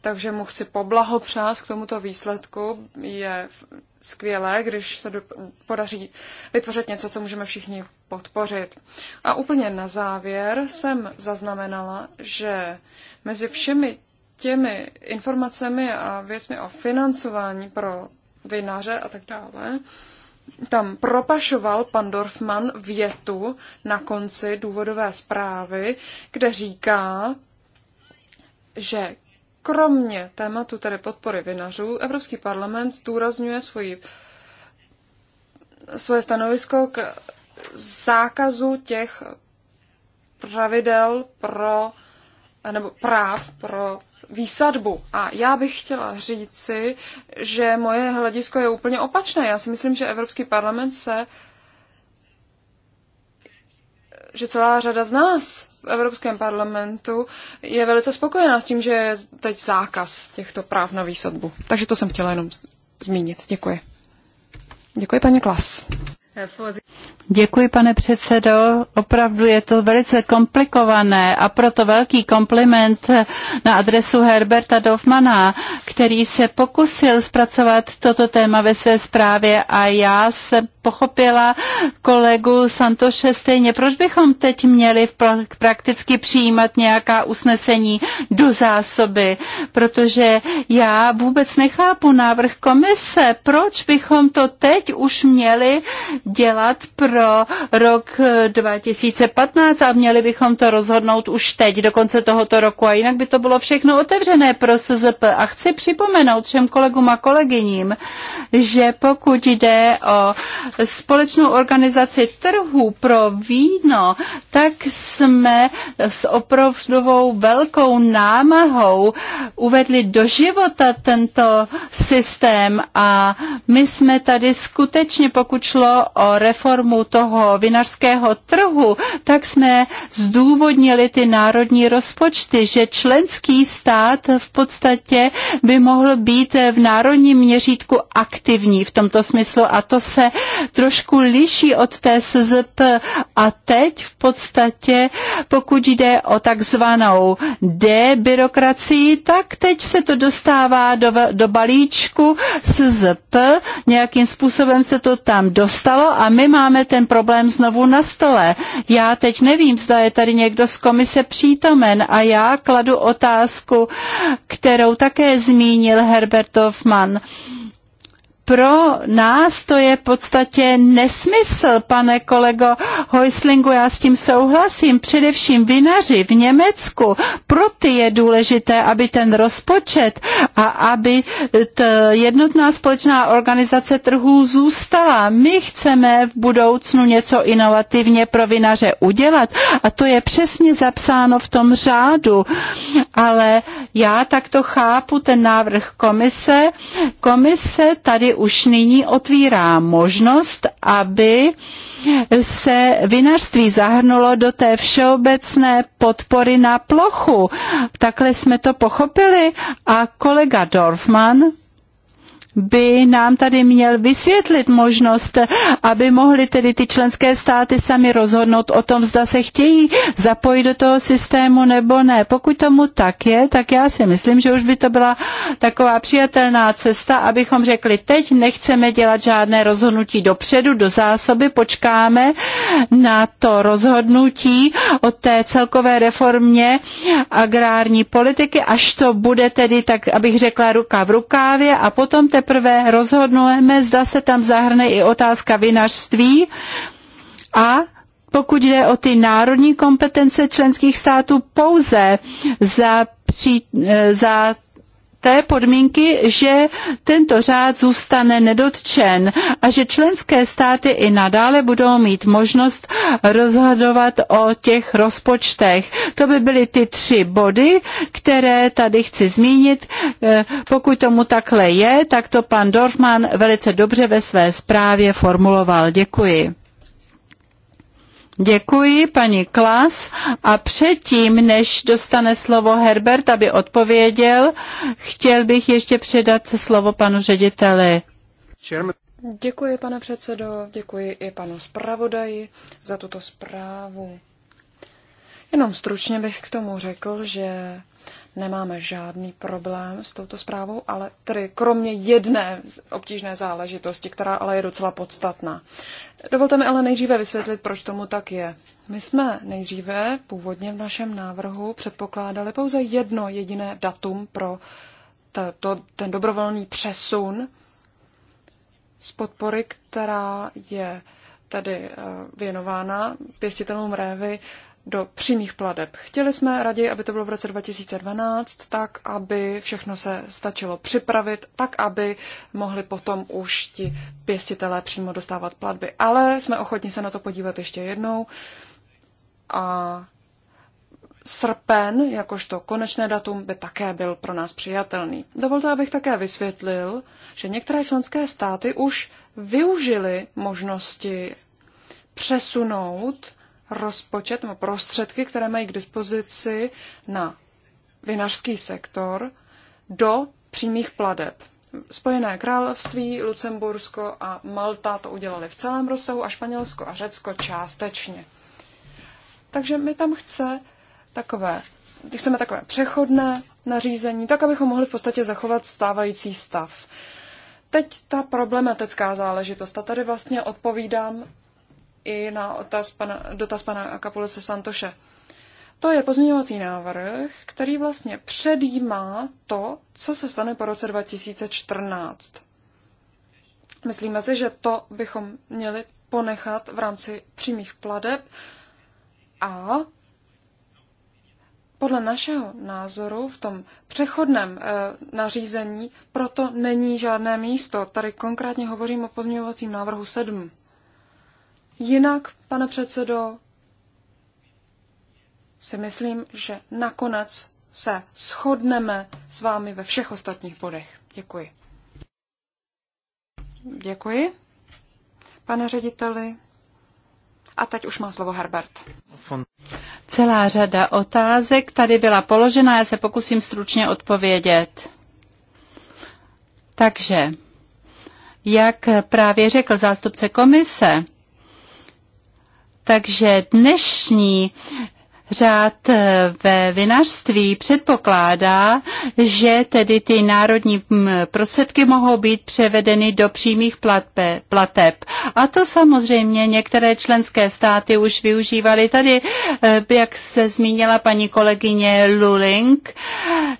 Takže mu chci poblahopřát k tomuto výsledku. Je skvělé, když se do, podaří vytvořit něco, co můžeme všichni podpořit. A úplně na závěr jsem zaznamenala, že mezi všemi těmi informacemi a věcmi o financování pro vinaře a tak dále, tam propašoval pan Dorfman větu na konci důvodové zprávy, kde říká, že kromě tématu tedy podpory vinařů, Evropský parlament zdůrazňuje svoji, svoje stanovisko k zákazu těch pravidel pro, nebo práv pro výsadbu. A já bych chtěla říci, že moje hledisko je úplně opačné. Já si myslím, že Evropský parlament se že celá řada z nás v Evropském parlamentu je velice spokojená s tím, že je teď zákaz těchto práv na výsadbu. Takže to jsem chtěla jenom zmínit. Děkuji. Děkuji, paní Klas. Děkuji, pane předsedo. Opravdu je to velice komplikované a proto velký kompliment na adresu Herberta Dofmana, který se pokusil zpracovat toto téma ve své zprávě a já jsem pochopila kolegu Santoše stejně. Proč bychom teď měli prakticky přijímat nějaká usnesení do zásoby? Protože já vůbec nechápu návrh komise. Proč bychom to teď už měli dělat pro rok 2015 eh, a měli bychom to rozhodnout už teď, do konce tohoto roku a jinak by to bylo všechno otevřené pro SZP. A chci připomenout všem kolegům a kolegyním, že pokud jde o společnou organizaci trhu pro víno, tak jsme s opravdovou velkou námahou uvedli do života tento systém a my jsme tady skutečně, pokud šlo o reformu toho vinařského trhu, tak jsme zdůvodnili ty národní rozpočty, že členský stát v podstatě by mohl být v národním měřítku aktivní v tomto smyslu a to se trošku liší od té SZP a teď v podstatě, pokud jde o takzvanou debyrokracii, tak teď se to dostává do, do balíčku SZP, nějakým způsobem se to tam dostalo a my máme ten problém znovu na stole. Já teď nevím, zda je tady někdo z komise přítomen a já kladu otázku, kterou také zmínil Herbert Hoffman. Uh, pro nás to je v podstatě nesmysl, pane kolego Hojslingu, já s tím souhlasím. Především vinaři v Německu, pro ty je důležité, aby ten rozpočet a aby ta jednotná společná organizace trhů zůstala. My chceme v budoucnu něco inovativně pro vinaře udělat a to je přesně zapsáno v tom řádu. Ale já takto chápu ten návrh komise. Komise tady už nyní otvírá možnost, aby se vinařství zahrnulo do té všeobecné podpory na plochu. Takhle jsme to pochopili a kolega Dorfman by nám tady měl vysvětlit možnost, aby mohly tedy ty členské státy sami rozhodnout o tom, zda se chtějí zapojit do toho systému nebo ne. Pokud tomu tak je, tak já si myslím, že už by to byla taková přijatelná cesta, abychom řekli, teď nechceme dělat žádné rozhodnutí dopředu, do zásoby, počkáme na to rozhodnutí o té celkové reformě agrární politiky, až to bude tedy, tak abych řekla, ruka v rukávě a potom te teprve rozhodneme, zda se tam zahrne i otázka vinařství a pokud jde o ty národní kompetence členských států pouze za, při, eh, za té podmínky, že tento řád zůstane nedotčen a že členské státy i nadále budou mít možnost rozhodovat o těch rozpočtech. To by byly ty tři body, které tady chci zmínit. Eh, pokud tomu takhle je, tak to pan Dorfman velice dobře ve své zprávě formuloval. Děkuji. Děkuji, paní Klas. A předtím, než dostane slovo Herbert, aby odpověděl, chtěl bych ještě předat slovo panu řediteli. Děkuji, pane předsedo, děkuji i panu zpravodaji za tuto zprávu. Jenom stručně bych k tomu řekl, že nemáme žádný problém s touto zprávou, ale tedy kromě jedné obtížné záležitosti, která ale je docela podstatná. Dovolte mi ale nejdříve vysvětlit, proč tomu tak je. My jsme nejdříve původně v našem návrhu předpokládali pouze jedno jediné datum pro to, ten dobrovolný přesun z podpory, která je tady eh, věnována pěstitelům révy do přímých pladeb. Chtěli jsme raději, aby to bylo v roce 2012, tak aby všechno se stačilo připravit, tak aby mohli potom už ti pěstitelé přímo dostávat platby. Ale jsme ochotni se na to podívat ještě jednou a srpen, jakožto konečné datum, by také byl pro nás přijatelný. Dovolte, abych také vysvětlil, že některé členské státy už využily možnosti přesunout rozpočet nebo prostředky, které mají k dispozici na vinařský sektor do přímých pladeb. Spojené království, Lucembursko a Malta to udělali v celém rozsahu a Španělsko a Řecko částečně. Takže my tam chce takové, chceme takové přechodné nařízení, tak abychom mohli v podstatě zachovat stávající stav. Teď ta problematická záležitost, a tady vlastně odpovídám i na otaz pana, dotaz pana Kapulese Santoše. To je pozměňovací návrh, který vlastně předjímá to, co se stane po roce 2014. Myslíme si, že to bychom měli ponechat v rámci přímých pladeb a podle našeho názoru v tom přechodném e, nařízení proto není žádné místo. Tady konkrétně hovořím o pozměňovacím návrhu 7. Jinak, pane předsedo, si myslím, že nakonec se shodneme s vámi ve všech ostatních bodech. Děkuji. Děkuji, pane řediteli. A teď už má slovo Herbert. Celá řada otázek tady byla položena, já se pokusím stručně odpovědět. Takže, jak právě řekl zástupce komise, takže dnešní řád eh, ve vinařství předpokládá, že tedy ty národní mm, prostředky mohou být převedeny do přímých plateb. A to samozřejmě některé členské státy už využívaly. Tady, eh, jak se zmínila paní kolegyně Luling,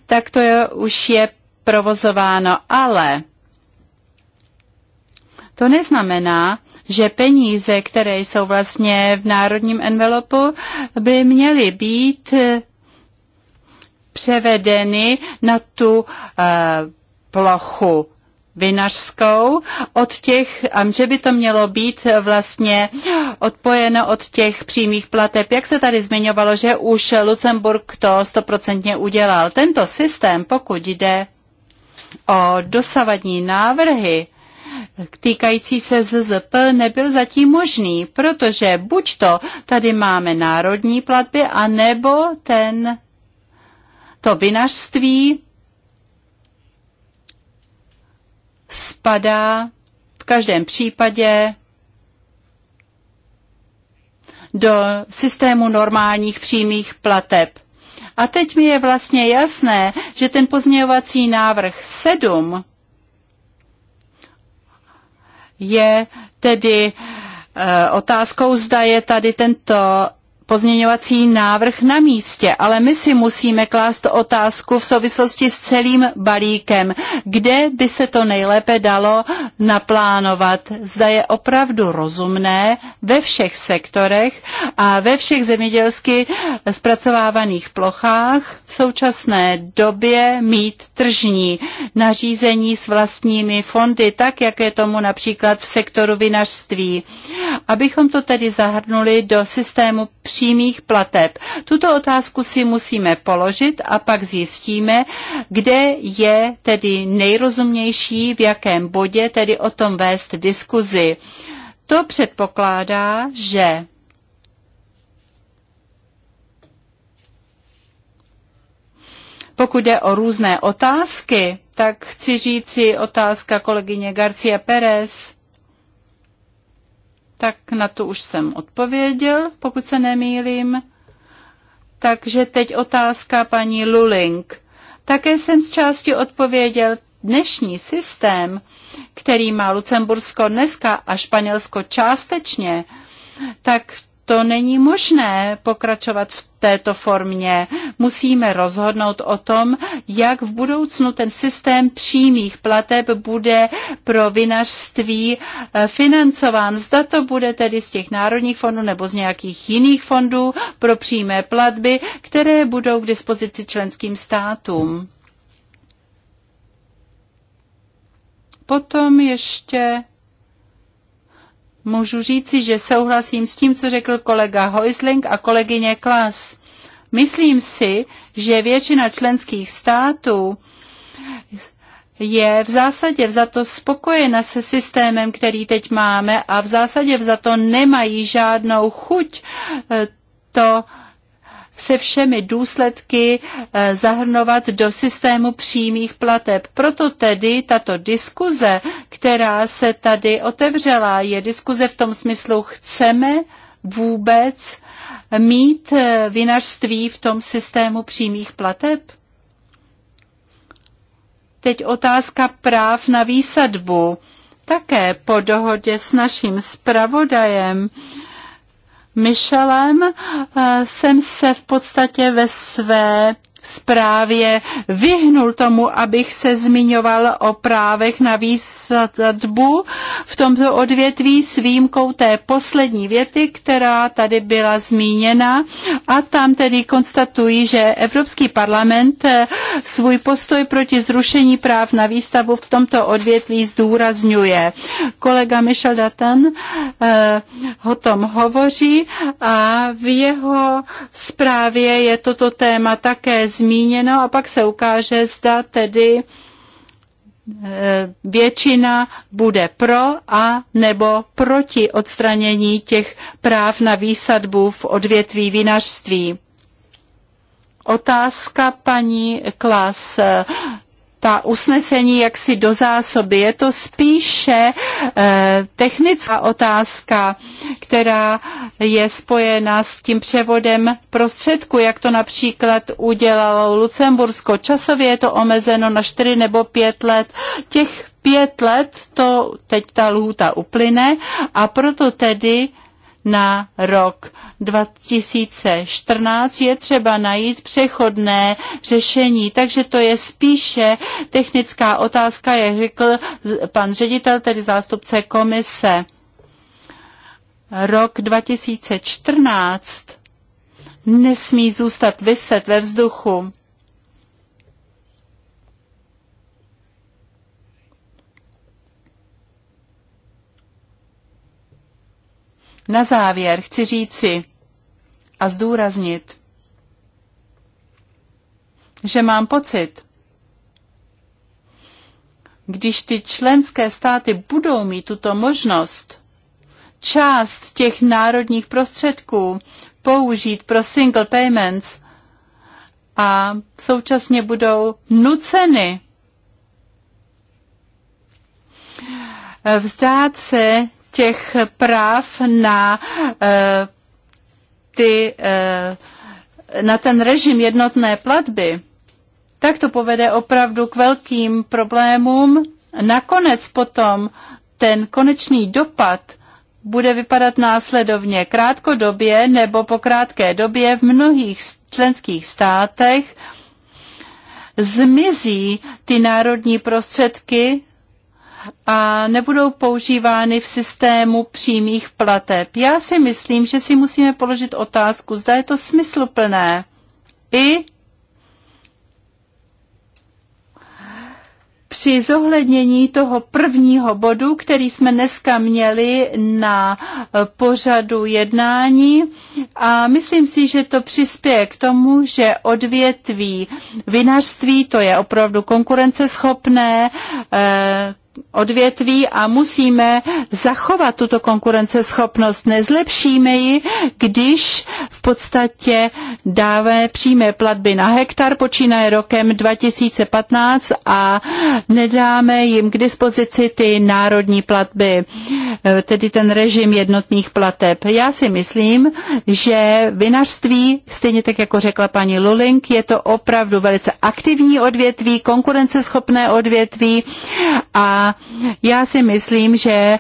tak to je, už je provozováno. Ale to neznamená, že peníze, které jsou vlastně v národním envelopu, by měly být eh, převedeny na tu eh, plochu vinařskou od těch, a že by to mělo být vlastně odpojeno od těch přímých plateb. Jak se tady zmiňovalo, že už Lucemburg to stoprocentně udělal. Tento systém, pokud jde o dosavadní návrhy, týkající se ZZP nebyl zatím možný, protože buď to tady máme národní platby, anebo ten to vinařství spadá v každém případě do systému normálních přímých plateb. A teď mi je vlastně jasné, že ten pozměňovací návrh 7 je tedy eh, otázkou, zda je tady tento pozměňovací návrh na místě, ale my si musíme klást otázku v souvislosti s celým balíkem, kde by se to nejlépe dalo naplánovat. Zda je opravdu rozumné ve všech sektorech a ve všech zemědělsky zpracovávaných plochách v současné době mít tržní nařízení s vlastními fondy, tak jak je tomu například v sektoru vinařství abychom to tedy zahrnuli do systému přímých plateb. Tuto otázku si musíme položit a pak zjistíme, kde je tedy nejrozumnější v jakém bodě tedy o tom vést diskuzi. To předpokládá, že Pokud jde o různé otázky, tak chci říci otázka kolegyně Garcia Perez tak na to už jsem odpověděl, pokud se nemýlím. Takže teď otázka paní Luling. Také jsem z části odpověděl dnešní systém, který má Lucembursko dneska a Španělsko částečně, tak v to není možné pokračovat v této formě. Musíme rozhodnout o tom, jak v budoucnu ten systém přímých plateb bude pro vinařství eh, financován. Zda to bude tedy z těch národních fondů nebo z nějakých jiných fondů pro přímé platby, které budou k dispozici členským státům. Potom ještě můžu říci, že souhlasím s tím, co řekl kolega Heusling a kolegyně Klas. Myslím si, že většina členských států je v zásadě za to spokojena se systémem, který teď máme a v zásadě za to nemají žádnou chuť eh, to se všemi důsledky eh, zahrnovat do systému přímých plateb. Proto tedy tato diskuze, která se tady otevřela, je diskuze v tom smyslu, chceme vůbec mít eh, vinařství v tom systému přímých plateb? Teď otázka práv na výsadbu. Také po dohodě s naším zpravodajem Michelem eh, jsem se v podstatě ve své zprávě vyhnul tomu, abych se zmiňoval o právech na výsadbu v tomto odvětví s výjimkou té poslední věty, která tady byla zmíněna a tam tedy konstatují, že Evropský parlament eh, svůj postoj proti zrušení práv na výstavu v tomto odvětví zdůrazňuje. Kolega Michel Datan eh, o tom hovoří a v jeho zprávě je toto téma také zmíněno a pak se ukáže, zda tedy e, většina bude pro a nebo proti odstranění těch práv na výsadbu v odvětví vinařství. Otázka paní Klas ta usnesení jaksi do zásoby. Je to spíše e, technická otázka, která je spojena s tím převodem prostředku, jak to například udělalo Lucembursko. Časově je to omezeno na 4 nebo 5 let. Těch pět let to teď ta lhůta uplyne a proto tedy na rok 2014 je třeba najít přechodné řešení. Takže to je spíše technická otázka, jak řekl pan ředitel, tedy zástupce komise. Rok 2014 nesmí zůstat vyset ve vzduchu. Na závěr chci říci a zdůraznit, že mám pocit, když ty členské státy budou mít tuto možnost, část těch národních prostředků použít pro single payments a současně budou nuceny vzdát se těch práv na eh, ty, eh, na ten režim jednotné platby, tak to povede opravdu k velkým problémům. Nakonec potom ten konečný dopad bude vypadat následovně krátkodobě nebo po krátké době v mnohých členských státech zmizí ty národní prostředky a nebudou používány v systému přímých plateb. Já si myslím, že si musíme položit otázku, zda je to smysluplné i při zohlednění toho prvního bodu, který jsme dneska měli na pořadu jednání a myslím si, že to přispěje k tomu, že odvětví vinařství, to je opravdu konkurenceschopné, eh, odvětví a musíme zachovat tuto konkurenceschopnost. Nezlepšíme ji, když v podstatě dáme přímé platby na hektar, počínaje rokem 2015 a nedáme jim k dispozici ty národní platby, e, tedy ten režim jednotných plateb. Já si myslím, že vinařství, stejně tak jako řekla paní Luling, je to opravdu velice aktivní odvětví, konkurenceschopné odvětví a já si myslím, že eh,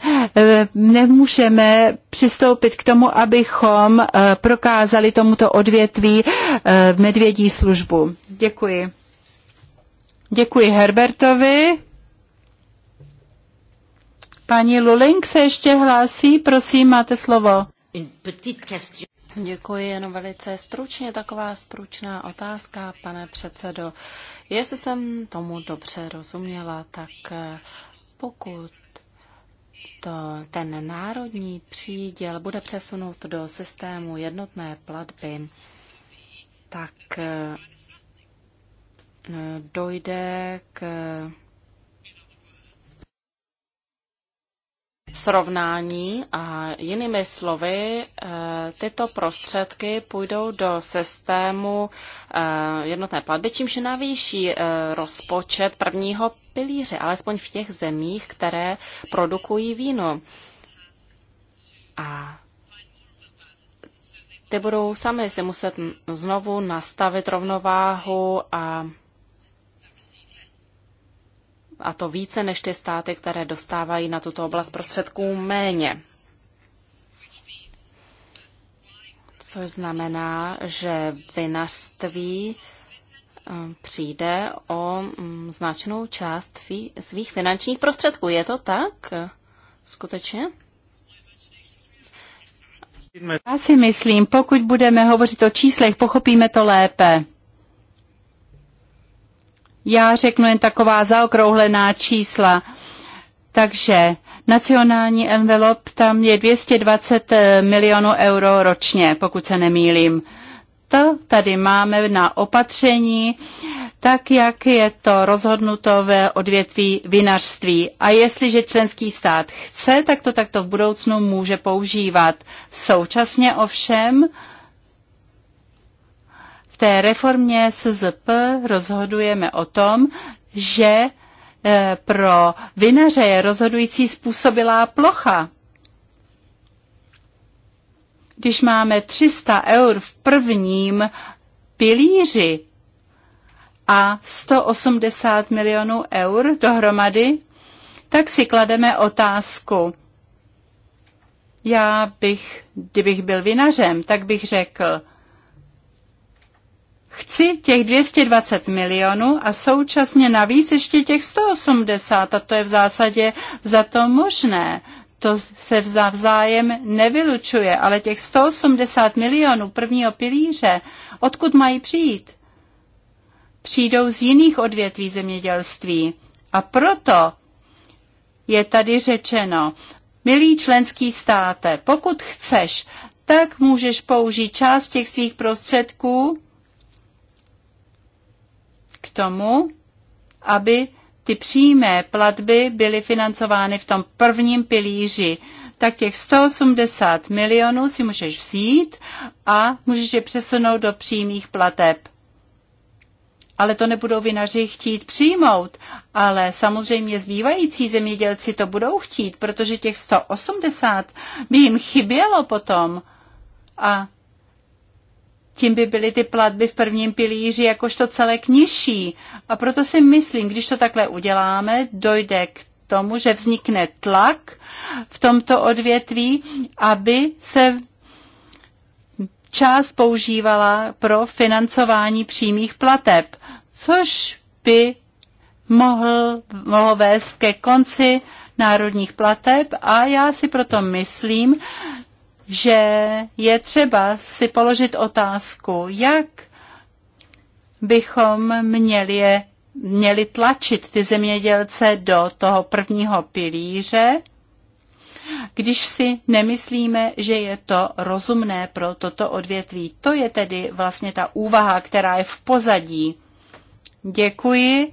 nemůžeme přistoupit k tomu, abychom eh, prokázali tomuto odvětví eh, medvědí službu. Děkuji. Děkuji Herbertovi. Paní Luling se ještě hlásí, prosím, máte slovo. Děkuji, jenom velice stručně taková stručná otázka, pane předsedo. Jestli jsem tomu dobře rozuměla, tak pokud to, ten národní příděl bude přesunut do systému jednotné platby, tak eh, dojde k srovnání a jinými slovy, eh, tyto prostředky půjdou do systému eh, jednotné platby, čímž navýší eh, rozpočet prvního pilíře, alespoň v těch zemích, které produkují víno. A ty budou sami si muset znovu nastavit rovnováhu a a to více než ty státy, které dostávají na tuto oblast prostředků méně. Což znamená, že vinařství eh, přijde o mm, značnou část svých finančních prostředků. Je to tak? Skutečně? Já si myslím, pokud budeme hovořit o číslech, pochopíme to lépe. Já řeknu jen taková zaokrouhlená čísla. Takže nacionální envelop, tam je 220 eh, milionů euro ročně, pokud se nemýlím. To tady máme na opatření, tak jak je to rozhodnuto ve odvětví vinařství. A jestliže členský stát chce, tak to takto v budoucnu může používat. Současně ovšem, té reformě SZP rozhodujeme o tom, že eh, pro vinaře je rozhodující způsobilá plocha. Když máme 300 eur v prvním pilíři a 180 milionů eur dohromady, tak si klademe otázku. Já bych, kdybych byl vinařem, tak bych řekl, Chci těch 220 milionů a současně navíc ještě těch 180 a to je v zásadě za to možné to se vzájem nevylučuje, ale těch 180 milionů prvního pilíře, odkud mají přijít? Přijdou z jiných odvětví zemědělství. A proto je tady řečeno, milý členský státe, pokud chceš, tak můžeš použít část těch svých prostředků k tomu, aby ty přímé platby byly financovány v tom prvním pilíři. Tak těch 180 milionů si můžeš vzít a můžeš je přesunout do přímých plateb. Ale to nebudou vinaři chtít přijmout, ale samozřejmě zbývající zemědělci to budou chtít, protože těch 180 by jim chybělo potom. A tím by byly ty platby v prvním pilíři jakožto celek nižší. A proto si myslím, když to takhle uděláme, dojde k tomu, že vznikne tlak v tomto odvětví, aby se část používala pro financování přímých plateb, což by mohl, mohl vést ke konci národních plateb a já si proto myslím, že je třeba si položit otázku, jak bychom měli, je, měli tlačit ty zemědělce do toho prvního pilíře, když si nemyslíme, že je to rozumné pro toto odvětví. To je tedy vlastně ta úvaha, která je v pozadí. Děkuji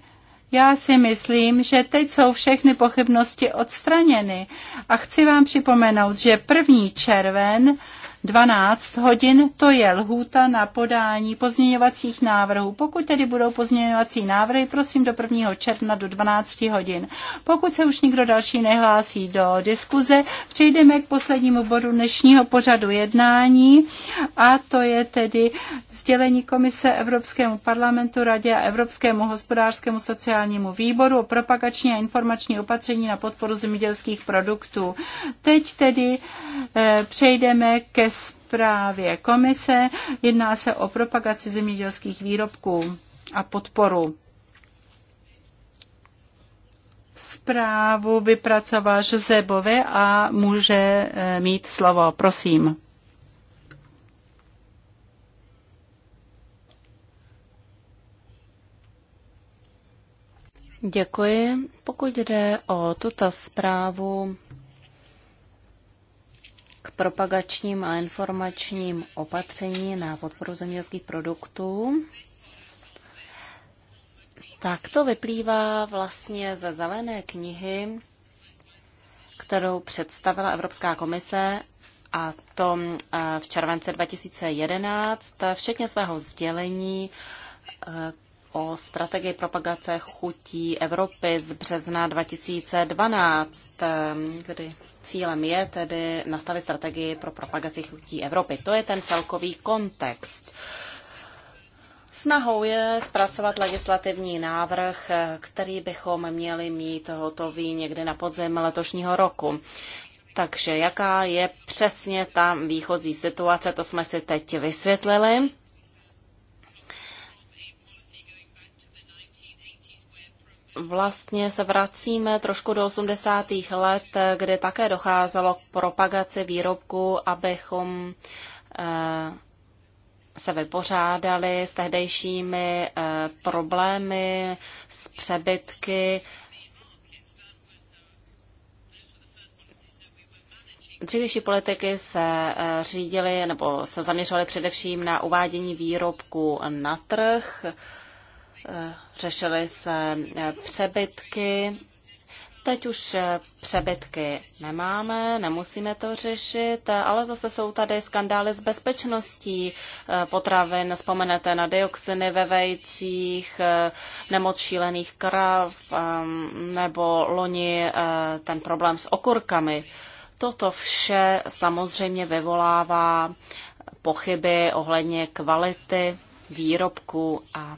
já si myslím, že teď jsou všechny pochybnosti odstraněny. A chci vám připomenout, že první červen 12 hodin, to je lhůta na podání pozměňovacích návrhů. Pokud tedy budou pozměňovací návrhy, prosím do 1. června do 12 hodin. Pokud se už nikdo další nehlásí do diskuze, přejdeme k poslednímu bodu dnešního pořadu jednání a to je tedy sdělení Komise Evropskému parlamentu, Radě a Evropskému hospodářskému sociálnímu výboru o propagační a informační opatření na podporu zemědělských produktů. Teď tedy e, přejdeme ke zprávě komise. Jedná se o propagaci zemědělských výrobků a podporu. Zprávu vypracoval Jose Bove a může eh, mít slovo. Prosím. Děkuji. Pokud jde o tuto zprávu, propagačním a informačním opatření na podporu zemědělských produktů. Tak to vyplývá vlastně ze zelené knihy, kterou představila Evropská komise a to eh, v července 2011, včetně svého sdělení eh, o strategii propagace chutí Evropy z března 2012, eh, kdy Cílem je tedy nastavit strategii pro propagaci chutí Evropy. To je ten celkový kontext. Snahou je zpracovat legislativní návrh, který bychom měli mít hotový někdy na podzim letošního roku. Takže jaká je přesně ta výchozí situace, to jsme si teď vysvětlili. vlastně se vracíme trošku do 80. let, kde také docházelo k propagaci výrobku, abychom eh, se vypořádali s tehdejšími eh, problémy, s přebytky. Dřívější politiky se eh, řídily nebo se zaměřovaly především na uvádění výrobku na trh. Eh, řešily se eh, přebytky. Teď už eh, přebytky nemáme, nemusíme to řešit, ale zase jsou tady skandály s bezpečností potravin. Vzpomenete na dioxiny ve vejcích, nemoc šílených krav nebo loni ten problém s okurkami. Toto vše samozřejmě vyvolává pochyby ohledně kvality výrobků a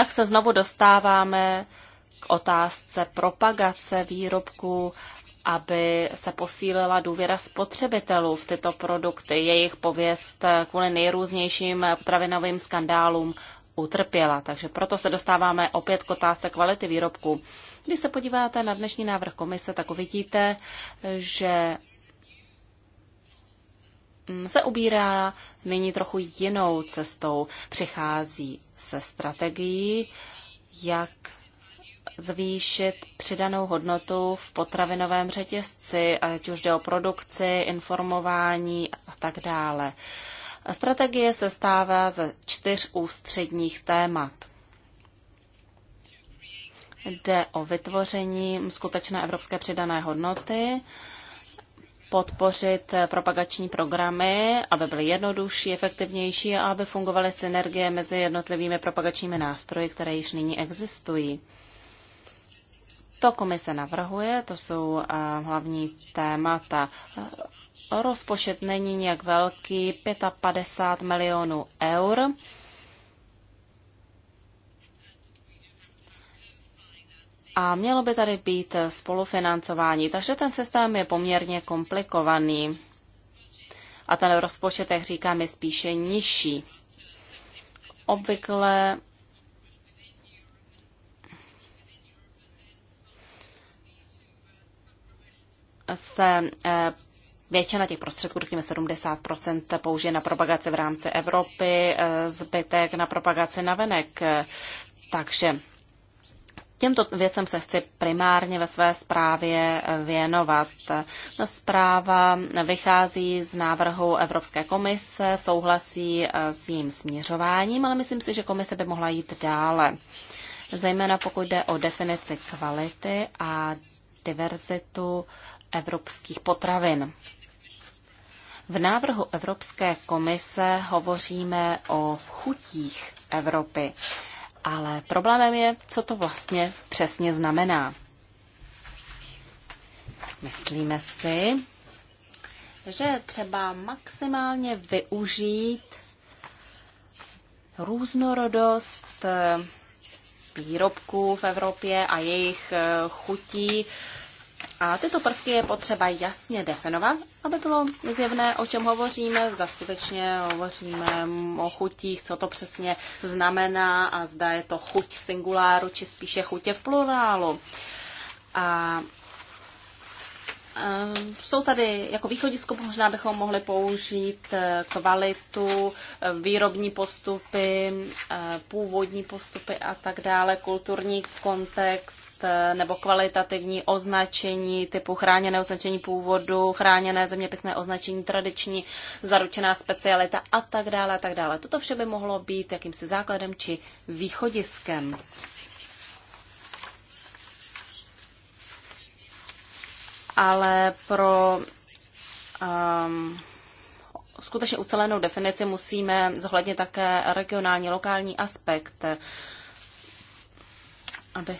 tak se znovu dostáváme k otázce propagace výrobků, aby se posílila důvěra spotřebitelů v tyto produkty. Jejich pověst kvůli nejrůznějším potravinovým skandálům utrpěla. Takže proto se dostáváme opět k otázce kvality výrobků. Když se podíváte na dnešní návrh komise, tak uvidíte, že se ubírá nyní trochu jinou cestou. Přichází se strategií, jak zvýšit přidanou hodnotu v potravinovém řetězci, ať už jde o produkci, informování a tak dále. Strategie se stává ze čtyř ústředních témat. Jde o vytvoření skutečné evropské přidané hodnoty, podpořit propagační programy, aby byly jednodušší, efektivnější a aby fungovaly synergie mezi jednotlivými propagačními nástroji, které již nyní existují. To komise navrhuje, to jsou eh, hlavní témata. Rozpočet není nějak velký, 55 milionů eur. a mělo by tady být spolufinancování. Takže ten systém je poměrně komplikovaný a ten rozpočet, jak říkám, je spíše nižší. Obvykle se eh, většina těch prostředků, řekněme 70%, použije na propagaci v rámci Evropy, eh, zbytek na propagaci navenek. Eh, takže Těmto věcem se chci primárně ve své zprávě eh, věnovat. Zpráva vychází z návrhu Evropské komise, souhlasí eh, s jejím směřováním, ale myslím si, že komise by mohla jít dále. Zejména pokud jde o definici kvality a diverzitu evropských potravin. V návrhu Evropské komise hovoříme o chutích Evropy ale problémem je, co to vlastně přesně znamená. Myslíme si, že je třeba maximálně využít různorodost eh, výrobků v Evropě a jejich eh, chutí a tyto prvky je potřeba jasně definovat, aby bylo zjevné, o čem hovoříme, zda skutečně hovoříme o chutích, co to přesně znamená a zda je to chuť v singuláru, či spíše chutě v plurálu. A jsou tady jako východisko, možná bychom mohli použít e, kvalitu, e, výrobní postupy, e, původní postupy a tak dále, kulturní kontext, Eh, nebo kvalitativní označení typu chráněné označení původu, chráněné zeměpisné označení, tradiční zaručená specialita a tak dále a tak dále. Toto vše by mohlo být jakýmsi základem či východiskem. Ale pro um, skutečně ucelenou definici musíme zohlednit také regionální, lokální aspekt, aby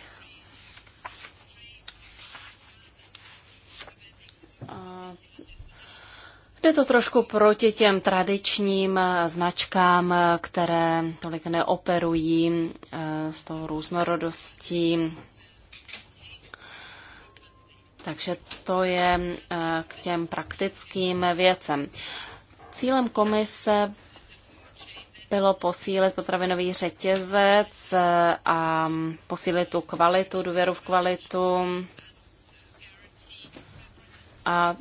Jde to trošku proti těm tradičním eh, značkám, eh, které tolik neoperují s eh, tou různorodostí. Takže to je k těm praktickým věcem. Cílem komise bylo posílit potravinový řetězec a posílit tu kvalitu, důvěru v kvalitu a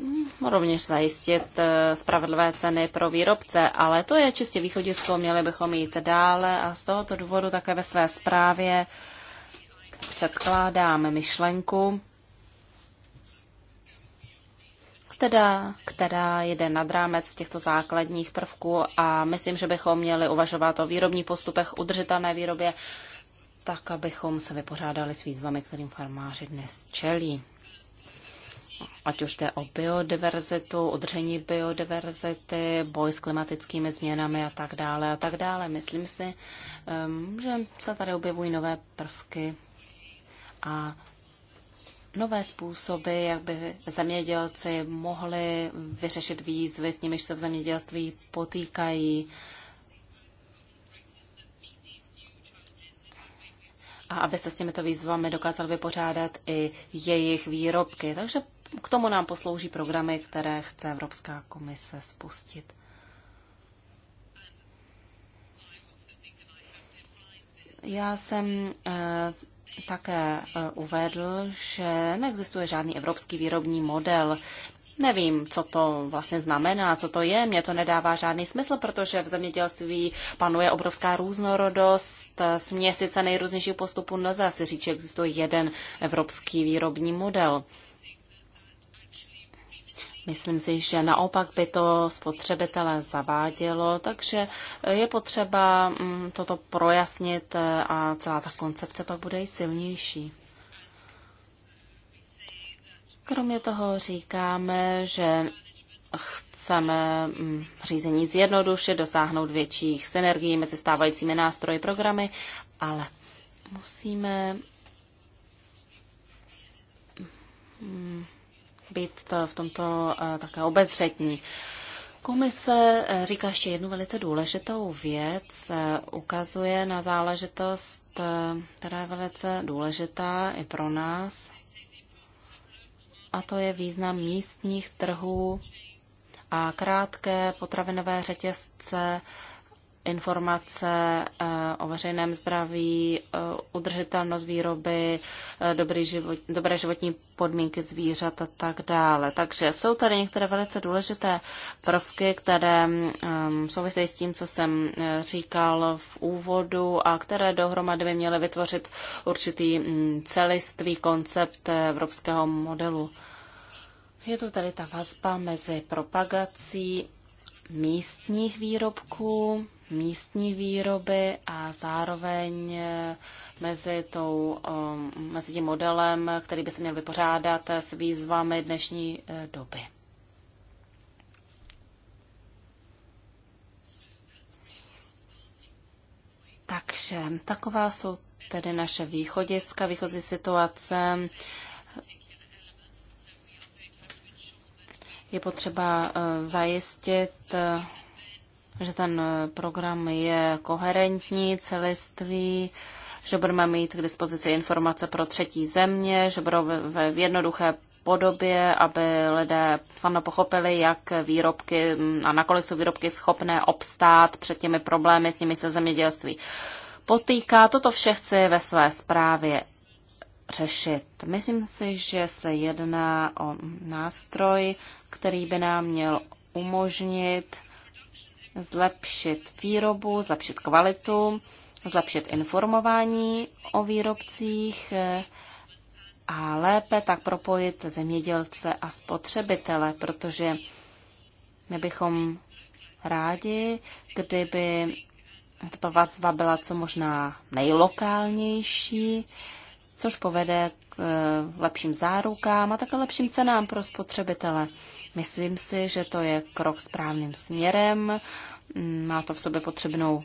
rovněž zajistit eh, spravedlivé ceny pro výrobce, ale to je čistě východisko, měli bychom jít dále a z tohoto důvodu také ve své zprávě předkládám myšlenku, teda, která jde nad rámec těchto základních prvků a myslím, že bychom měli uvažovat o výrobních postupech, udržitelné výrobě, tak abychom se vypořádali s výzvami, kterým farmáři dnes čelí ať už jde o biodiverzitu, udržení biodiverzity, boj s klimatickými změnami a tak dále a tak dále. Myslím si, že se tady objevují nové prvky a nové způsoby, jak by zemědělci mohli vyřešit výzvy, s nimiž se v zemědělství potýkají. A aby se s těmito výzvami dokázal vypořádat i jejich výrobky. Takže k tomu nám poslouží programy, které chce Evropská komise spustit. Já jsem eh, také eh, uvedl, že neexistuje žádný evropský výrobní model. Nevím, co to vlastně znamená, co to je. Mně to nedává žádný smysl, protože v zemědělství panuje obrovská různorodost, směsice nejrůznějšího postupu Nelze si říct, že existuje jeden evropský výrobní model. Myslím si, že naopak by to spotřebitele zavádělo, takže je potřeba mm, toto projasnit a celá ta koncepce pak bude i silnější. Kromě toho říkáme, že chceme mm, řízení zjednodušit, dosáhnout větších synergií mezi stávajícími nástroji programy, ale musíme mm, být v tomto eh, také obezřetní. Komise eh, říká ještě jednu velice důležitou věc, eh, ukazuje na záležitost, která je velice důležitá i pro nás, a to je význam místních trhů a krátké potravinové řetězce informace eh, o veřejném zdraví, eh, udržitelnost výroby, eh, dobrý život, dobré životní podmínky zvířat a tak dále. Takže jsou tady některé velice důležité prvky, které ehm, souvisejí s tím, co jsem říkal v úvodu a které dohromady by měly vytvořit určitý mm, celistvý koncept evropského modelu. Je tu tady ta vazba mezi propagací místních výrobků, místní výroby a zároveň eh, mezi, tou, um, mezi tím modelem, který by se měl vypořádat s výzvami dnešní eh, doby. Takže taková jsou tedy naše východiska, výchozí situace. Je potřeba eh, zajistit že ten eh, program je koherentní, celistvý, že budeme mít k dispozici informace pro třetí země, že budou v jednoduché podobě, aby lidé snadno pochopili, jak výrobky mm, a nakolik jsou výrobky schopné obstát před těmi problémy, s nimi se zemědělství potýká. Toto vše chci ve své zprávě řešit. Myslím si, že se jedná o nástroj, který by nám měl umožnit zlepšit výrobu, zlepšit kvalitu, zlepšit informování o výrobcích eh, a lépe tak propojit zemědělce a spotřebitele, protože my bychom rádi, kdyby tato vazba byla co možná nejlokálnější, což povede Eh, lepším zárukám a také lepším cenám pro spotřebitele. Myslím si, že to je krok správným směrem, mm, má to v sobě potřebnou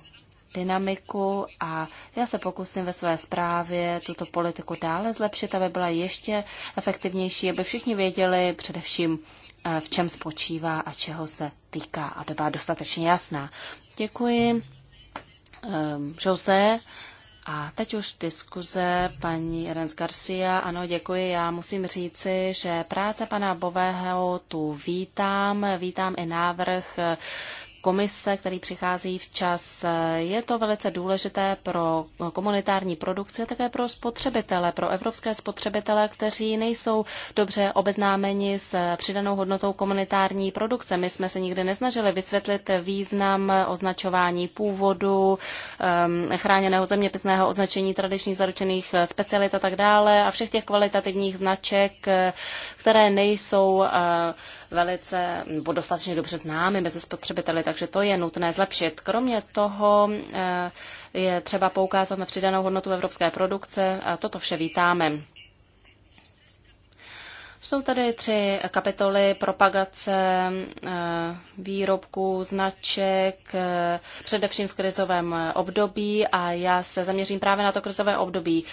dynamiku a já se pokusím ve své zprávě tuto politiku dále zlepšit, aby byla ještě efektivnější, aby všichni věděli především, eh, v čem spočívá a čeho se týká, aby byla dostatečně jasná. Děkuji. Ehm, Jose, a teď už diskuze paní Rens Garcia. Ano, děkuji. Já musím říci, že práce pana Bového tu vítám. Vítám i návrh komise, který přichází včas. Je to velice důležité pro komunitární produkci a také pro spotřebitele, pro evropské spotřebitele, kteří nejsou dobře obeznámeni s přidanou hodnotou komunitární produkce. My jsme se nikdy nesnažili vysvětlit význam označování původu, ehm, chráněného zeměpisného označení tradičních zaručených specialit a tak dále a všech těch kvalitativních značek, eh, které nejsou eh, velice nebo dostatečně dobře známy mezi spotřebiteli, takže to je nutné zlepšit. Kromě toho eh, je třeba poukázat na přidanou hodnotu evropské produkce a toto vše vítáme. Jsou tady tři kapitoly propagace eh, výrobků, značek, eh, především v krizovém období a já se zaměřím právě na to krizové období.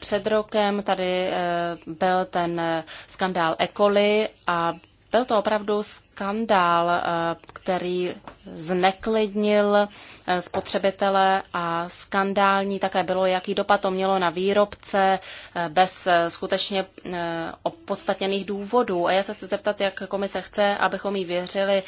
Před rokem tady byl ten skandál Ecoli a byl to opravdu skandál, eh, který zneklidnil eh, spotřebitele a skandální také bylo, jaký dopad to mělo na výrobce eh, bez skutečně opodstatněných důvodů. A já se chci zeptat, jak komise chce, abychom jí věřili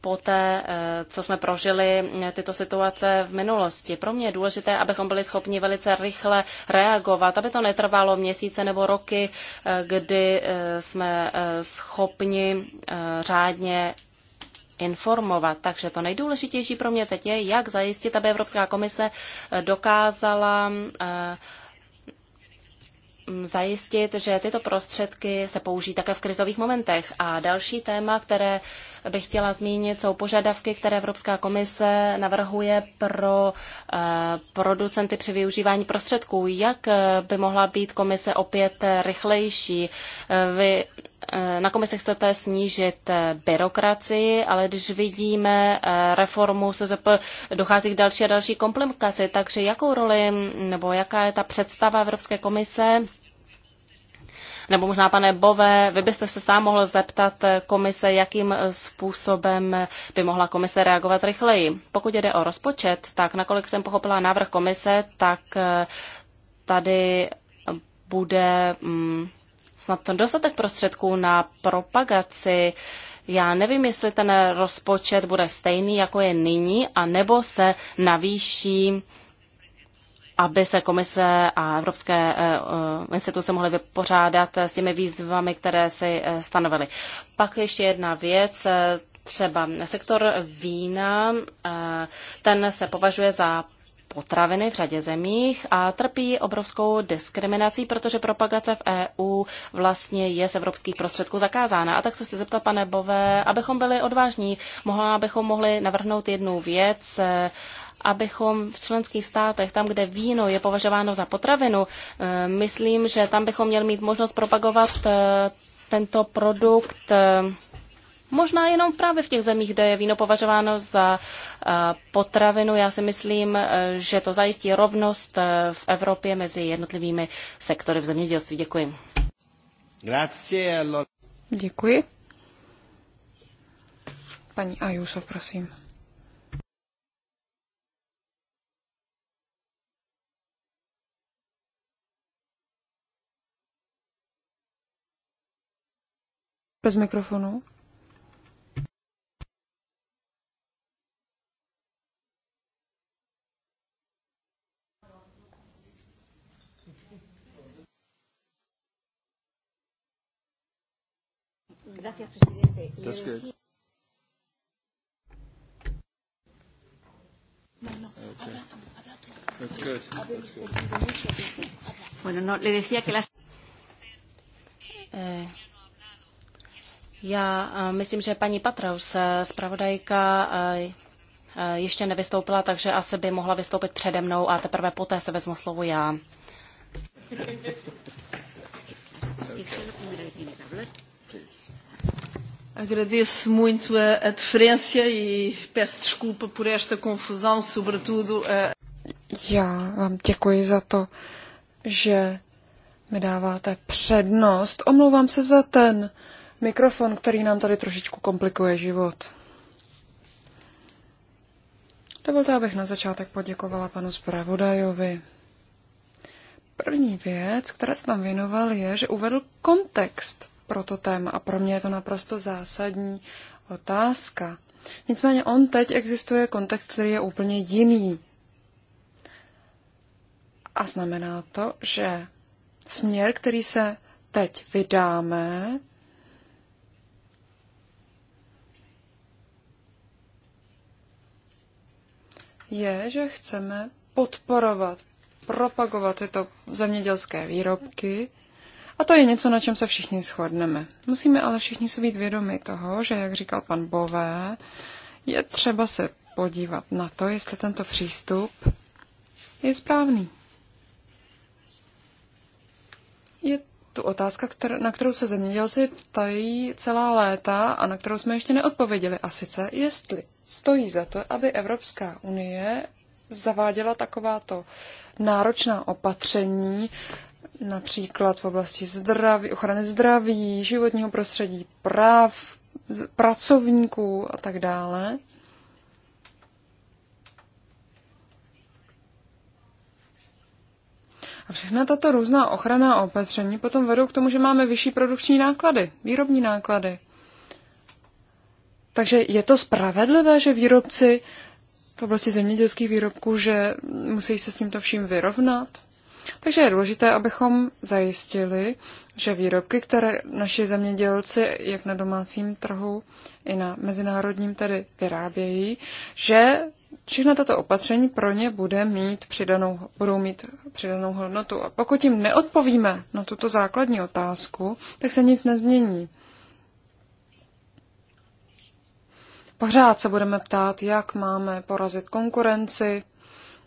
poté, eh, co jsme prožili eh, tyto situace v minulosti. Pro mě je důležité, abychom byli schopni velice rychle reagovat, aby to netrvalo měsíce nebo roky, eh, kdy jsme schopni řádně informovat. Takže to nejdůležitější pro mě teď je, jak zajistit, aby Evropská komise dokázala Mm, zajistit, že tyto prostředky se použijí také v krizových momentech. A další téma, které bych chtěla zmínit, jsou požadavky, které Evropská komise navrhuje pro eh, producenty při využívání prostředků. Jak eh, by mohla být komise opět rychlejší? Eh, vy Eh, na komise chcete snížit eh, byrokracii, ale když vidíme eh, reformu SZP, dochází k další a další komplikaci. Takže jakou roli nebo jaká je ta představa Evropské komise? Nebo možná, pane Bové, vy byste se sám mohl zeptat komise, jakým způsobem by mohla komise reagovat rychleji. Pokud jde o rozpočet, tak nakolik jsem pochopila návrh komise, tak tady bude mm, snad dostatek prostředků na propagaci. Já nevím, jestli ten rozpočet bude stejný, jako je nyní, a nebo se navýší aby se komise a evropské eh, eh, instituce mohly vypořádat s těmi výzvami, které si eh, stanovily. Pak ještě jedna věc, třeba sektor vína, ten se považuje za potraviny v řadě zemích a trpí obrovskou diskriminací, protože propagace v EU vlastně je z evropských prostředků zakázána. A tak se chci zeptat, pane Bové, abychom byli odvážní, mohla, abychom mohli navrhnout jednu věc, abychom v členských státech, tam, kde víno je považováno za potravinu, eh, myslím, že tam bychom měli mít možnost propagovat eh, tento produkt eh, Možná jenom právě v těch zemích, kde je víno považováno za eh, potravinu. Já si myslím, eh, že to zajistí rovnost eh, v Evropě mezi jednotlivými sektory v zemědělství. Děkuji. Grazie. Děkuji. Paní Ajuso, prosím. Bez mikrofonu. Gracias, presidente. That's good. Bueno, no, le decía que las... Eh, já myslím, že paní Patraus, eh, zpravodajka, eh, ještě nevystoupila, takže asi by mohla vystoupit přede mnou a teprve poté se vezmu slovo já. Agradeço muito a, a deferência e peço desculpa por esta confusão, sobretudo a... Já vám děkuji za to, že mi dáváte přednost. Omlouvám se za ten mikrofon, který nám tady trošičku komplikuje život. Dovolte, abych na začátek poděkovala panu zpravodajovi. První věc, které se tam věnoval, je, že uvedl kontext pro to téma a pro mě je to naprosto zásadní otázka. Nicméně on teď existuje kontext, který je úplně jiný. A znamená to, že směr, který se teď vydáme, je, že chceme podporovat, propagovat tyto zemědělské výrobky a to je něco, na čem se všichni shodneme. Musíme ale všichni se být vědomi toho, že, jak říkal pan Bové, je třeba se podívat na to, jestli tento přístup je správný. Je tu otázka, na kterou se zemědělci ptají celá léta a na kterou jsme ještě neodpověděli. A sice, jestli stojí za to, aby Evropská unie zaváděla takováto náročná opatření například v oblasti zdraví, ochrany zdraví, životního prostředí, práv pracovníků a tak dále. A všechna tato různá ochranná opatření potom vedou k tomu, že máme vyšší produkční náklady, výrobní náklady. Takže je to spravedlivé, že výrobci v oblasti zemědělských výrobků, že musí se s tímto vším vyrovnat? Takže je důležité, abychom zajistili, že výrobky, které naši zemědělci jak na domácím trhu, i na mezinárodním tedy vyrábějí, že všechna tato opatření pro ně bude mít přidanou, budou mít přidanou hodnotu. A pokud jim neodpovíme na tuto základní otázku, tak se nic nezmění. Pořád se budeme ptát, jak máme porazit konkurenci,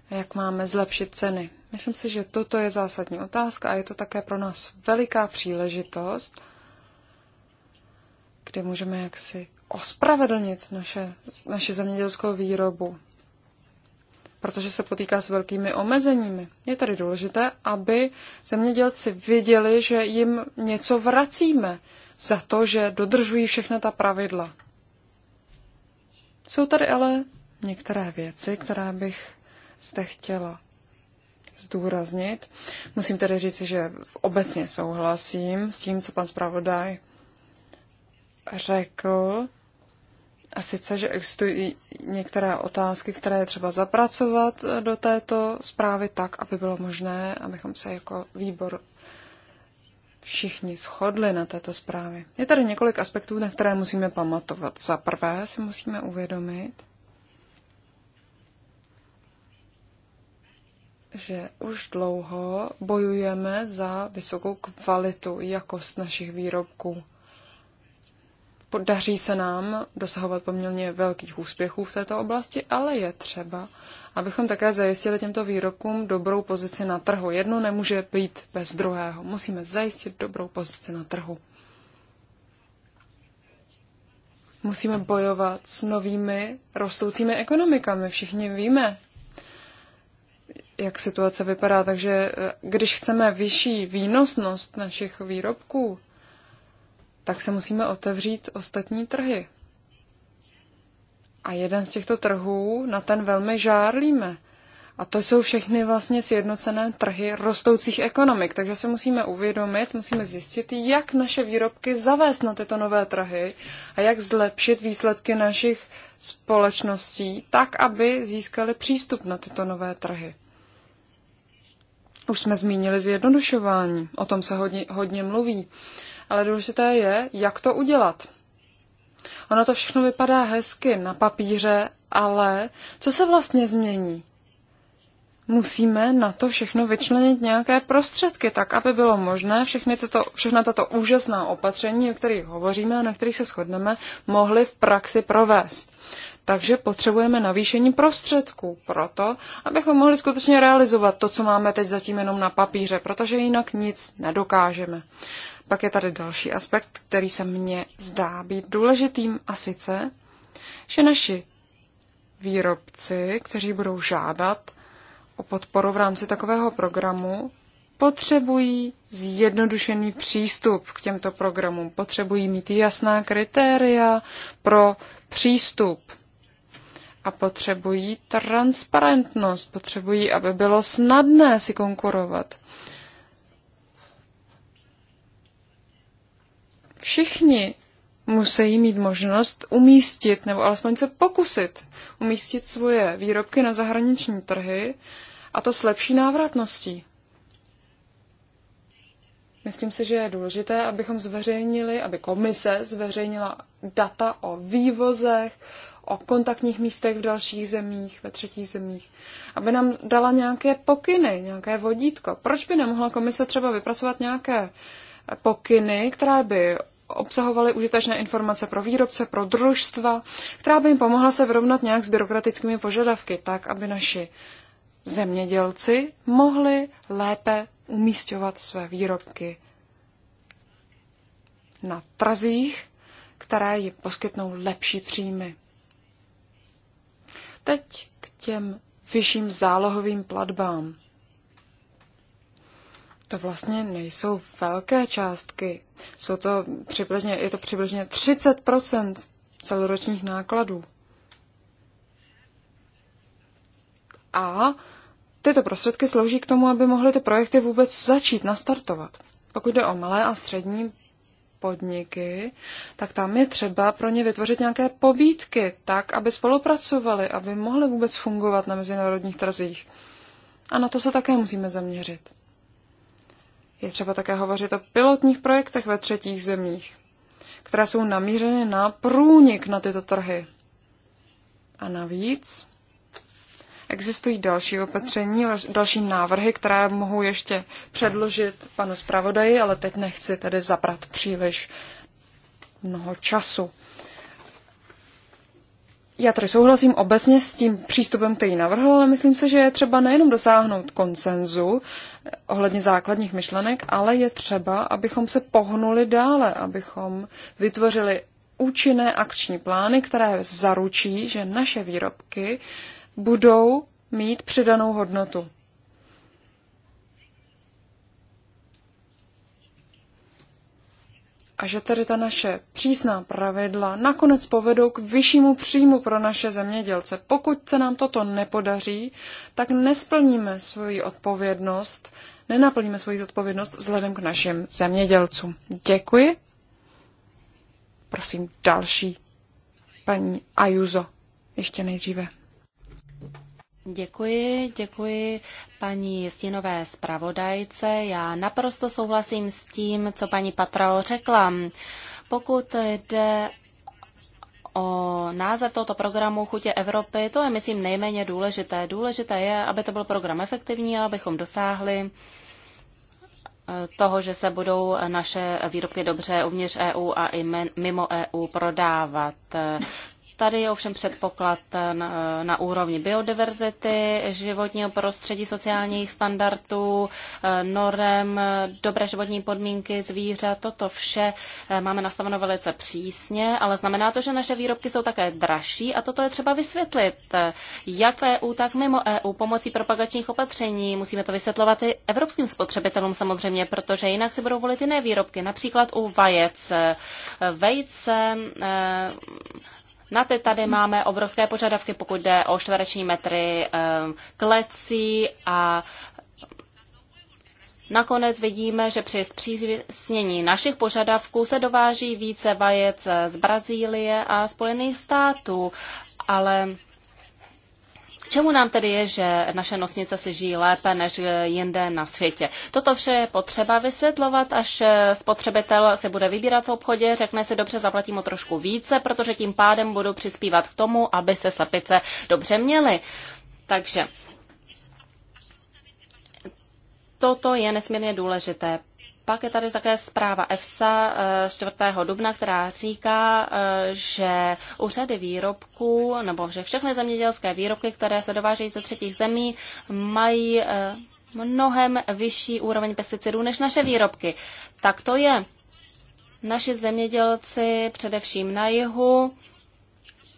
jak máme zlepšit ceny. Myslím si, že toto je zásadní otázka a je to také pro nás veliká příležitost, kdy můžeme jaksi ospravedlnit naše, naše zemědělskou výrobu, protože se potýká s velkými omezeními. Je tady důležité, aby zemědělci viděli, že jim něco vracíme za to, že dodržují všechna ta pravidla. Jsou tady ale některé věci, které bych zde chtěla zdůraznit. Musím tedy říci, že obecně souhlasím s tím, co pan zpravodaj řekl. A sice, že existují některé otázky, které je třeba zapracovat do této zprávy tak, aby bylo možné, abychom se jako výbor všichni shodli na této zprávě. Je tady několik aspektů, na které musíme pamatovat. Za prvé si musíme uvědomit, že už dlouho bojujeme za vysokou kvalitu, jakost našich výrobků. Podaří se nám dosahovat poměrně velkých úspěchů v této oblasti, ale je třeba, abychom také zajistili těmto výrobkům dobrou pozici na trhu. Jedno nemůže být bez druhého. Musíme zajistit dobrou pozici na trhu. Musíme bojovat s novými rostoucími ekonomikami. Všichni víme, jak situace vypadá. Takže eh, když chceme vyšší výnosnost našich výrobků, tak se musíme otevřít ostatní trhy. A jeden z těchto trhů na ten velmi žárlíme. A to jsou všechny vlastně sjednocené trhy rostoucích ekonomik. Takže se musíme uvědomit, musíme zjistit, jak naše výrobky zavést na tyto nové trhy a jak zlepšit výsledky našich společností tak, aby získali přístup na tyto nové trhy. Už jsme zmínili zjednodušování, o tom se hodně, hodně mluví, ale důležité je, jak to udělat. Ono to všechno vypadá hezky na papíře, ale co se vlastně změní? Musíme na to všechno vyčlenit nějaké prostředky, tak aby bylo možné všechny tyto, všechna tato úžasná opatření, o kterých hovoříme a na kterých se shodneme, mohly v praxi provést. Takže potřebujeme navýšení prostředků pro to, abychom mohli skutečně realizovat to, co máme teď zatím jenom na papíře, protože jinak nic nedokážeme. Pak je tady další aspekt, který se mně zdá být důležitým a sice, že naši výrobci, kteří budou žádat o podporu v rámci takového programu, potřebují zjednodušený přístup k těmto programům, potřebují mít jasná kritéria pro přístup a potřebují transparentnost, potřebují, aby bylo snadné si konkurovat. Všichni musí mít možnost umístit, nebo alespoň se pokusit umístit svoje výrobky na zahraniční trhy, a to s lepší návratností. Myslím si, že je důležité, abychom zveřejnili, aby komise zveřejnila data o vývozech, o kontaktních místech v dalších zemích, ve třetích zemích, aby nám dala nějaké pokyny, nějaké vodítko. Proč by nemohla komise třeba vypracovat nějaké pokyny, které by obsahovaly užitečné informace pro výrobce, pro družstva, která by jim pomohla se vyrovnat nějak s byrokratickými požadavky, tak, aby naši zemědělci mohli lépe umístěvat své výrobky na trzích, které jim poskytnou lepší příjmy. Teď k těm vyšším zálohovým platbám. To vlastně nejsou velké částky. Jsou to přibližně, je to přibližně 30 celoročních nákladů. A tyto prostředky slouží k tomu, aby mohly ty projekty vůbec začít nastartovat. Pokud jde o malé a střední podniky, tak tam je třeba pro ně vytvořit nějaké pobídky, tak, aby spolupracovali, aby mohli vůbec fungovat na mezinárodních trzích. A na to se také musíme zaměřit. Je třeba také hovořit o pilotních projektech ve třetích zemích, které jsou namířeny na průnik na tyto trhy. A navíc Existují další opatření, další návrhy, které mohu ještě předložit panu zpravodaji, ale teď nechci tedy zabrat příliš mnoho času. Já tady souhlasím obecně s tím přístupem, který navrhl, ale myslím se, že je třeba nejenom dosáhnout konsenzu ohledně základních myšlenek, ale je třeba, abychom se pohnuli dále, abychom vytvořili účinné akční plány, které zaručí, že naše výrobky budou mít přidanou hodnotu. a že tedy ta naše přísná pravidla nakonec povedou k vyššímu příjmu pro naše zemědělce. Pokud se nám toto nepodaří, tak nesplníme svoji odpovědnost, nenaplníme svoji odpovědnost vzhledem k našim zemědělcům. Děkuji. Prosím další paní Ajuzo, ještě nejdříve. Děkuji, děkuji paní Stinové zpravodajce. Já naprosto souhlasím s tím, co paní Patrao řekla. Pokud jde o název tohoto programu Chutě Evropy, to je, myslím, nejméně důležité. Důležité je, aby to byl program efektivní a abychom dosáhli eh, toho, že se budou naše výrobky dobře uvnitř EU a i mimo EU prodávat. Tady je ovšem předpoklad na, na úrovni biodiverzity, životního prostředí, sociálních standardů, eh, norem, dobré životní podmínky zvířat. Toto vše eh, máme nastaveno velice přísně, ale znamená to, že naše výrobky jsou také dražší a toto je třeba vysvětlit. Jak EU, tak mimo EU pomocí propagačních opatření. Musíme to vysvětlovat i evropským spotřebitelům samozřejmě, protože jinak si budou volit jiné výrobky, například u vajec. Vejce eh, na ty tady máme obrovské požadavky, pokud jde o čtvereční metry eh, klecí a Nakonec vidíme, že při zpřísnění našich požadavků se dováží více vajec z Brazílie a Spojených států, ale čemu nám tedy je, že naše nosnice si žijí lépe než jinde na světě? Toto vše je potřeba vysvětlovat, až eh, spotřebitel se bude vybírat v obchodě, řekne si dobře, zaplatím o trošku více, protože tím pádem budu přispívat k tomu, aby se slepice dobře měly. Takže toto je nesmírně důležité. Pak je tady také zpráva EFSA eh, z 4. dubna, která říká, eh, že u řady výrobků, nebo že všechny zemědělské výrobky, které se dovážejí ze třetích zemí, mají eh, mnohem vyšší úroveň pesticidů než naše výrobky. Tak to je. Naši zemědělci, především na jihu,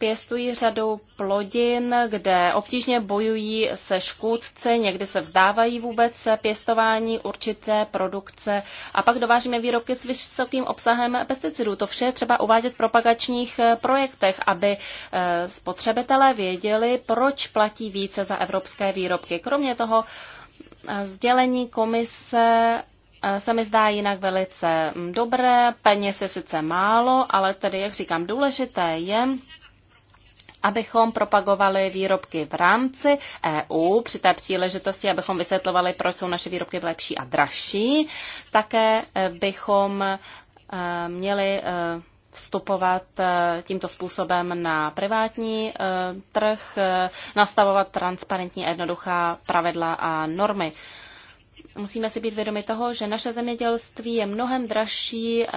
pěstují řadu plodin, kde obtížně bojují se škůdci, někdy se vzdávají vůbec pěstování určité produkce a pak dovážíme výrobky s vysokým obsahem pesticidů. To vše třeba uvádět v propagačních eh, projektech, aby eh, spotřebitelé věděli, proč platí více za evropské výrobky. Kromě toho eh, sdělení komise se mi zdá jinak velice mm, dobré, peněz je sice málo, ale tedy, jak říkám, důležité je, abychom propagovali výrobky v rámci EU při té příležitosti, abychom vysvětlovali, proč jsou naše výrobky lepší a dražší. Také eh, bychom eh, měli eh, vstupovat tímto způsobem na privátní trh, nastavovat transparentní a jednoduchá pravidla a normy musíme si být vědomi toho, že naše zemědělství je mnohem dražší eh,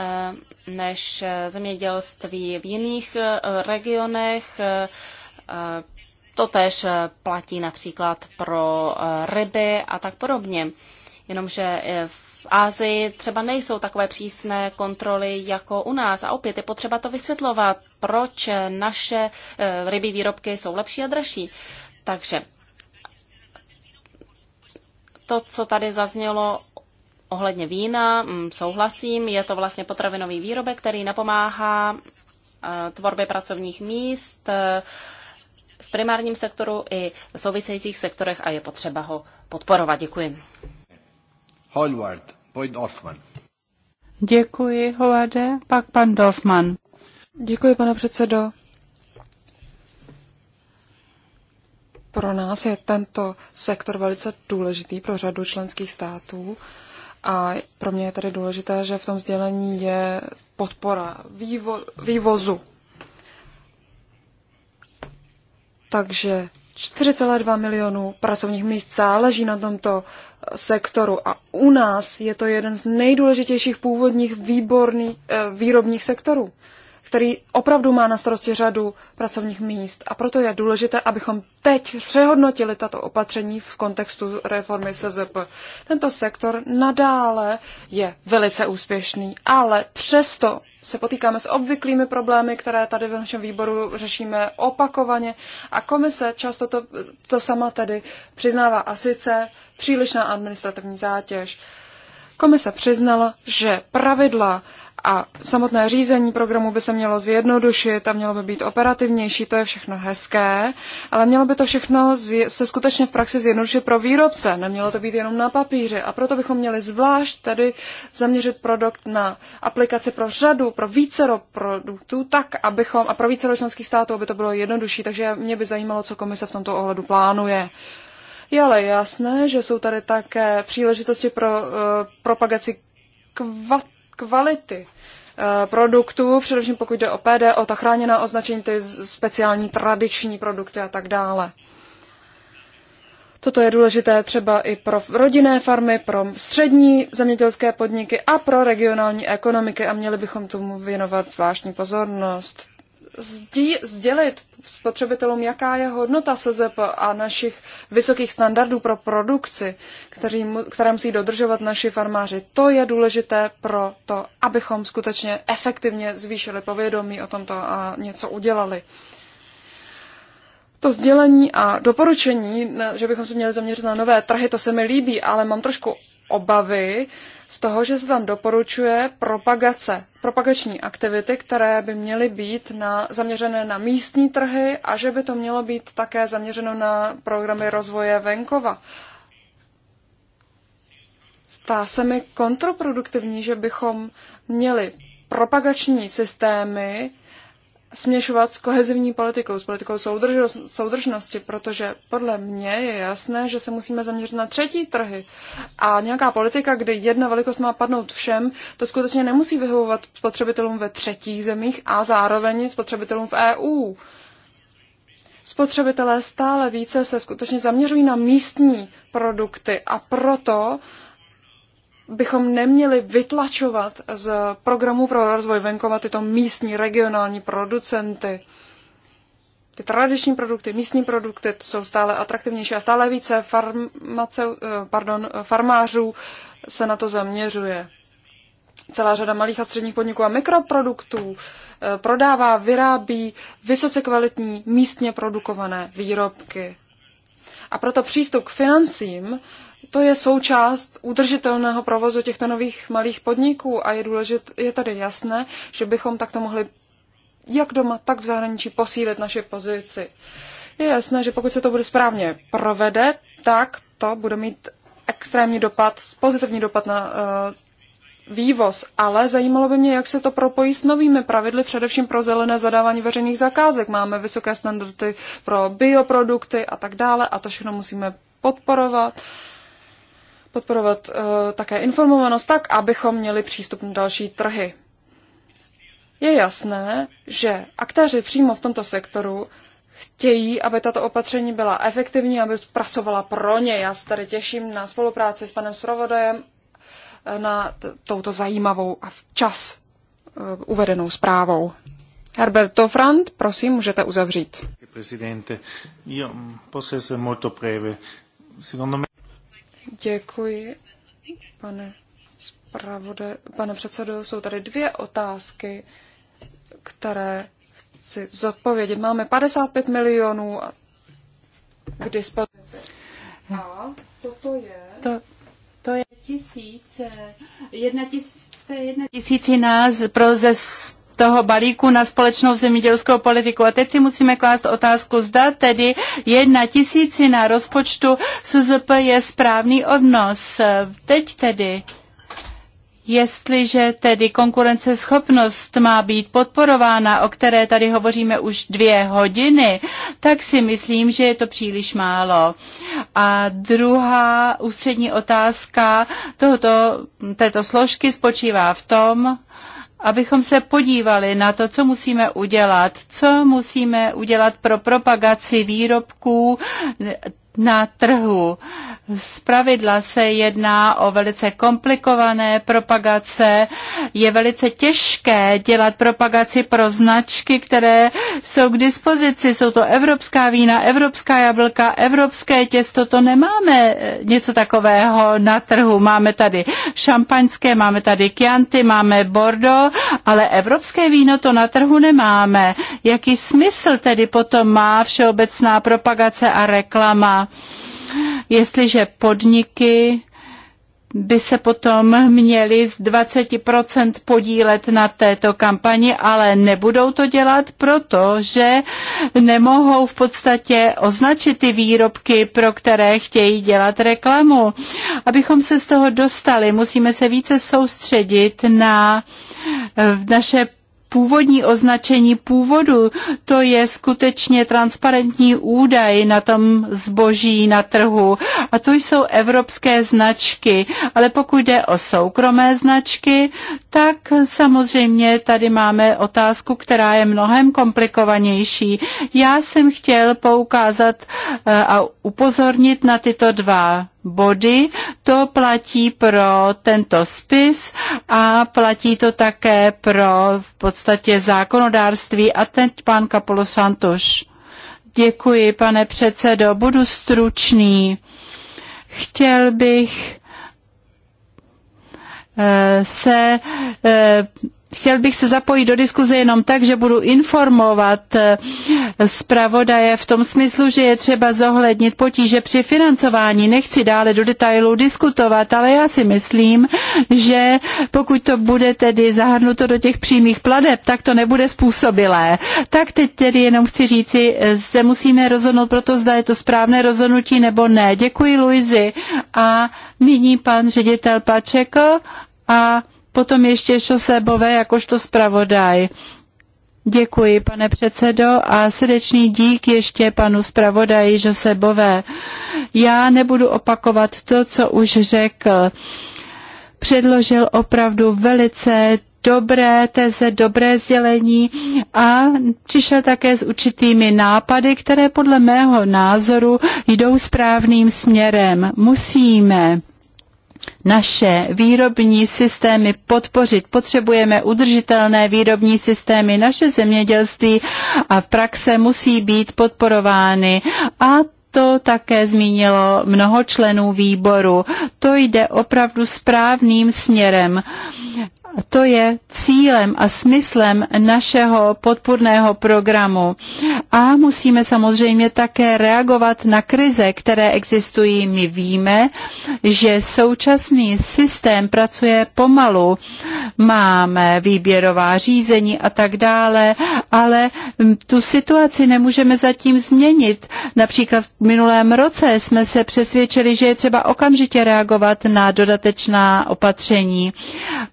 než zemědělství v jiných eh, regionech. Eh, to tež platí například pro ryby a tak podobně. Jenomže v Ázii třeba nejsou takové přísné kontroly jako u nás. A opět je potřeba to vysvětlovat, proč naše rybí výrobky jsou lepší a dražší. Takže to, co tady zaznělo ohledně vína, mm, souhlasím, je to vlastně potravinový výrobek, který napomáhá e, tvorbě pracovních míst e, v primárním sektoru i v souvisejících sektorech a je potřeba ho podporovat. Děkuji. Hallward, Boyd Dorfman. Děkuji, Hovarde. Pak pan Dorfman. Děkuji, pane předsedo. Pro nás je tento sektor velice důležitý pro řadu členských států a pro mě je tady důležité, že v tom sdělení je podpora vývo- vývozu. Takže 4,2 milionů pracovních míst záleží na tomto sektoru a u nás je to jeden z nejdůležitějších původních výborných, eh, výrobních sektorů který opravdu má na starosti řadu pracovních míst. A proto je důležité, abychom teď přehodnotili tato opatření v kontextu reformy SZP. Tento sektor nadále je velice úspěšný, ale přesto se potýkáme s obvyklými problémy, které tady v našem výboru řešíme opakovaně a komise často to, to sama tedy přiznává a sice přílišná administrativní zátěž. Komise přiznala, že pravidla uh, a samotné řízení programu by se mělo zjednodušit a mělo by být operativnější, to je všechno hezké, ale mělo by to všechno se skutečně v praxi zjednodušit pro výrobce, nemělo to být jenom na papíře a proto bychom měli zvlášť tedy zaměřit produkt na aplikaci pro řadu, pro vícero produktů, tak abychom, a pro vícero členských států, aby to bylo jednodušší, takže mě by zajímalo, co komise v tomto ohledu plánuje. Je ale jasné, že jsou tady také příležitosti pro uh, propagaci kvat kvality eh, produktů, především pokud jde o PD, o ta chráněná označení, ty speciální tradiční produkty a tak dále. Toto je důležité třeba i pro rodinné farmy, pro střední zemědělské podniky a pro regionální ekonomiky a měli bychom tomu věnovat zvláštní pozornost sdí, sdělit spotřebitelům, jaká je hodnota SZP a našich vysokých standardů pro produkci, který, které musí dodržovat naši farmáři. To je důležité pro to, abychom skutečně efektivně zvýšili povědomí o tomto a něco udělali. To sdělení a doporučení, že bychom se měli zaměřit na nové trhy, to se mi líbí, ale mám trošku obavy, z toho, že se tam doporučuje propagace, propagační aktivity, které by měly být na, zaměřené na místní trhy a že by to mělo být také zaměřeno na programy rozvoje venkova. Stá se mi kontraproduktivní, že bychom měli propagační systémy, směšovat s kohezivní politikou, s politikou soudržnosti, protože podle mě je jasné, že se musíme zaměřit na třetí trhy. A nějaká politika, kdy jedna velikost má padnout všem, to skutečně nemusí vyhovovat spotřebitelům ve třetích zemích a zároveň spotřebitelům v EU. Spotřebitelé stále více se skutečně zaměřují na místní produkty a proto uh, bychom neměli vytlačovat z programu pro rozvoj venkova tyto místní regionální producenty. Ty tradiční produkty, místní produkty jsou stále atraktivnější a stále více farmace, eh, pardon, farmářů se na to zaměřuje. Celá řada malých a středních podniků a mikroproduktů eh, prodává, vyrábí vysoce kvalitní místně produkované výrobky. A proto přístup k financím to je součást udržitelného provozu těchto nových malých podniků a je, důležit, je tady jasné, že bychom takto mohli jak doma, tak v zahraničí posílit naše pozici. Je jasné, že pokud se to bude správně provede, tak to bude mít extrémní dopad, pozitivní dopad na uh, vývoz, ale zajímalo by mě, jak se to propojí s novými pravidly, především pro zelené zadávání veřejných zakázek. Máme vysoké standardy pro bioprodukty a tak dále a to všechno musíme podporovat. Uh, podporovat eh, také informovanost tak, abychom měli přístup na další trhy. Je jasné, že aktéři přímo v tomto sektoru chtějí, aby tato opatření byla efektivní, aby pracovala pro ně. Já se tady těším na spolupráci s panem Sprovodajem eh, na touto zajímavou a včas eh, uvedenou zprávou. Herbert Tofrand, prosím, můžete uzavřít. Presidente, io posso essere molto breve. Secondo me... Děkuji, pane zpravode, pane předsedo. Jsou tady dvě otázky, které chci zodpovědět. Máme 55 milionů k dispozici. A toto je... To, to je tisíce, jedna tisíce, to je jedna tisícina pro ze toho balíku na společnou zemědělskou politiku. A teď si musíme klást otázku, zda tedy jedna na rozpočtu SZP je správný odnos. Teď tedy Jestliže tedy konkurenceschopnost má být podporována, o které tady hovoříme už dvě hodiny, tak si myslím, že je to příliš málo. A druhá ústřední otázka tohoto, této složky spočívá v tom, abychom se podívali na to, co musíme udělat, co musíme udělat pro propagaci výrobků na trhu. Zpravidla se jedná o velice komplikované propagace. Je velice těžké dělat propagaci pro značky, které jsou k dispozici. Jsou to evropská vína, evropská jablka, evropské těsto. To nemáme eh, něco takového na trhu. Máme tady šampaňské, máme tady Chianti, máme Bordeaux, ale evropské víno to na trhu nemáme. Jaký smysl tedy potom má všeobecná propagace a reklama? Jestliže podniky by se potom měli z 20% podílet na této kampani, ale nebudou to dělat, protože nemohou v podstatě označit ty výrobky, pro které chtějí dělat reklamu. Abychom se z toho dostali, musíme se více soustředit na naše původní označení původu, to je skutečně transparentní údaj na tom zboží na trhu. A to jsou evropské značky, ale pokud jde o soukromé značky, tak samozřejmě tady máme otázku, která je mnohem komplikovanější. Já jsem chtěl poukázat eh, a upozornit na tyto dva body. To platí pro tento spis a platí to také pro v podstatě zákonodárství. A ten pán Kapolosantoš. Děkuji, pane předsedo. Budu stručný. Chtěl bych eh, se eh, chtěl bych se zapojit do diskuze jenom tak, že budu informovat eh, zpravodaje v tom smyslu, že je třeba zohlednit potíže při financování. Nechci dále do detailů diskutovat, ale já si myslím, že pokud to bude tedy zahrnuto do těch přímých pladeb, tak to nebude způsobilé. Tak teď tedy jenom chci říci, eh, se musíme rozhodnout pro to, zda je to správné rozhodnutí nebo ne. Děkuji Luizi a nyní pan ředitel Pačeko a Potom ještě Šosebové jakožto zpravodaj. Děkuji, pane předsedo, a srdečný dík ještě panu zpravodaji Žosebové. Já nebudu opakovat to, co už řekl. Předložil opravdu velice dobré teze, dobré sdělení a přišel také s určitými nápady, které podle mého názoru jdou správným směrem. Musíme naše výrobní systémy podpořit. Potřebujeme udržitelné výrobní systémy. Naše zemědělství a praxe musí být podporovány a to také zmínilo mnoho členů výboru. To jde opravdu správným směrem to je cílem a smyslem našeho podpůrného programu. A musíme samozřejmě také reagovat na krize, které existují. My víme, že současný systém pracuje pomalu. Máme výběrová řízení a tak dále, ale tu situaci nemůžeme zatím změnit. Například v minulém roce jsme se přesvědčili, že je třeba okamžitě reagovat na dodatečná opatření.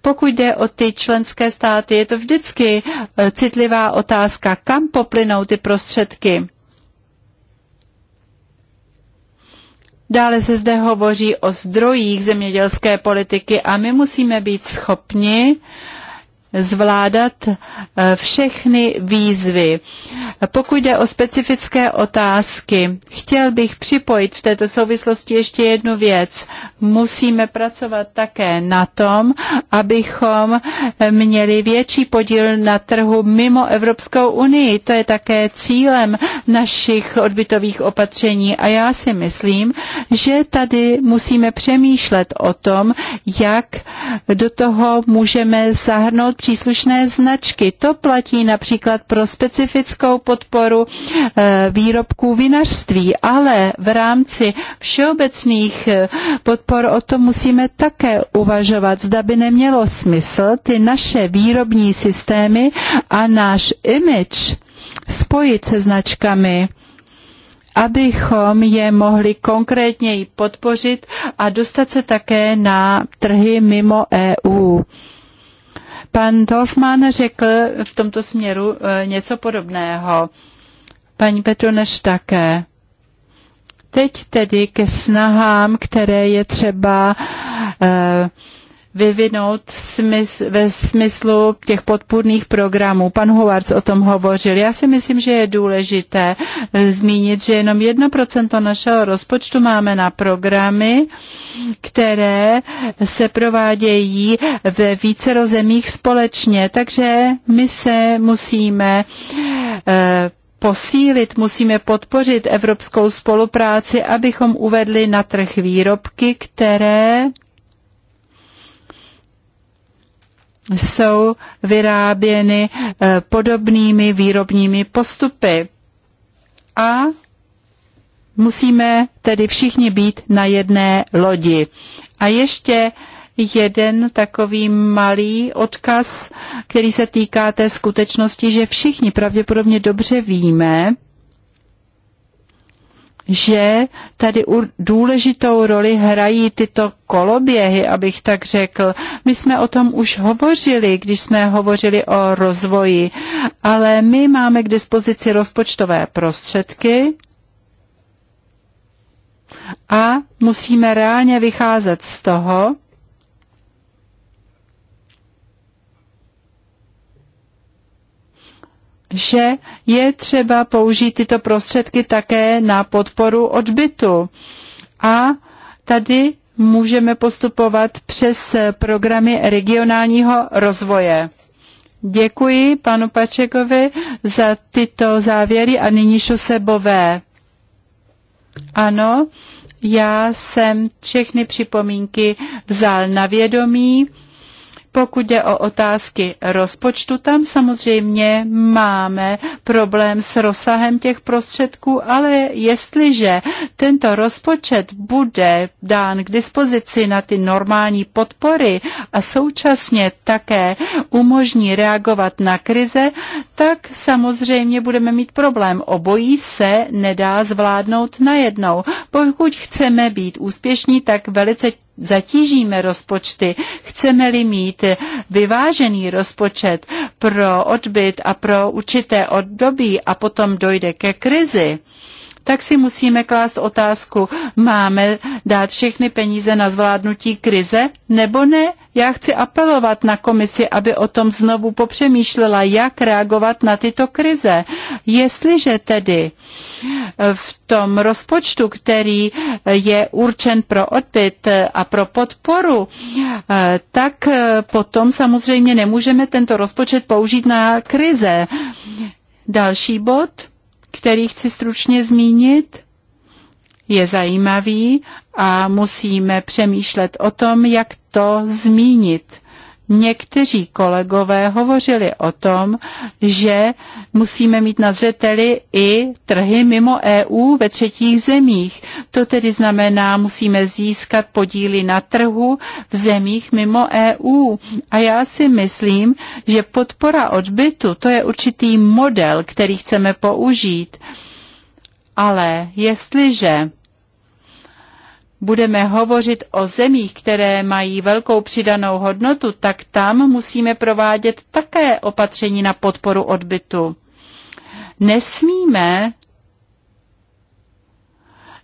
Pokud jde o ty členské státy, je to vždycky eh, citlivá otázka, kam poplynou ty prostředky. Dále se zde hovoří o zdrojích zemědělské politiky a my musíme být schopni uh, zvládat eh, všechny výzvy. Pokud jde o specifické otázky, chtěl bych připojit v této souvislosti ještě jednu věc. Musíme pracovat také na tom, abychom eh, měli větší podíl na trhu mimo Evropskou unii. To je také cílem našich odbytových opatření a já si myslím, že tady musíme přemýšlet o tom, jak do toho můžeme zahrnout příslušné značky. To platí například pro specifickou podporu eh, výrobků vinařství, ale v rámci všeobecných eh, podpor o tom musíme také uvažovat, zda by nemělo smysl ty naše výrobní systémy a náš image spojit se značkami abychom je mohli konkrétněji podpořit a dostat se také na trhy mimo EU. Pan Dorfman řekl v tomto směru eh, něco podobného. Paní Petroneš také. Teď tedy ke snahám, které je třeba uh, vyvinout smysl, ve smyslu těch podpůrných programů. Pan Hovarc o tom hovořil. Já si myslím, že je důležité eh, zmínit, že jenom 1% našeho rozpočtu máme na programy, které se provádějí ve více zemích společně. Takže my se musíme eh, posílit, musíme podpořit evropskou spolupráci, abychom uvedli na trh výrobky, které jsou vyráběny eh, podobnými výrobními postupy. A musíme tedy všichni být na jedné lodi. A ještě jeden takový malý odkaz, který se týká té skutečnosti, že všichni pravděpodobně dobře víme, že tady důležitou roli hrají tyto koloběhy, abych tak řekl. My jsme o tom už hovořili, když jsme hovořili o rozvoji, ale my máme k dispozici rozpočtové prostředky a musíme reálně vycházet z toho, že je třeba použít tyto prostředky také na podporu odbytu. A tady můžeme postupovat přes programy regionálního rozvoje. Děkuji panu Pačekovi za tyto závěry a nyní Šusebové. Ano, já jsem všechny připomínky vzal na vědomí pokud je o otázky rozpočtu, tam samozřejmě máme problém s rozsahem těch prostředků, ale jestliže tento rozpočet bude dán k dispozici na ty normální podpory a současně také umožní reagovat na krize, tak samozřejmě budeme mít problém. Obojí se nedá zvládnout najednou. Pokud chceme být úspěšní, tak velice zatížíme rozpočty, chceme-li mít vyvážený rozpočet pro odbyt a pro určité období a potom dojde ke krizi, tak si musíme klást otázku, máme dát všechny peníze na zvládnutí krize nebo ne? Já chci apelovat na komisi, aby o tom znovu popřemýšlela, jak reagovat na tyto krize. Jestliže tedy eh, v tom rozpočtu, který eh, je určen pro odbyt eh, a pro podporu, tak potom samozřejmě nemůžeme tento rozpočet použít na krize. Další bod který chci stručně zmínit, je zajímavý a musíme přemýšlet o tom, jak to zmínit. Někteří kolegové hovořili o tom, že musíme mít na zřeteli i trhy mimo EU ve třetích zemích. To tedy znamená, musíme získat podíly na trhu v zemích mimo EU. A já si myslím, že podpora odbytu to je určitý model, který chceme použít. Ale jestliže budeme hovořit o zemích, které mají velkou přidanou hodnotu, tak tam musíme provádět také opatření na podporu odbytu. Nesmíme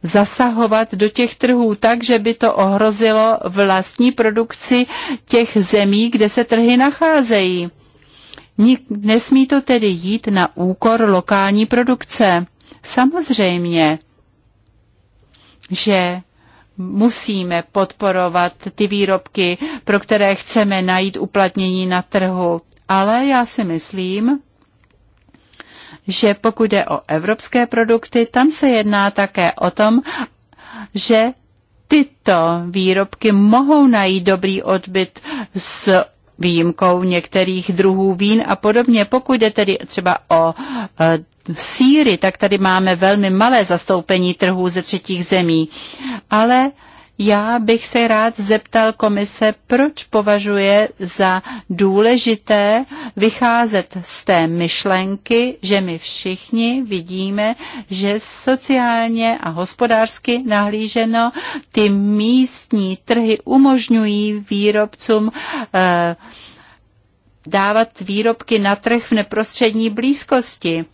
zasahovat do těch trhů tak, že by to ohrozilo vlastní produkci těch zemí, kde se trhy nacházejí. Nesmí to tedy jít na úkor lokální produkce. Samozřejmě, že musíme podporovat ty výrobky, pro které chceme najít uplatnění na trhu. Ale já si myslím, že pokud jde o evropské produkty, tam se jedná také o tom, že tyto výrobky mohou najít dobrý odbyt s výjimkou některých druhů vín a podobně. Pokud jde tedy třeba o eh, síry, tak tady máme velmi malé zastoupení trhů ze třetích zemí. Ale já bych se rád zeptal komise, proč považuje za důležité vycházet z té myšlenky, že my všichni vidíme, že sociálně a hospodářsky nahlíženo ty místní trhy umožňují výrobcům eh, dávat výrobky na trh v neprostřední blízkosti.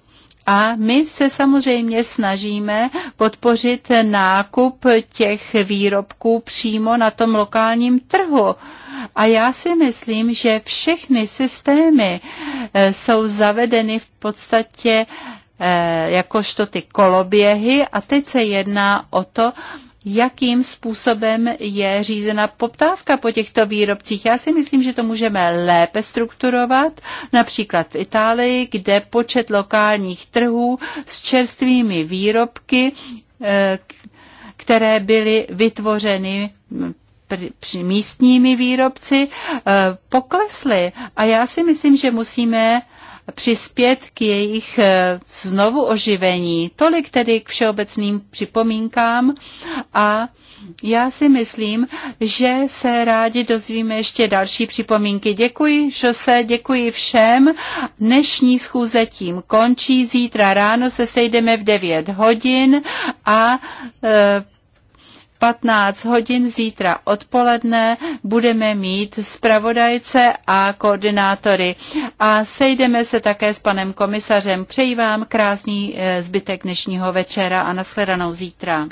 A my se samozřejmě snažíme podpořit nákup těch výrobků přímo na tom lokálním trhu. A já si myslím, že všechny systémy eh, jsou zavedeny v podstatě eh, jakožto ty koloběhy a teď se jedná o to, jakým způsobem je řízena poptávka po těchto výrobcích. Já si myslím, že to můžeme lépe strukturovat, například v Itálii, kde počet lokálních trhů s čerstvými výrobky, eh, které byly vytvořeny při místními výrobci, eh, poklesly. A já si myslím, že musíme přispět k jejich eh, znovu oživení. Tolik tedy k všeobecným připomínkám a já si myslím, že se rádi dozvíme ještě další připomínky. Děkuji, Jose, děkuji všem. Dnešní schůze tím končí. Zítra ráno se sejdeme v 9 hodin a e, 15 hodin zítra odpoledne budeme mít zpravodajce a koordinátory. A sejdeme se také s panem komisařem. Přeji vám krásný eh, zbytek dnešního večera a nashledanou zítra.